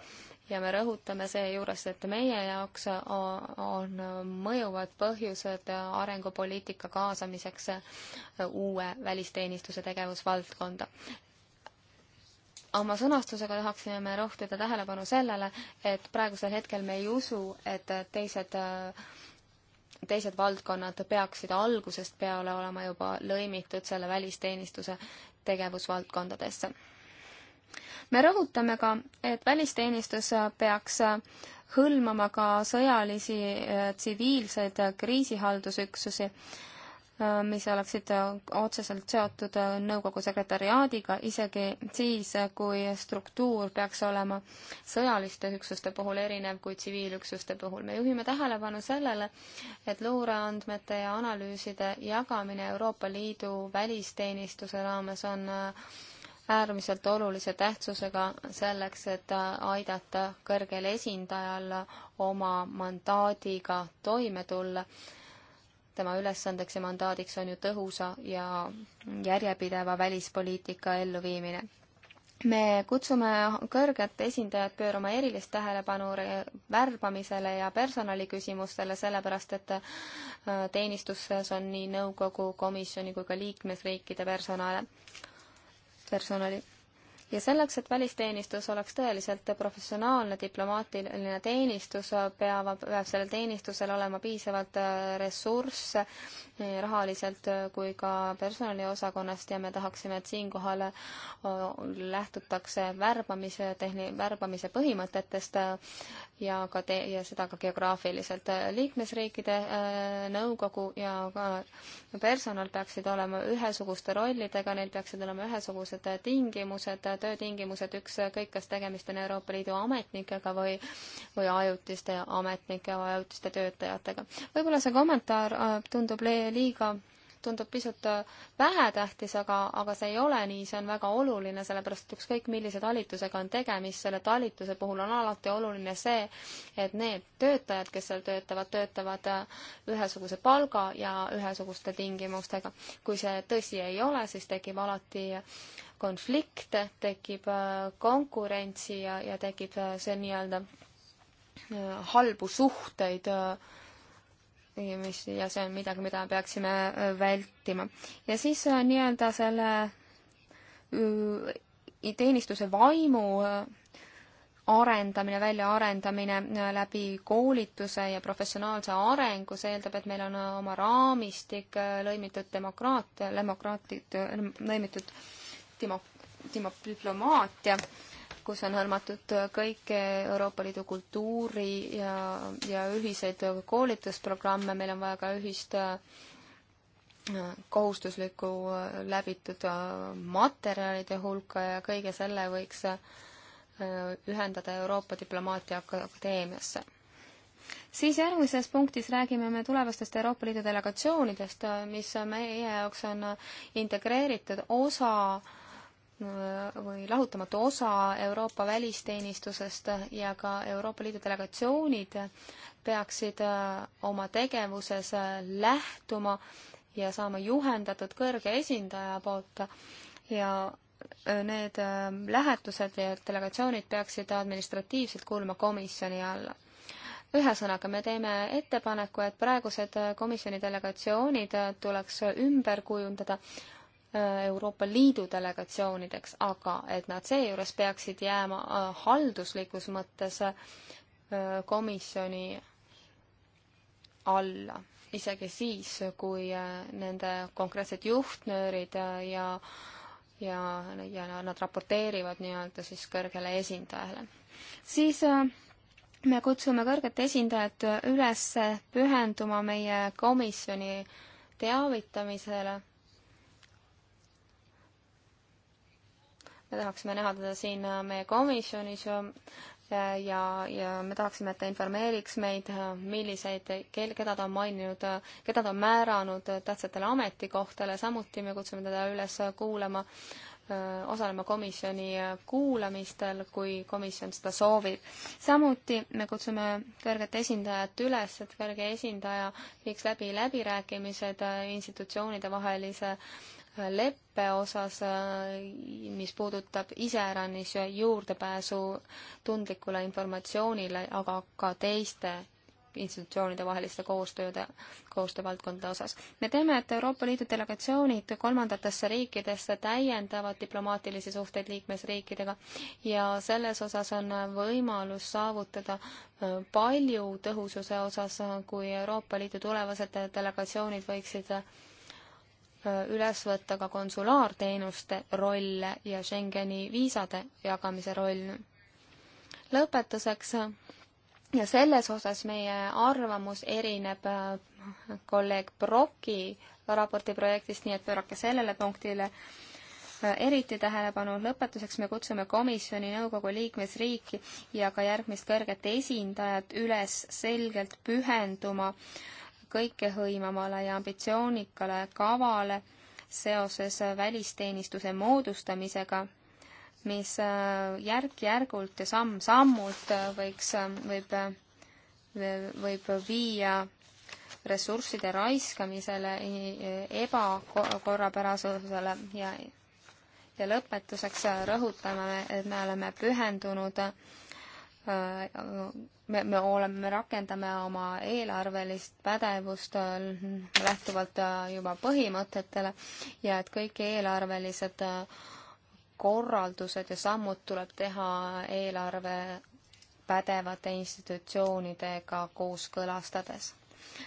ja me rõhutame seejuures, et meie jaoks on mõjuvad põhjused arengupoliitika kaasamiseks uue välisteenistuse tegevusvaldkonda. oma sõnastusega tahaksime me rohtida tähelepanu sellele, et praegusel hetkel me ei usu, et teised teised valdkonnad peaksid algusest peale olema juba lõimitud selle välisteenistuse tegevusvaldkondadesse me rõhutame ka, et välisteenistus peaks hõlmama ka sõjalisi äh, tsiviilseid kriisihaldusüksusi, äh, mis oleksid äh, otseselt seotud nõukogu sekretariaadiga, isegi siis, kui struktuur peaks olema sõjaliste üksuste puhul erinev kui tsiviilüksuste puhul. me juhime tähelepanu sellele, et luureandmete ja analüüside jagamine Euroopa Liidu välisteenistuse raames on äärmiselt olulise tähtsusega selleks, et aidata kõrgel esindajal oma mandaadiga toime tulla. tema ülesandeks ja mandaadiks on ju tõhusa ja järjepideva välispoliitika elluviimine me kutsume kõrget esindajat pöörama erilist tähelepanu värbamisele ja personaliküsimustele, sellepärast et äh, teenistuses on nii nõukogu, komisjoni kui ka liikmesriikide personale personali ja selleks, et välisteenistus oleks tõeliselt professionaalne diplomaatiline teenistus, peab, peab sellel teenistusel olema piisavalt äh, ressursse nii rahaliselt äh, kui ka personaliosakonnast ja me tahaksime, et siinkohal äh, lähtutakse värbamise, tehni-, värbamise põhimõtetest ja ka te-, ja seda ka geograafiliselt. liikmesriikide nõukogu ja ka personal peaksid olema ühesuguste rollidega, neil peaksid olema ühesugused tingimused, töötingimused, ükskõik, äh, kas tegemist on Euroopa Liidu ametnikega või, või ajutiste ametnike või ajutiste töötajatega. võib-olla see kommentaar äh, tundub liiga tundub pisut äh, vähetähtis, aga, aga see ei ole nii, see on väga oluline, sellepärast et ükskõik millise talitusega on tegemist, selle talituse puhul on alati oluline see, et need töötajad, kes seal töötavad, töötavad äh, ühesuguse palga ja ühesuguste tingimustega. kui see tõsi ei ole, siis tekib alati konflikte, tekib äh, konkurentsi ja, ja tekib see nii-öelda halbu suhteid äh, mis ja see on midagi, mida peaksime äh, vältima. ja siis äh, nii-öelda selle äh, teenistuse vaimu arendamine, väljaarendamine läbi koolituse ja professionaalse arengu, see eeldab, et meil on oma raamistik lõimitud demokraatia, demokraatid, lõimitud dimo-, dimo-, diplomaatia kus on hõlmatud kõik Euroopa Liidu kultuuri ja, ja ühiseid koolitusprogramme, meil on vaja ka ühist äh, kohustuslikku äh, läbitud äh, materjalide hulka ja kõige selle võiks ühendada Euroopa Diplomaatia Akadeemiasse. siis järgmises punktis räägime me tulevastest Euroopa Liidu delegatsioonidest, mis meie jaoks on integreeritud osa äh, või lahutamatu osa Euroopa välisteenistusest ja ka Euroopa Liidu delegatsioonid peaksid äh, oma tegevuses äh, lähtuma ja saama juhendatud kõrge esindaja poolt ja äh, need lähetused ja delegatsioonid peaksid administratiivselt kuuluma komisjoni alla. ühesõnaga, me teeme ettepaneku, et praegused komisjoni delegatsioonid tuleks ümber kujundada Äh, Euroopa Liidu delegatsioonideks, aga et nad seejuures peaksid jääma äh, halduslikus mõttes äh, komisjoni alla, isegi siis, kui nende konkreetsed juhtnöörid ja ja, ja nad raporteerivad nii-öelda siis kõrgele esindajale. siis me kutsume kõrget esindajat üles pühenduma meie komisjoni teavitamisele me tahaksime näha teda siin äh, meie komisjonis äh, ja, ja me tahaksime, et ta informeeriks meid, äh, milliseid, kel-, keda ta on maininud, keda ta on määranud tähtsatele ametikohtadele, samuti me kutsume teda üles kuulama, osalema komisjoni kuulamistel, kui komisjon seda soovib. samuti me kutsume kõrget esindajat üles, et kõrge esindaja viiks läbi läbirääkimised institutsioonide vahelise leppe osas, äh, mis puudutab iseäranis juurdepääsu tundlikule informatsioonile, aga ka teiste institutsioonide vaheliste koostööde, koostöövaldkondade osas. me teame, et Euroopa Liidu delegatsioonid kolmandatesse riikidesse täiendavad diplomaatilisi suhteid liikmesriikidega ja selles osas on võimalus saavutada äh, palju tõhususe osas, kui Euroopa Liidu tulevased delegatsioonid võiksid äh, Äh, üles võtta ka konsulaarteenuste roll ja Schengeni viisade jagamise roll. lõpetuseks äh, ja selles osas meie arvamus erineb äh, kolleeg Broki raporti projektist, nii et pöörake sellele punktile eriti tähelepanu. lõpetuseks me kutsume komisjoni nõukogu liikmesriiki ja ka järgmist kõrget esindajat üles selgelt pühenduma äh, kõikehõimavale ja ambitsioonikale kavale seoses välisteenistuse moodustamisega, mis äh, järk-järgult ja samm-sammult äh, võiks, äh, võib, võib viia ressursside raiskamisele, ebakorrapärasusele ja, ja lõpetuseks rõhutame, et me oleme pühendunud me, me oleme, me rakendame oma eelarvelist pädevust äh, lähtuvalt äh, juba põhimõtetele ja et kõik eelarvelised äh, korraldused ja sammud tuleb teha eelarve pädevate institutsioonidega kooskõlastades.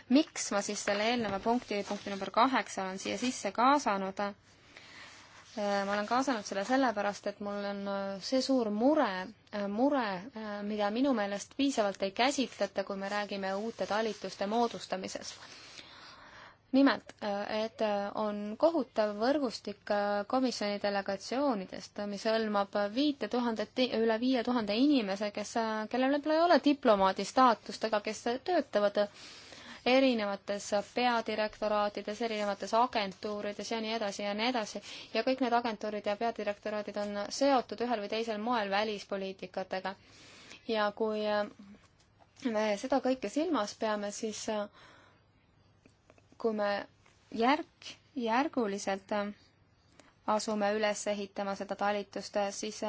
miks ma siis selle eelneva punkti, punkti number kaheksa olen siia sisse kaasanud? Äh, ma olen kaasanud selle sellepärast, et mul on äh, see suur mure, äh, mure, mida minu meelest piisavalt ei käsitleta, kui me räägime uute talituste moodustamisest. nimelt, et on kohutav võrgustik komisjoni delegatsioonidest, mis hõlmab viite tuhandet, üle viie tuhande inimese, kes, kellel võib-olla ei ole diplomaadi staatust, aga kes töötavad erinevates peadirektoraatides, erinevates agentuurides ja nii edasi ja nii edasi. ja kõik need agentuurid ja peadirektoraadid on seotud ühel või teisel moel välispoliitikatega. ja kui me seda kõike silmas peame, siis kui me järk, järguliselt asume üles ehitama seda talitust, siis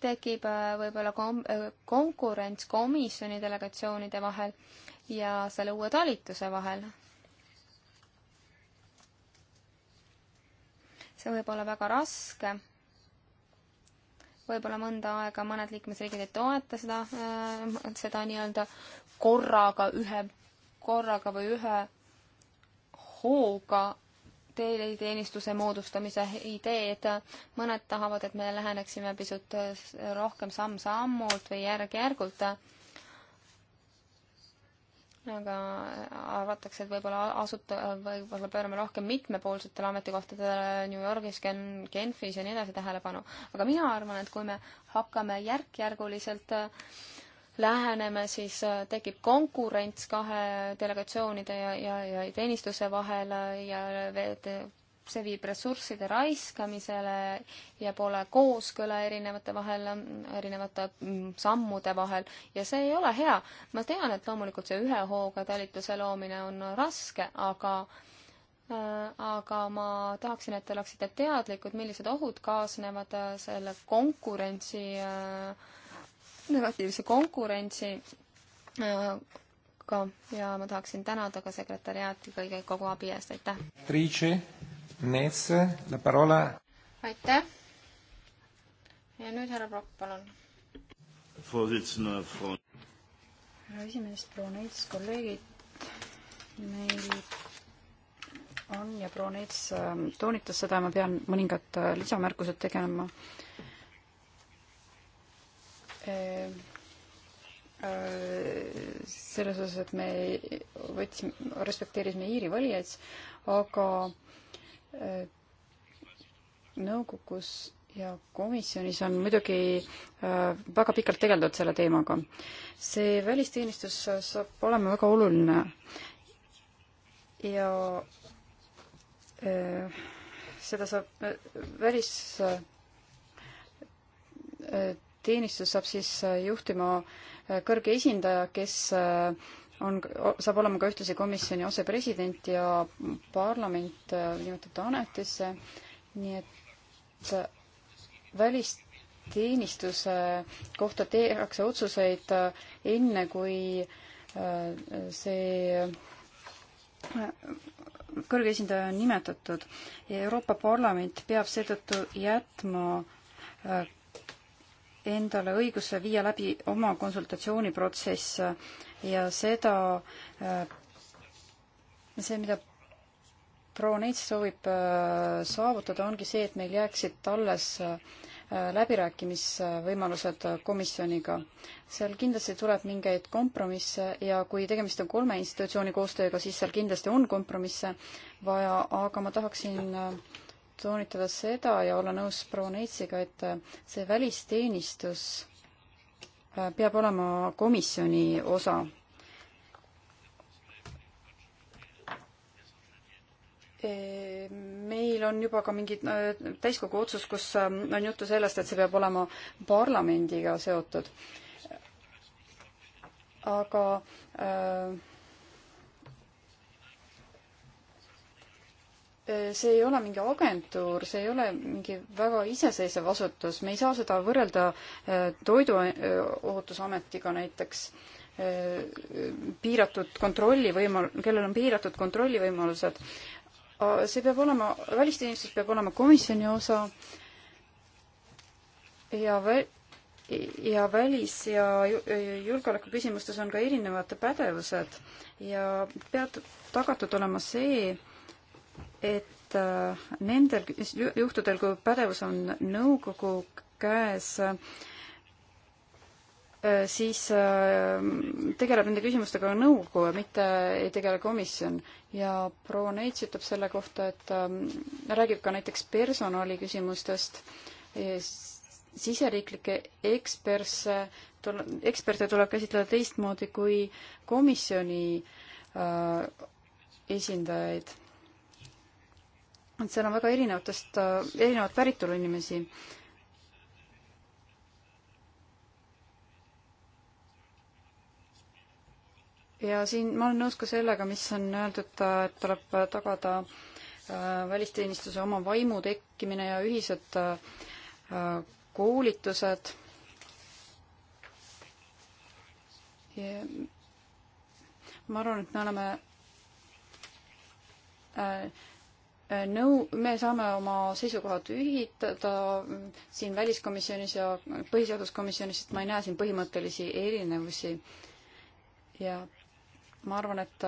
tekib võib-olla kom-, konkurents komisjoni delegatsioonide vahel ja selle uue talituse vahel. see võib olla väga raske. võib-olla mõnda aega mõned liikmesriigid ei toeta seda, äh, seda nii-öelda korraga ühe, korraga või ühe hooga teeliteenistuse moodustamise ideed, mõned tahavad, et me läheneksime pisut rohkem samm-sammult või järg-järgult aga arvatakse, et võib-olla asuta, võib-olla pöörame rohkem mitmepoolsetele ametikohtadele New Yorgis, Gen-, Genfis ja nii edasi tähelepanu. aga mina arvan, et kui me hakkame järk-järguliselt äh, läheneme, siis äh, tekib konkurents kahe delegatsioonide ja, ja, ja teenistuse vahel äh, ja see viib ressursside raiskamisele ja pole kooskõla erinevate vahel, erinevate mm, sammude vahel ja see ei ole hea. ma tean, et loomulikult see ühe hooga talituse loomine on raske, aga äh, aga ma tahaksin, et te oleksite teadlikud, millised ohud kaasnevad äh, selle konkurentsi, äh, negatiivse konkurentsiga ja ma tahaksin tänada ka sekretäriaati kõige, kogu abi eest, aitäh! Neets, la parola. aitäh. ja nüüd härra Prokk, palun. härra esimees, proua Neits, kolleegid, meil on ja proua Neits ähm, toonitas seda ja ma pean mõningad äh, lisamärkused tegema e selles osas, et me võtsime, respekteerisime Iiri valijaid, aga Äh, nõukogus ja komisjonis on muidugi äh, väga pikalt tegeldud selle teemaga. see välisteenistus saab olema väga oluline ja äh, seda saab, välisteenistus saab siis juhtima kõrge esindaja, kes on, saab olema ka ühtlasi komisjoni asepresident ja parlament äh, nimetab ta ametisse, nii et äh, välisteenistuse kohta tehakse otsuseid äh, enne, kui see kõrge esindaja on nimetatud ja Euroopa Parlament peab seetõttu jätma endale õiguse viia läbi oma konsultatsiooniprotsess ja seda, äh, see, mida proua Neits soovib äh, saavutada, ongi see, et meil jääksid alles äh, läbirääkimisvõimalused komisjoniga. seal kindlasti tuleb mingeid kompromisse ja kui tegemist on kolme institutsiooni koostööga, siis seal kindlasti on kompromisse vaja, aga ma tahaksin äh, toonitada seda ja olla nõus proua Neitsiga, et see välisteenistus äh, peab olema komisjoni osa. E, meil on juba ka mingi äh, täiskogu otsus, kus äh, on juttu sellest, et see peab olema parlamendiga seotud. aga äh, see ei ole mingi agentuur, see ei ole mingi väga iseseisev asutus, me ei saa seda võrrelda äh, Toiduohutusametiga äh, näiteks, äh, piiratud kontrollivõimal-, kellel on piiratud kontrollivõimalused. see peab olema, välisteenistus peab olema komisjoni osa ja vä-, ja välis- ja julgeolekuküsimustes on ka erinevad pädevused ja peab tagatud olema see, et äh, nendel juhtudel, kui pädevus on nõukogu käes, äh, siis äh, tegeleb nende küsimustega nõukogu ja mitte ei tegele komisjon. ja proua Neits ütleb selle kohta, et räägib ka näiteks personali küsimustest, siseriiklikke eksperse, eksperte tuleb käsitleda teistmoodi kui komisjoni esindajaid et seal on väga erinevatest, erinevat päritolu inimesi ja siin ma olen nõus ka sellega, mis on öeldud, et tuleb tagada äh, välisteenistuse oma vaimu tekkimine ja ühised äh, koolitused. ma arvan, et me oleme äh, nõu, me saame oma seisukohad ühitada siin väliskomisjonis ja põhiseaduskomisjonis, sest ma ei näe siin põhimõttelisi erinevusi. ja ma arvan, et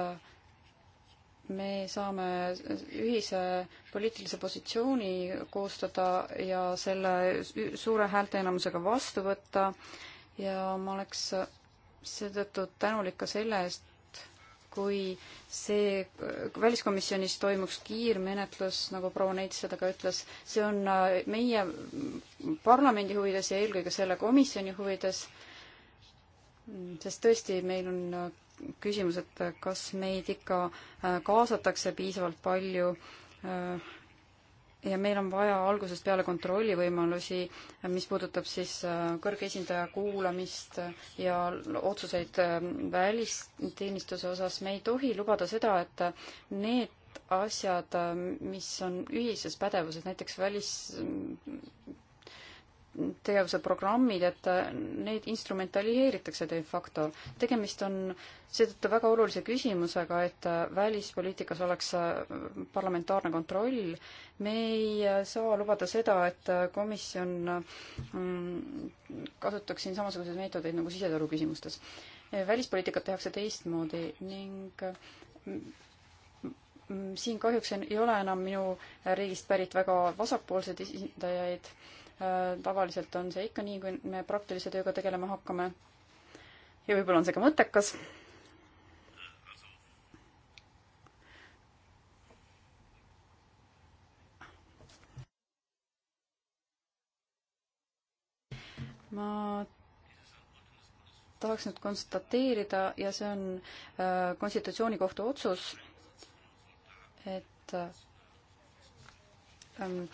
me saame ühise poliitilise positsiooni koostada ja selle suure häälteenamusega vastu võtta ja ma oleks seetõttu tänulik ka selle eest, kui see väliskomisjonis toimuks kiirmenetlus, nagu proua Neits seda ka ütles, see on äh, meie parlamendi huvides ja eelkõige selle komisjoni huvides, sest tõesti, meil on äh, küsimus, et kas meid ikka äh, kaasatakse piisavalt palju ja meil on vaja algusest peale kontrollivõimalusi, mis puudutab siis äh, kõrge esindaja kuulamist ja otsuseid äh, välisteenistuse osas. me ei tohi lubada seda, et äh, need asjad, mis on ühises pädevuses, näiteks välis tegevuse programmid, et äh, neid instrumentaliseeritakse de facto. tegemist on seetõttu väga olulise küsimusega, et äh, välispoliitikas oleks äh, parlamentaarne kontroll. me ei saa lubada seda, et komisjon mm, kasutaks siin samasuguseid meetodeid nagu siseturu küsimustes. välispoliitikat tehakse teistmoodi ning siin kahjuks ei ole enam minu riigist pärit väga vasakpoolseid esindajaid Äh, tavaliselt on see ikka nii, kui me praktilise tööga tegelema hakkame. ja võib-olla on see ka mõttekas. ma tahaks nüüd konstateerida ja see on äh, konstitutsioonikohtu otsus, et äh, Ähm,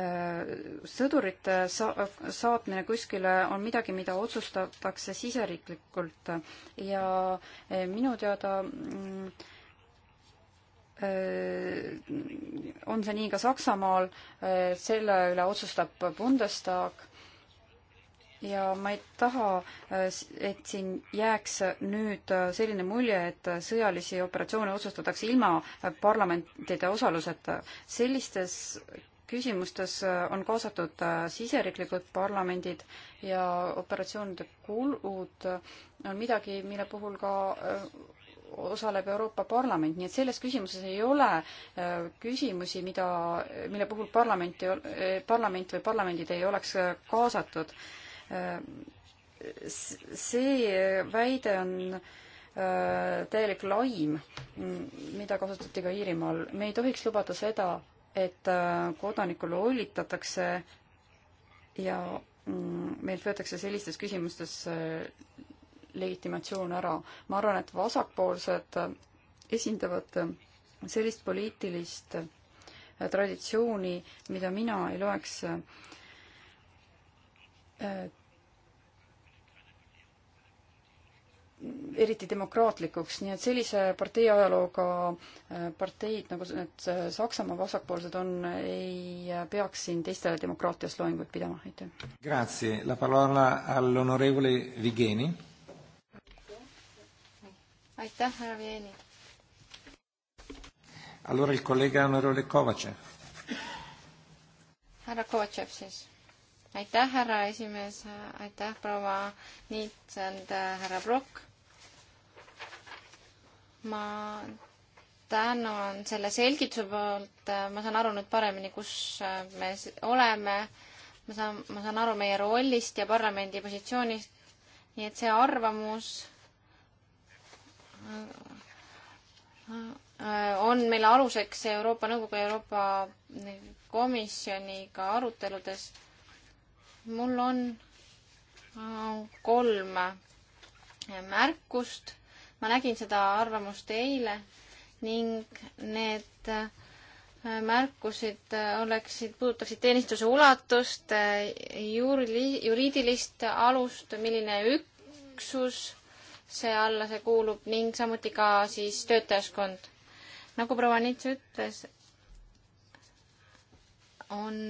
äh, sõdurite sa-, saatmine kuskile on midagi, mida otsustatakse siseriiklikult ja äh, minu teada mm, äh, on see nii ka Saksamaal, selle üle otsustab Bundestag ja ma ei taha, et siin jääks nüüd selline mulje, et sõjalisi operatsioone otsustatakse ilma parlamentide osaluseta. sellistes küsimustes äh, on kaasatud äh, siseriiklikud parlamendid ja operatsioonide kulud äh, on midagi, mille puhul ka osaleb Euroopa Parlament, nii et selles küsimuses ei ole küsimusi, mida, mille puhul parlamenti, parlament või parlamendid ei oleks kaasatud. see väide on täielik laim, mida kasutati ka Iirimaal. me ei tohiks lubada seda, et äh, kodanikku lollitatakse ja mm, meilt võetakse sellistes küsimustes äh, legitimatsioon ära. ma arvan, et vasakpoolsed äh, esindavad sellist poliitilist traditsiooni, mida mina ei loeks eriti demokraatlikuks, nii et sellise partei ajalooga äh, parteid, nagu need äh, Saksamaa vasakpoolsed on, ei äh, peaks siin teistele demokraatiast loenguid pidama, aitäh. Grazie, la parola all onorevole Vigeni. aitäh, härra Vigeni. Allora il collega onorevole Kovatšev. härra Kovatšev siis aitäh, härra esimees, aitäh, proua Niit and härra Prokk ma tänan selle selgituse poolt, ma saan aru nüüd paremini, kus me oleme, ma saan, ma saan aru meie rollist ja parlamendi positsioonist, nii et see arvamus äh, on meile aluseks Euroopa Nõukogu ja Euroopa Komisjoniga aruteludes. mul on äh, kolm märkust ma nägin seda arvamust eile ning need äh, märkused äh, oleksid, puudutaksid teenistuse ulatust, äh, juuri-, juriidilist alust, milline üksus see alla see kuulub ning samuti ka siis töötajaskond. nagu proua Nits ütles, on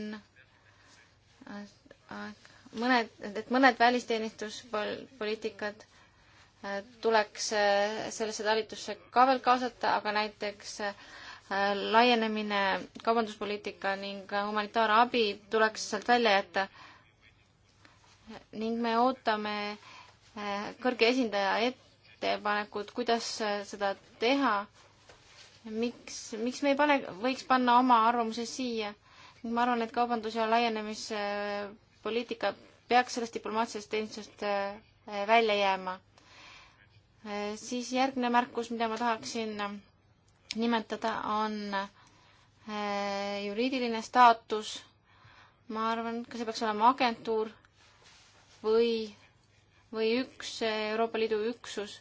mõned, et mõned välisteenistuspoliitikad tuleks äh, sellesse talitusse ka veel kaasata, aga näiteks äh, laienemine, kaubanduspoliitika ning äh, humanitaarabi tuleks sealt välja jätta. ning me ootame kõrge esindaja ettepanekut, kuidas seda teha. miks, miks me ei pane, võiks panna oma arvamuse siia? ma arvan, et kaubandus- ja laienemispoliitika peaks sellest diplomaatilisest teenistusest välja jääma Eh, siis järgmine märkus, mida ma tahaksin nimetada, on eh, juriidiline staatus. ma arvan, kas see peaks olema agentuur või, või üks eh, Euroopa Liidu üksus.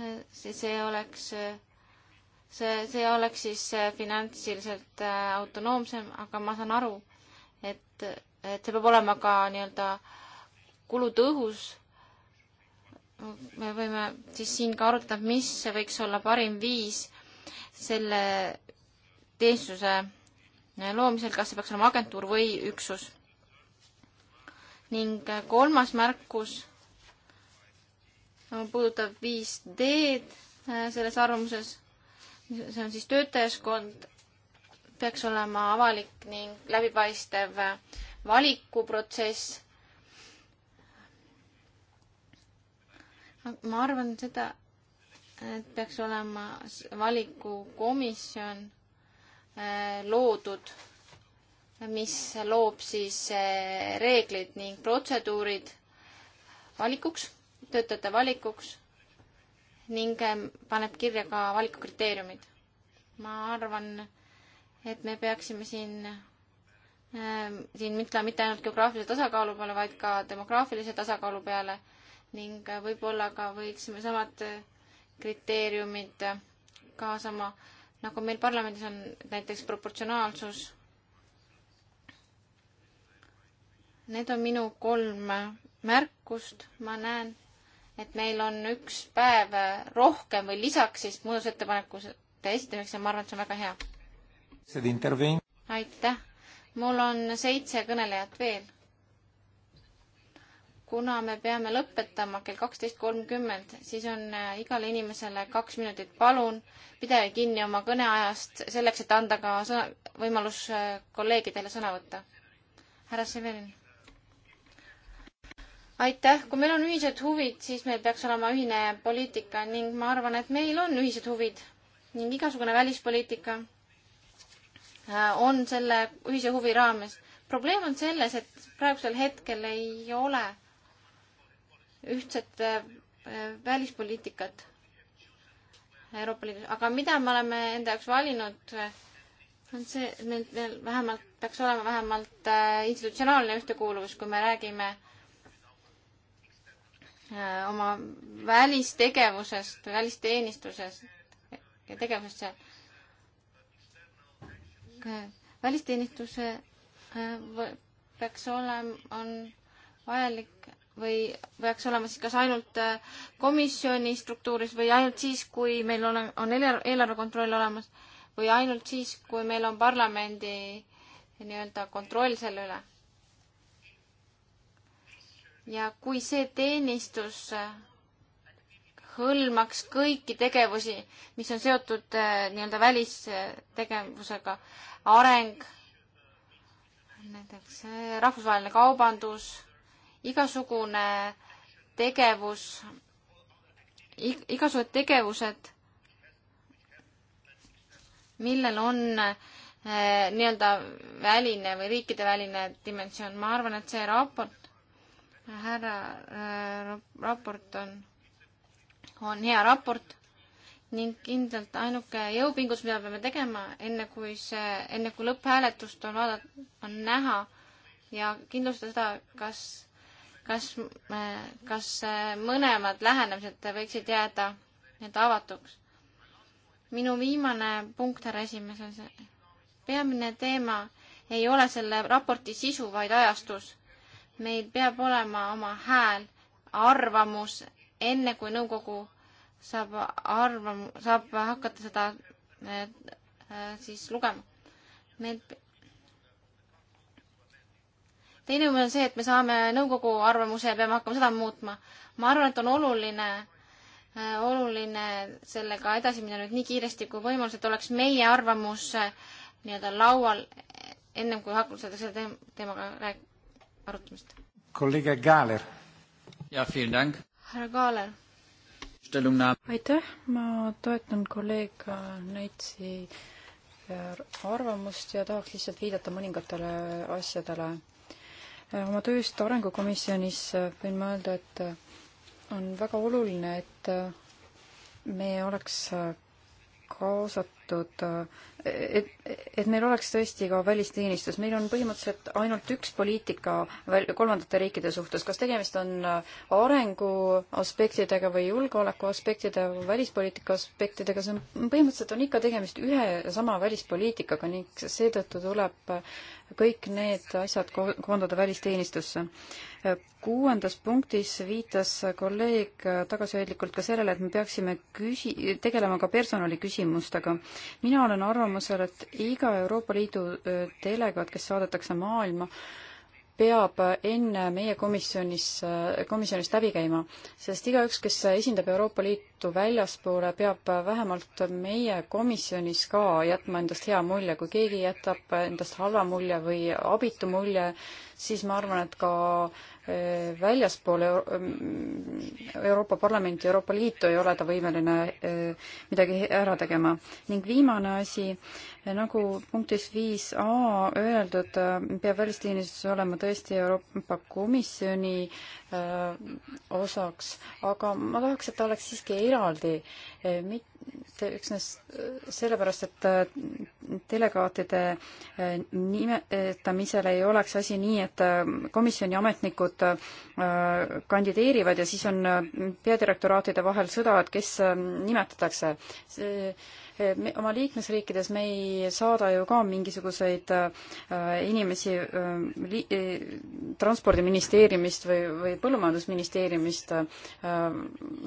see, see oleks, see, see oleks siis finantsiliselt autonoomsem, aga ma saan aru, et, et see peab olema ka nii-öelda kulutõhus me võime siis siin ka arutada, mis võiks olla parim viis selle teenistuse loomisel, kas see peaks olema agentuur või üksus. ning kolmas märkus puudutab 5D-d selles arvamuses, see on siis töötajaskond, peaks olema avalik ning läbipaistev valikuprotsess ma arvan seda, et peaks olema valikukomisjon eh, loodud, mis loob siis eh, reeglid ning protseduurid valikuks, töötajate valikuks ning eh, paneb kirja ka valikukriteeriumid. ma arvan, et me peaksime siin siin mitte, mitte ainult geograafilise tasakaalu peale, vaid ka demograafilise tasakaalu peale äh, ning võib-olla ka võiksime samad kriteeriumid kaasama, nagu meil parlamendis on näiteks proportsionaalsus. Need on minu kolm märkust, ma näen, et meil on üks päev rohkem või lisaks siis muudatusettepanekute esitamiseks ja ma arvan, et see on väga hea. aitäh, mul on seitse kõnelejat veel kuna me peame lõpetama kell kaksteist kolmkümmend, siis on äh, igale inimesele kaks minutit, palun pidage kinni oma kõneajast, selleks et anda ka sõna, võimalus äh, kolleegidele sõna võtta. härra Severin. aitäh, kui meil on ühised huvid, siis meil peaks olema ühine poliitika ning ma arvan, et meil on ühised huvid ning igasugune välispoliitika äh, on selle ühise huvi raames. probleem on selles, et praegusel hetkel ei ole ühtset äh, välispoliitikat Euroopa Liidus, aga mida me oleme enda jaoks valinud, äh, on see, et meil, meil vähemalt, peaks olema vähemalt äh, institutsionaalne ühtekuuluvus, kui me räägime oma välistegevusest, välisteenistusest ja tegevusest seal. välisteenistuse peaks olema, on vajalik või peaks olema siis kas ainult äh, komisjoni struktuuris või ainult siis, kui meil on, on eelarve kontroll olemas või ainult siis, kui meil on parlamendi nii-öelda kontroll selle üle. ja kui see teenistus äh, hõlmaks kõiki tegevusi, mis on seotud äh, nii-öelda välistegevusega, areng, näiteks rahvusvaheline kaubandus igasugune tegevus, igasugused tegevused, millel on eh, nii-öelda väline või riikideväline dimensioon. ma arvan, et see raport, härra äh, raport on, on hea raport ning kindlalt ainuke jõupingus, mida peame tegema, enne kui see, enne kui lõpphääletust on vaadata, on näha ja kindlustada seda, kas kas, kas mõlemad lähenemised võiksid jääda nii-öelda avatuks? minu viimane punkt, härra esimees, on see peamine teema ei ole selle raporti sisu, vaid ajastus. meil peab olema oma hääl, arvamus, enne kui nõukogu saab arvam-, saab hakata seda eh, eh, siis lugema. meil teine võimalus on see, et me saame nõukogu arvamuse ja peame hakkama seda muutma. ma arvan, et on oluline, äh, oluline sellega edasi minna nüüd nii kiiresti kui võimalus, et oleks meie arvamus äh, nii-öelda laual, ennem kui hakata selle teem-, teemaga rääk-, arutamist. kolleeg Kaaler. jah, härra Kaaler aitäh, ma toetan kolleeg Neitsi äh, arvamust ja tahaks lihtsalt viidata mõningatele asjadele. Äh, oma tööst Arengukomisjonis äh, võin ma öelda, et äh, on väga oluline, et me oleks kaasat-, seotud, et, et meil oleks tõesti ka välisteenistus, meil on põhimõtteliselt ainult üks poliitika väl-, kolmandate riikide suhtes, kas tegemist on arengu aspektidega või julgeoleku aspektide, välispoliitika aspektidega, see on, põhimõtteliselt on ikka tegemist ühe ja sama välispoliitikaga ning seetõttu tuleb kõik need asjad ko-, koondada välisteenistusse. Kuuendas punktis viitas kolleeg tagasihoidlikult ka sellele, et me peaksime küsi-, tegelema ka personaliküsimustega mina olen arvamusel, et iga Euroopa Liidu delegaat, kes saadetakse maailma, peab enne meie komisjonis, komisjonist läbi käima, sest igaüks, kes esindab Euroopa Liitu väljaspoole, peab vähemalt meie komisjonis ka jätma endast hea mulje. kui keegi jätab endast halva mulje või abitu mulje, siis ma arvan, et ka e, väljaspool Euroopa Parlamenti, Euroopa Liitu ei ole ta võimeline e, midagi ära tegema. ning viimane asi, e, nagu punktis viis A öeldud, peab välisteenistus olema tõesti Euroopa Komisjoni osaks, aga ma tahaks, et ta oleks siiski eraldi, mitte üksnes äh, sellepärast, et äh, delegaatide äh, nimetamisel ei oleks asi nii, et komisjoni ametnikud kandideerivad ja siis on peadirektoraatide vahel sõda, et kes nimetatakse. see me, oma liikmesriikides me ei saada ju ka mingisuguseid äh, inimesi äh, li-, äh, transpordiministeeriumist või, või põllumajandusministeeriumist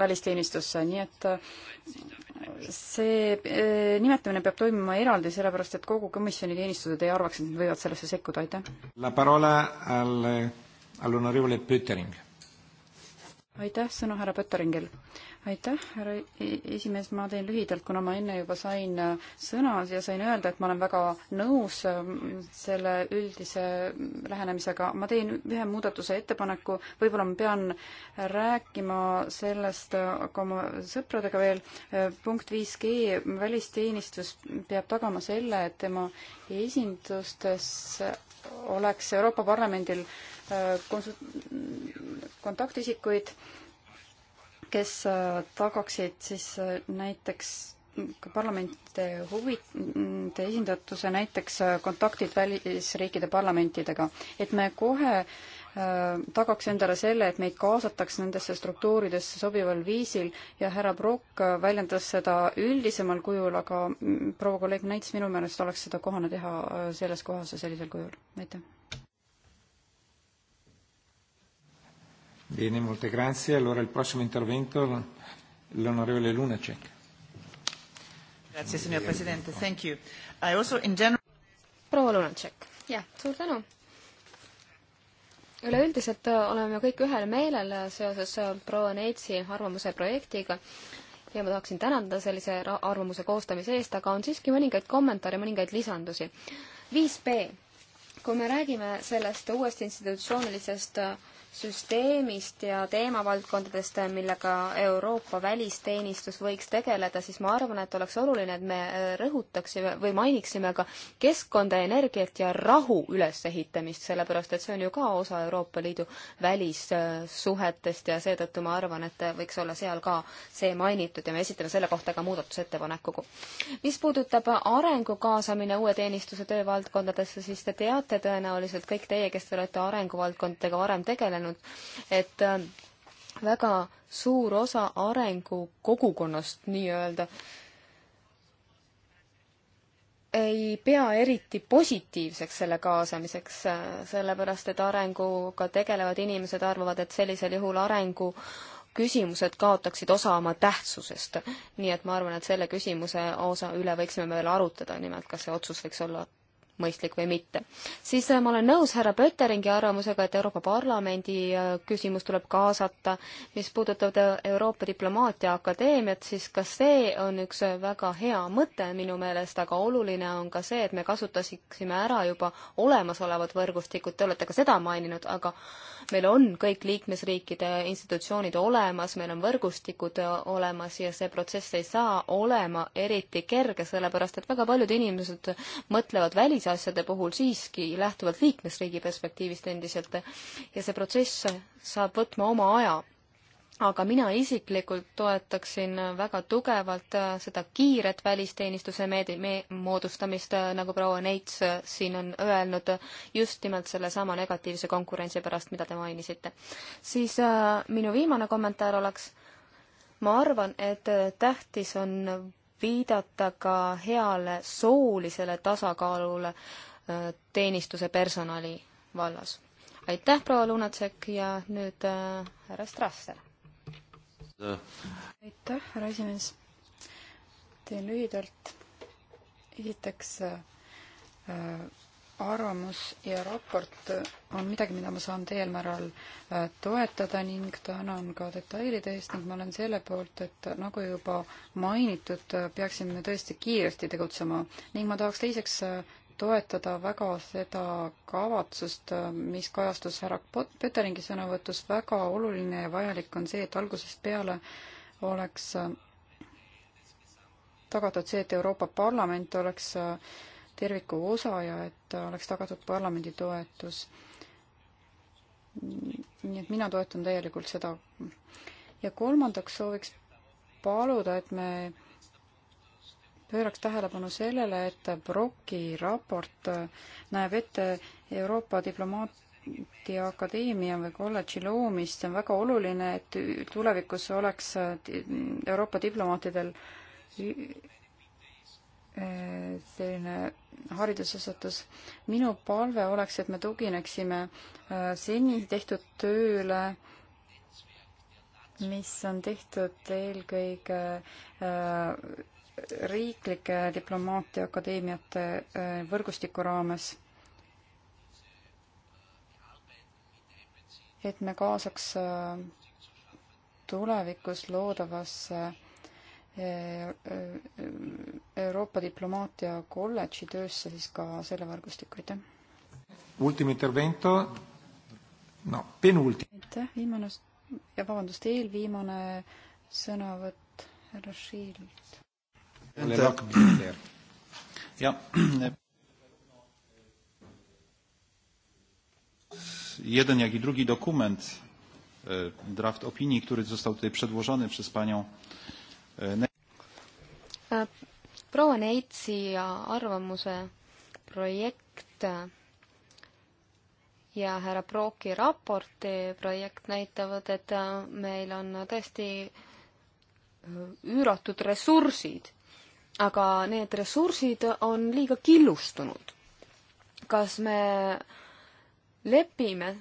välisteenistusse, nii et see nimetamine peab toimuma eraldi, sellepärast et kogu komisjoni teenistused ei arvaks, et nad võivad sellesse sekkuda, aitäh. La parola al, al onorevole Pöttering. aitäh, sõna härra Pötteringil aitäh, härra e-, esimees, ma teen lühidalt, kuna ma enne juba sain äh, sõna ja sain öelda, et ma olen väga nõus äh, selle üldise lähenemisega. ma teen ühe muudatuse ettepaneku, võib-olla ma pean rääkima sellest ka äh, oma sõpradega veel. punkt viis G, välisteenistus peab tagama selle, et tema esindustes oleks Euroopa Parlamendil konsu-, kontaktisikuid kes äh, tagaksid siis äh, näiteks ka parlamentide huvide mm, esindatuse, näiteks äh, kontaktid välisriikide parlamentidega, et me kohe tagaks endale selle, et meid kaasataks nendesse struktuuridesse sobival viisil ja härra Brock väljendas seda üldisemal kujul, aga mm, proua kolleeg Näits, minu meelest oleks seda kohane teha selles kohas ja sellisel kujul. aitäh! Bene, molte grazie. Allora il prossimo intervento l'onorevole Lunacek. Grazie, signor Presidente. Thank you. I also in general... proua Lunacek, jah, suur tänu. üleüldiselt äh, oleme kõik ühel meelel seoses äh, proua Neitsi arvamuse projektiga ja ma tahaksin tänada sellise arvamuse koostamise eest, aga on siiski mõningaid kommentaare, mõningaid lisandusi. viis B. kui me räägime sellest uuest institutsioonilisest äh, süsteemist ja teemavaldkondadest, millega Euroopa välisteenistus võiks tegeleda, siis ma arvan, et oleks oluline, et me äh, rõhutaksime või mainiksime ka keskkonda, energiat ja rahu ülesehitamist, sellepärast et see on ju ka osa Euroopa Liidu välissuhetest ja seetõttu ma arvan, et äh, võiks olla seal ka see mainitud ja me esitame selle kohta ka muudatusettepanekuga. mis puudutab arengu kaasamine uue teenistuse töövaldkondadesse, siis te teate tõenäoliselt kõik teie, kes te olete arenguvaldkondadega varem tegelenud, öelnud, et äh, väga suur osa arengu kogukonnast nii-öelda ei pea eriti positiivseks selle kaasamiseks, äh, sellepärast et arenguga tegelevad inimesed arvavad, et sellisel juhul arengu küsimused kaotaksid osa oma tähtsusest. nii et ma arvan, et selle küsimuse osa üle võiksime veel arutada, nimelt kas see otsus võiks olla mõistlik või mitte. siis äh, ma olen nõus härra Pötteringi arvamusega, et Euroopa Parlamendi äh, küsimus tuleb kaasata. mis puudutab äh, Euroopa Diplomaatia Akadeemiat, siis ka see on üks väga hea mõte minu meelest, aga oluline on ka see, et me kasutasime ära juba olemasolevad võrgustikud, te olete ka seda maininud, aga meil on kõik liikmesriikide institutsioonid olemas, meil on võrgustikud olemas ja see protsess ei saa olema eriti kerge, sellepärast et väga paljud inimesed mõtlevad välis välisasjade puhul siiski lähtuvalt liikmesriigi perspektiivist endiselt ja see protsess saab võtma oma aja. aga mina isiklikult toetaksin väga tugevalt seda kiiret välisteenistuse meedi- me,, moodustamist, nagu proua Neits siin on öelnud, just nimelt sellesama negatiivse konkurentsi pärast, mida te mainisite. siis äh, minu viimane kommentaar oleks, ma arvan, et tähtis on viidata ka heale soolisele tasakaalule äh, teenistuse personali vallas. aitäh, proua Lunatsek ja nüüd äh, härra Strasser. aitäh, härra esimees. teen lühidalt. esiteks äh, äh arvamus ja raport on midagi, mida ma saan teel määral äh, toetada ning tänan ka detailide eest ning ma olen selle poolt, et nagu juba mainitud, äh, peaksime tõesti kiiresti tegutsema ning ma tahaks teiseks äh, toetada väga seda kavatsust, mis kajastus härra Pöteringi sõnavõtus, väga oluline ja vajalik on see, et algusest peale oleks tagatud see, et Euroopa Parlament oleks äh, terviku osa ja et oleks tagatud parlamendi toetus. nii et mina toetan täielikult seda. ja kolmandaks sooviks paluda, et me pööraks tähelepanu sellele, et Brocki raport näeb ette Euroopa diplomaatia akadeemia või kolledži loomist, see on väga oluline, et tulevikus oleks Euroopa diplomaatidel selline haridusasutus. minu palve oleks, et me tugineksime äh, seni tehtud tööle, mis on tehtud eelkõige äh, riiklike diplomaatiaakadeemiate äh, võrgustiku raames. et me kaasaks tulevikus loodavasse Euroopa diplomaatia kolledži töösse siis ka selle võrgustiku, aitäh! Ultimo intervento, no penulti-. aitäh, viimane, vabandust, eelviimane sõnavõtt härra Schild. jah. Jeden, jak i drugi dokument, e, draft opinii, który został tutaj przedłożony przez panią proua Neitsi arvamuse projekt ja härra Prooki raporti projekt näitavad, et meil on tõesti üüratud ressursid, aga need ressursid on liiga killustunud. kas me lepime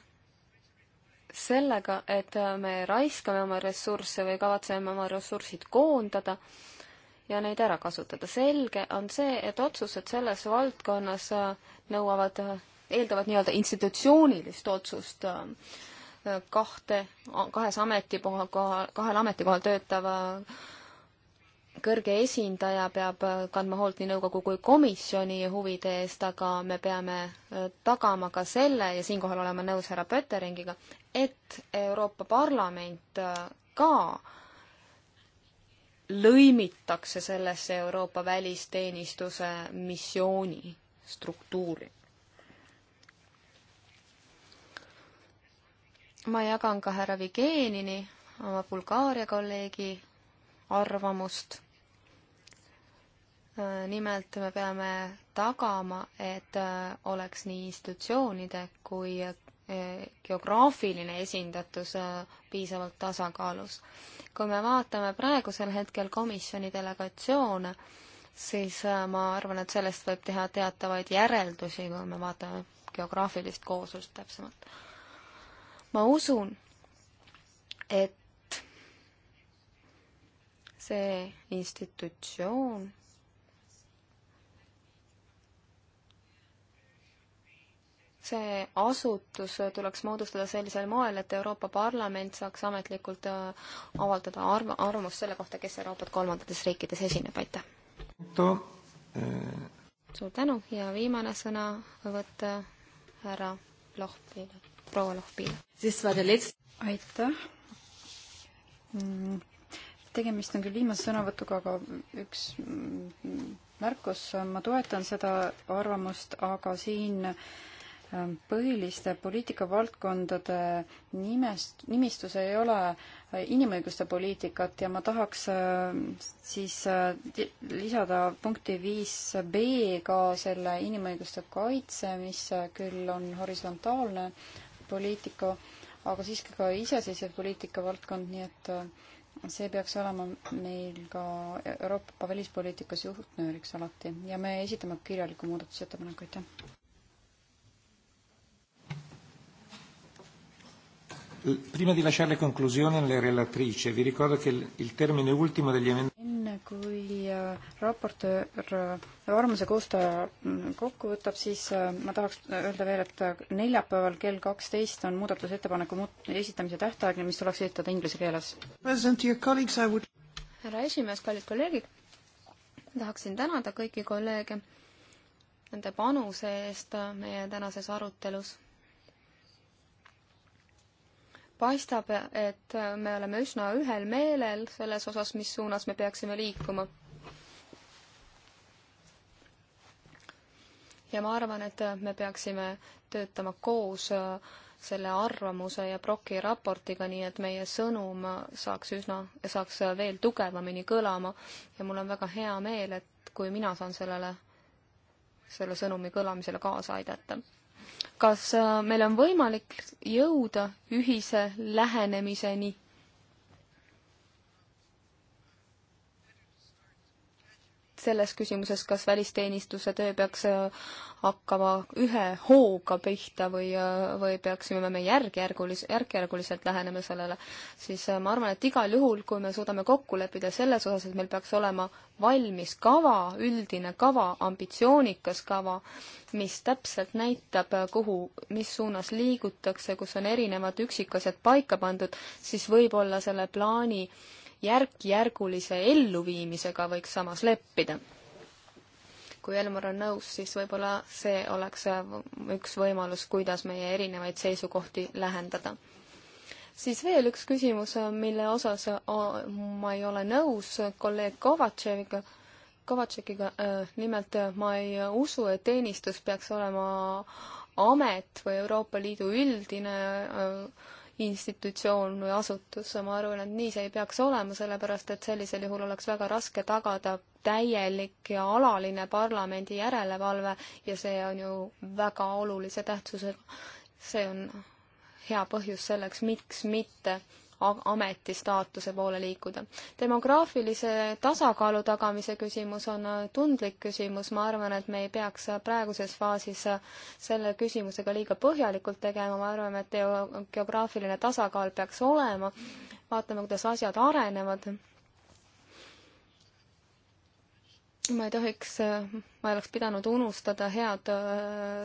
sellega, et me raiskame oma ressursse või kavatseme oma ressursid koondada ja neid ära kasutada. selge on see, et otsused selles valdkonnas äh, nõuavad, äh, eeldavad nii-öelda institutsioonilist otsust äh, kahte, kahes ametikoha, kahel ametikohal töötava kõrge esindaja peab äh, kandma hoolt nii nõukogu kui komisjoni huvide eest, aga me peame äh, tagama ka selle ja siinkohal olema nõus härra Pötteringiga, et Euroopa Parlament äh, ka lõimitakse sellesse Euroopa välisteenistuse missiooni struktuuri. ma jagan ka härra Vigenini, oma Bulgaaria kolleegi arvamust Äh, nimelt me peame tagama, et äh, oleks nii institutsioonide kui äh, geograafiline esindatus piisavalt tasakaalus. kui me vaatame praegusel hetkel komisjoni delegatsioone, siis ma arvan, et sellest võib teha teatavaid järeldusi, kui me vaatame geograafilist kooslust täpsemalt. ma usun, et see institutsioon see asutus tuleks moodustada sellisel moel, et Euroopa Parlament saaks ametlikult äh, avaldada arv-, arvamust selle kohta, kes Euroopat kolmandates riikides esineb, aitäh! Äh, suur tänu ja viimane sõna võtta äh, härra Lohpile, proua Lohpile. aitäh! tegemist on küll viimase sõnavõtuga, aga üks mm, märkus, ma toetan seda arvamust, aga siin äh, põhiliste poliitikavaldkondade nimest, nimistus ei ole inimõiguste poliitikat ja ma tahaks äh, siis äh, lisada punkti viis B ka selle inimõiguste kaitse, mis äh, küll on horisontaalne poliitika, aga siiski ka iseseisev poliitikavaldkond, nii et see peaks olema meil ka Euroopa välispoliitikas juhtnööriks alati ja me esitame kirjaliku muudatusettepaneku, aitäh! Prima di lasciare le conclusioni alla relatrice, vi ricordo che il termine ultimo degli emendamenti enne kui eh, raportöör arvamuse eh, koostaja mm, kokku võtab, siis eh, ma tahaks öelda veel, et neljapäeval kell kaksteist on muudatusettepaneku muut-, esitamise tähtaeg, mis tuleks esitada inglise keeles. Would... härra esimees, kallid kolleegid, tahaksin tänada kõiki kolleege nende panuse eest meie tänases arutelus paistab, et me oleme üsna ühel meelel selles osas, mis suunas me peaksime liikuma. ja ma arvan, et me peaksime töötama koos selle arvamuse ja Proki raportiga, nii et meie sõnum saaks üsna, saaks veel tugevamini kõlama ja mul on väga hea meel, et kui mina saan sellele, selle sõnumi kõlamisele kaasa aidata kas äh, meil on võimalik jõuda ühise lähenemiseni selles küsimuses, kas välisteenistuse töö peaks äh, hakkama ühe hooga pihta või, äh, või peaksime me järk-järgulis-, järk-järguliselt lähenema sellele, siis äh, ma arvan, et igal juhul, kui me suudame kokku leppida selles osas, et meil peaks olema valmis kava, üldine kava, ambitsioonikas kava, mis täpselt näitab, kuhu, mis suunas liigutakse, kus on erinevad üksikasjad paika pandud, siis võib-olla selle plaani äh, järk-järgulise elluviimisega võiks samas leppida. kui Elmar on nõus, siis võib-olla see oleks üks võimalus, kuidas meie erinevaid seisukohti lähendada. siis veel üks küsimus, mille osas ma ei ole nõus kolleeg Kovatševiga, Kovatšekiga, nimelt ma ei usu, et teenistus peaks olema amet või Euroopa Liidu üldine öö, institutsioon või asutus, ma arvan, et nii see ei peaks olema, sellepärast et sellisel juhul oleks väga raske tagada täielik ja alaline parlamendi järelevalve ja see on ju väga olulise tähtsusega. see on hea põhjus selleks, miks mitte ametistaatuse poole liikuda. demograafilise tasakaalu tagamise küsimus on äh, tundlik küsimus, ma arvan, et me ei peaks äh, praeguses faasis äh, selle küsimusega liiga põhjalikult tegema, me arvame, et geograafiline tasakaal peaks olema, vaatame, kuidas asjad arenevad. ma ei tohiks, ma ei oleks pidanud unustada head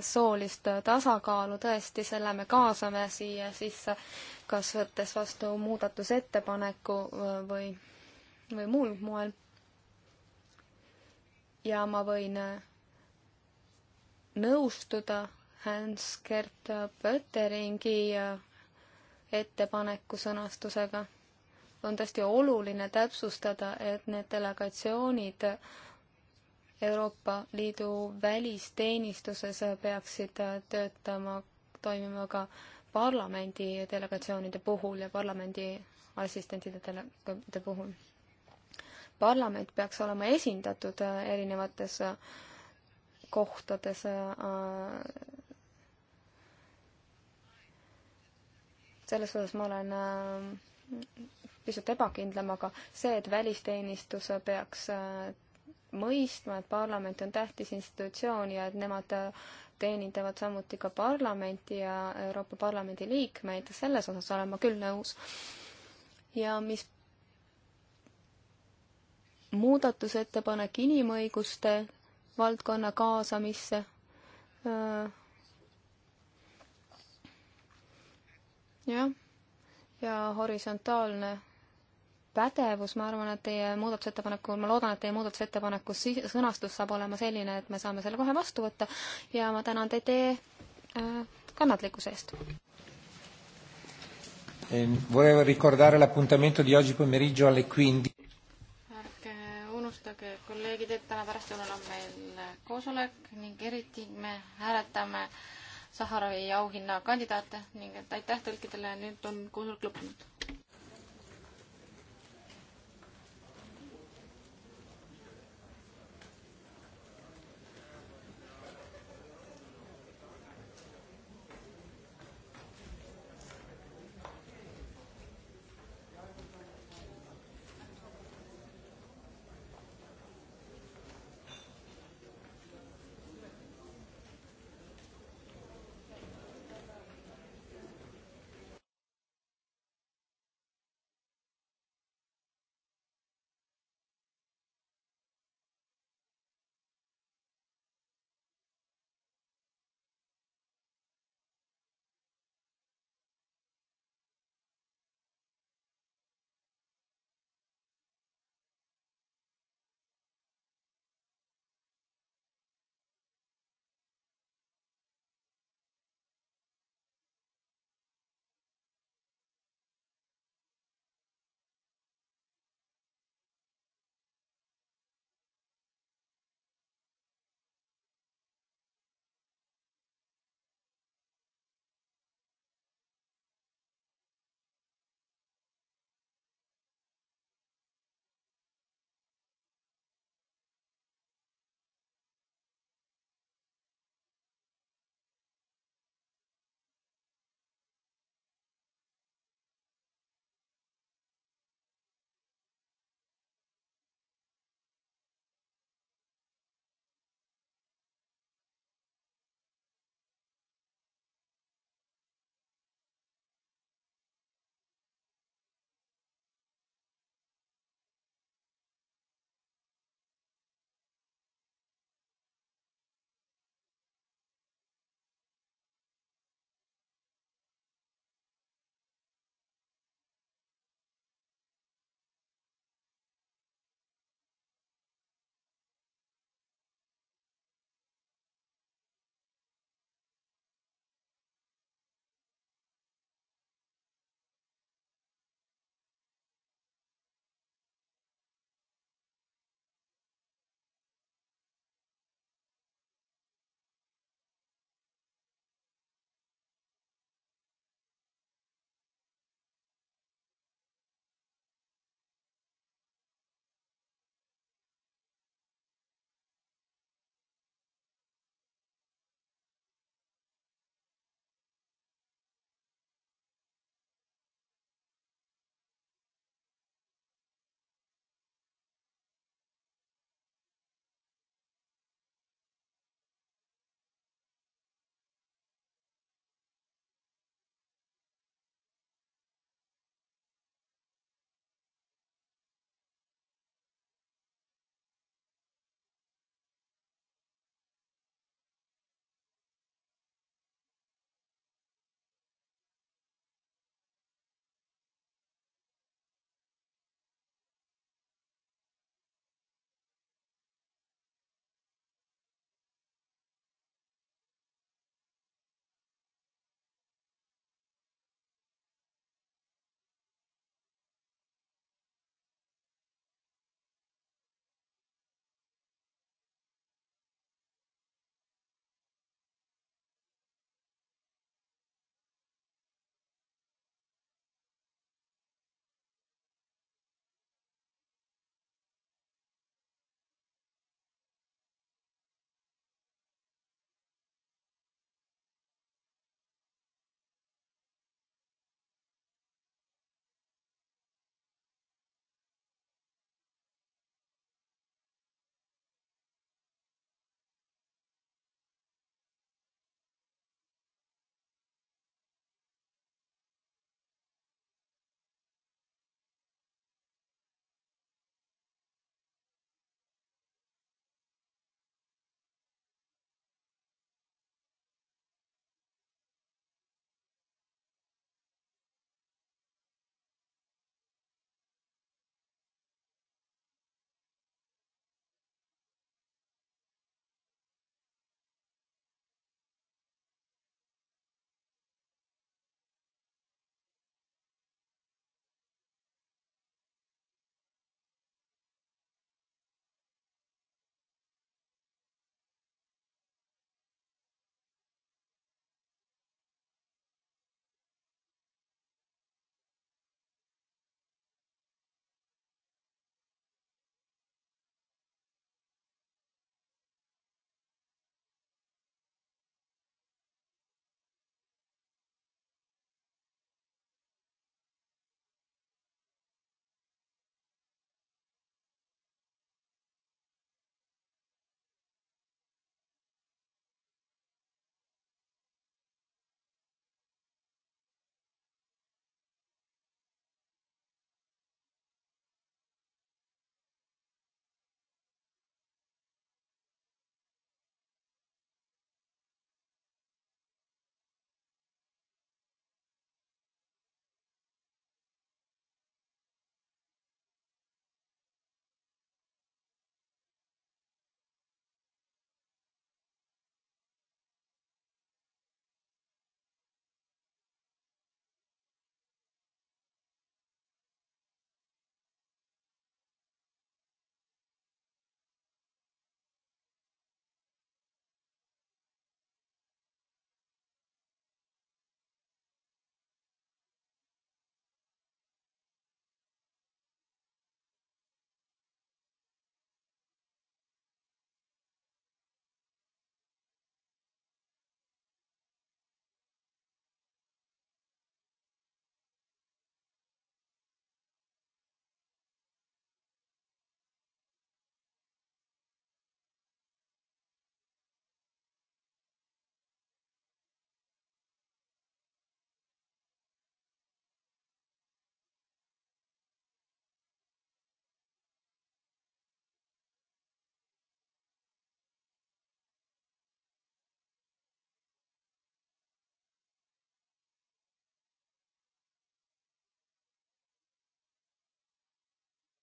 soolist tasakaalu, tõesti, selle me kaasame siia sisse kas võttes vastu muudatusettepaneku äh, või, või muul moel. ja ma võin äh, nõustuda Hans-Gert Pötteringi äh, ettepaneku sõnastusega. on tõesti oluline täpsustada, et need delegatsioonid Euroopa Liidu välisteenistuses peaksid töötama, toimima ka äh, parlamendi delegatsioonide puhul ja parlamendi assistentide delegaatide puhul. parlament peaks olema esindatud äh, erinevates äh, kohtades äh, selles osas ma olen pisut ebakindlam, aga see, et välisteenistus peaks mõistma, et parlament on tähtis institutsioon ja et nemad teenindavad samuti ka parlamenti ja Euroopa Parlamendi liikmeid, selles osas olen ma küll nõus. ja mis muudatusettepanek inimõiguste valdkonna kaasamisse, jah, ja horisontaalne pädevus, ma arvan, et teie muudatusettepanekul, ma loodan, et teie muudatusettepaneku sõnastus saab olema selline, et me saame selle kohe vastu võtta ja ma tänan teid teie äh, kannatlikkuse eest. Eh, volevo ricordare l'appuntamento di oggi pomeriggio alle 15. ärge unustage, kolleegid, et täna pärastlõunal on meil koosolek ning eriti me hääletame Saharovi auhinna kandidaate ning et aitäh tõlkidele, nüüd on koosolek lõppenud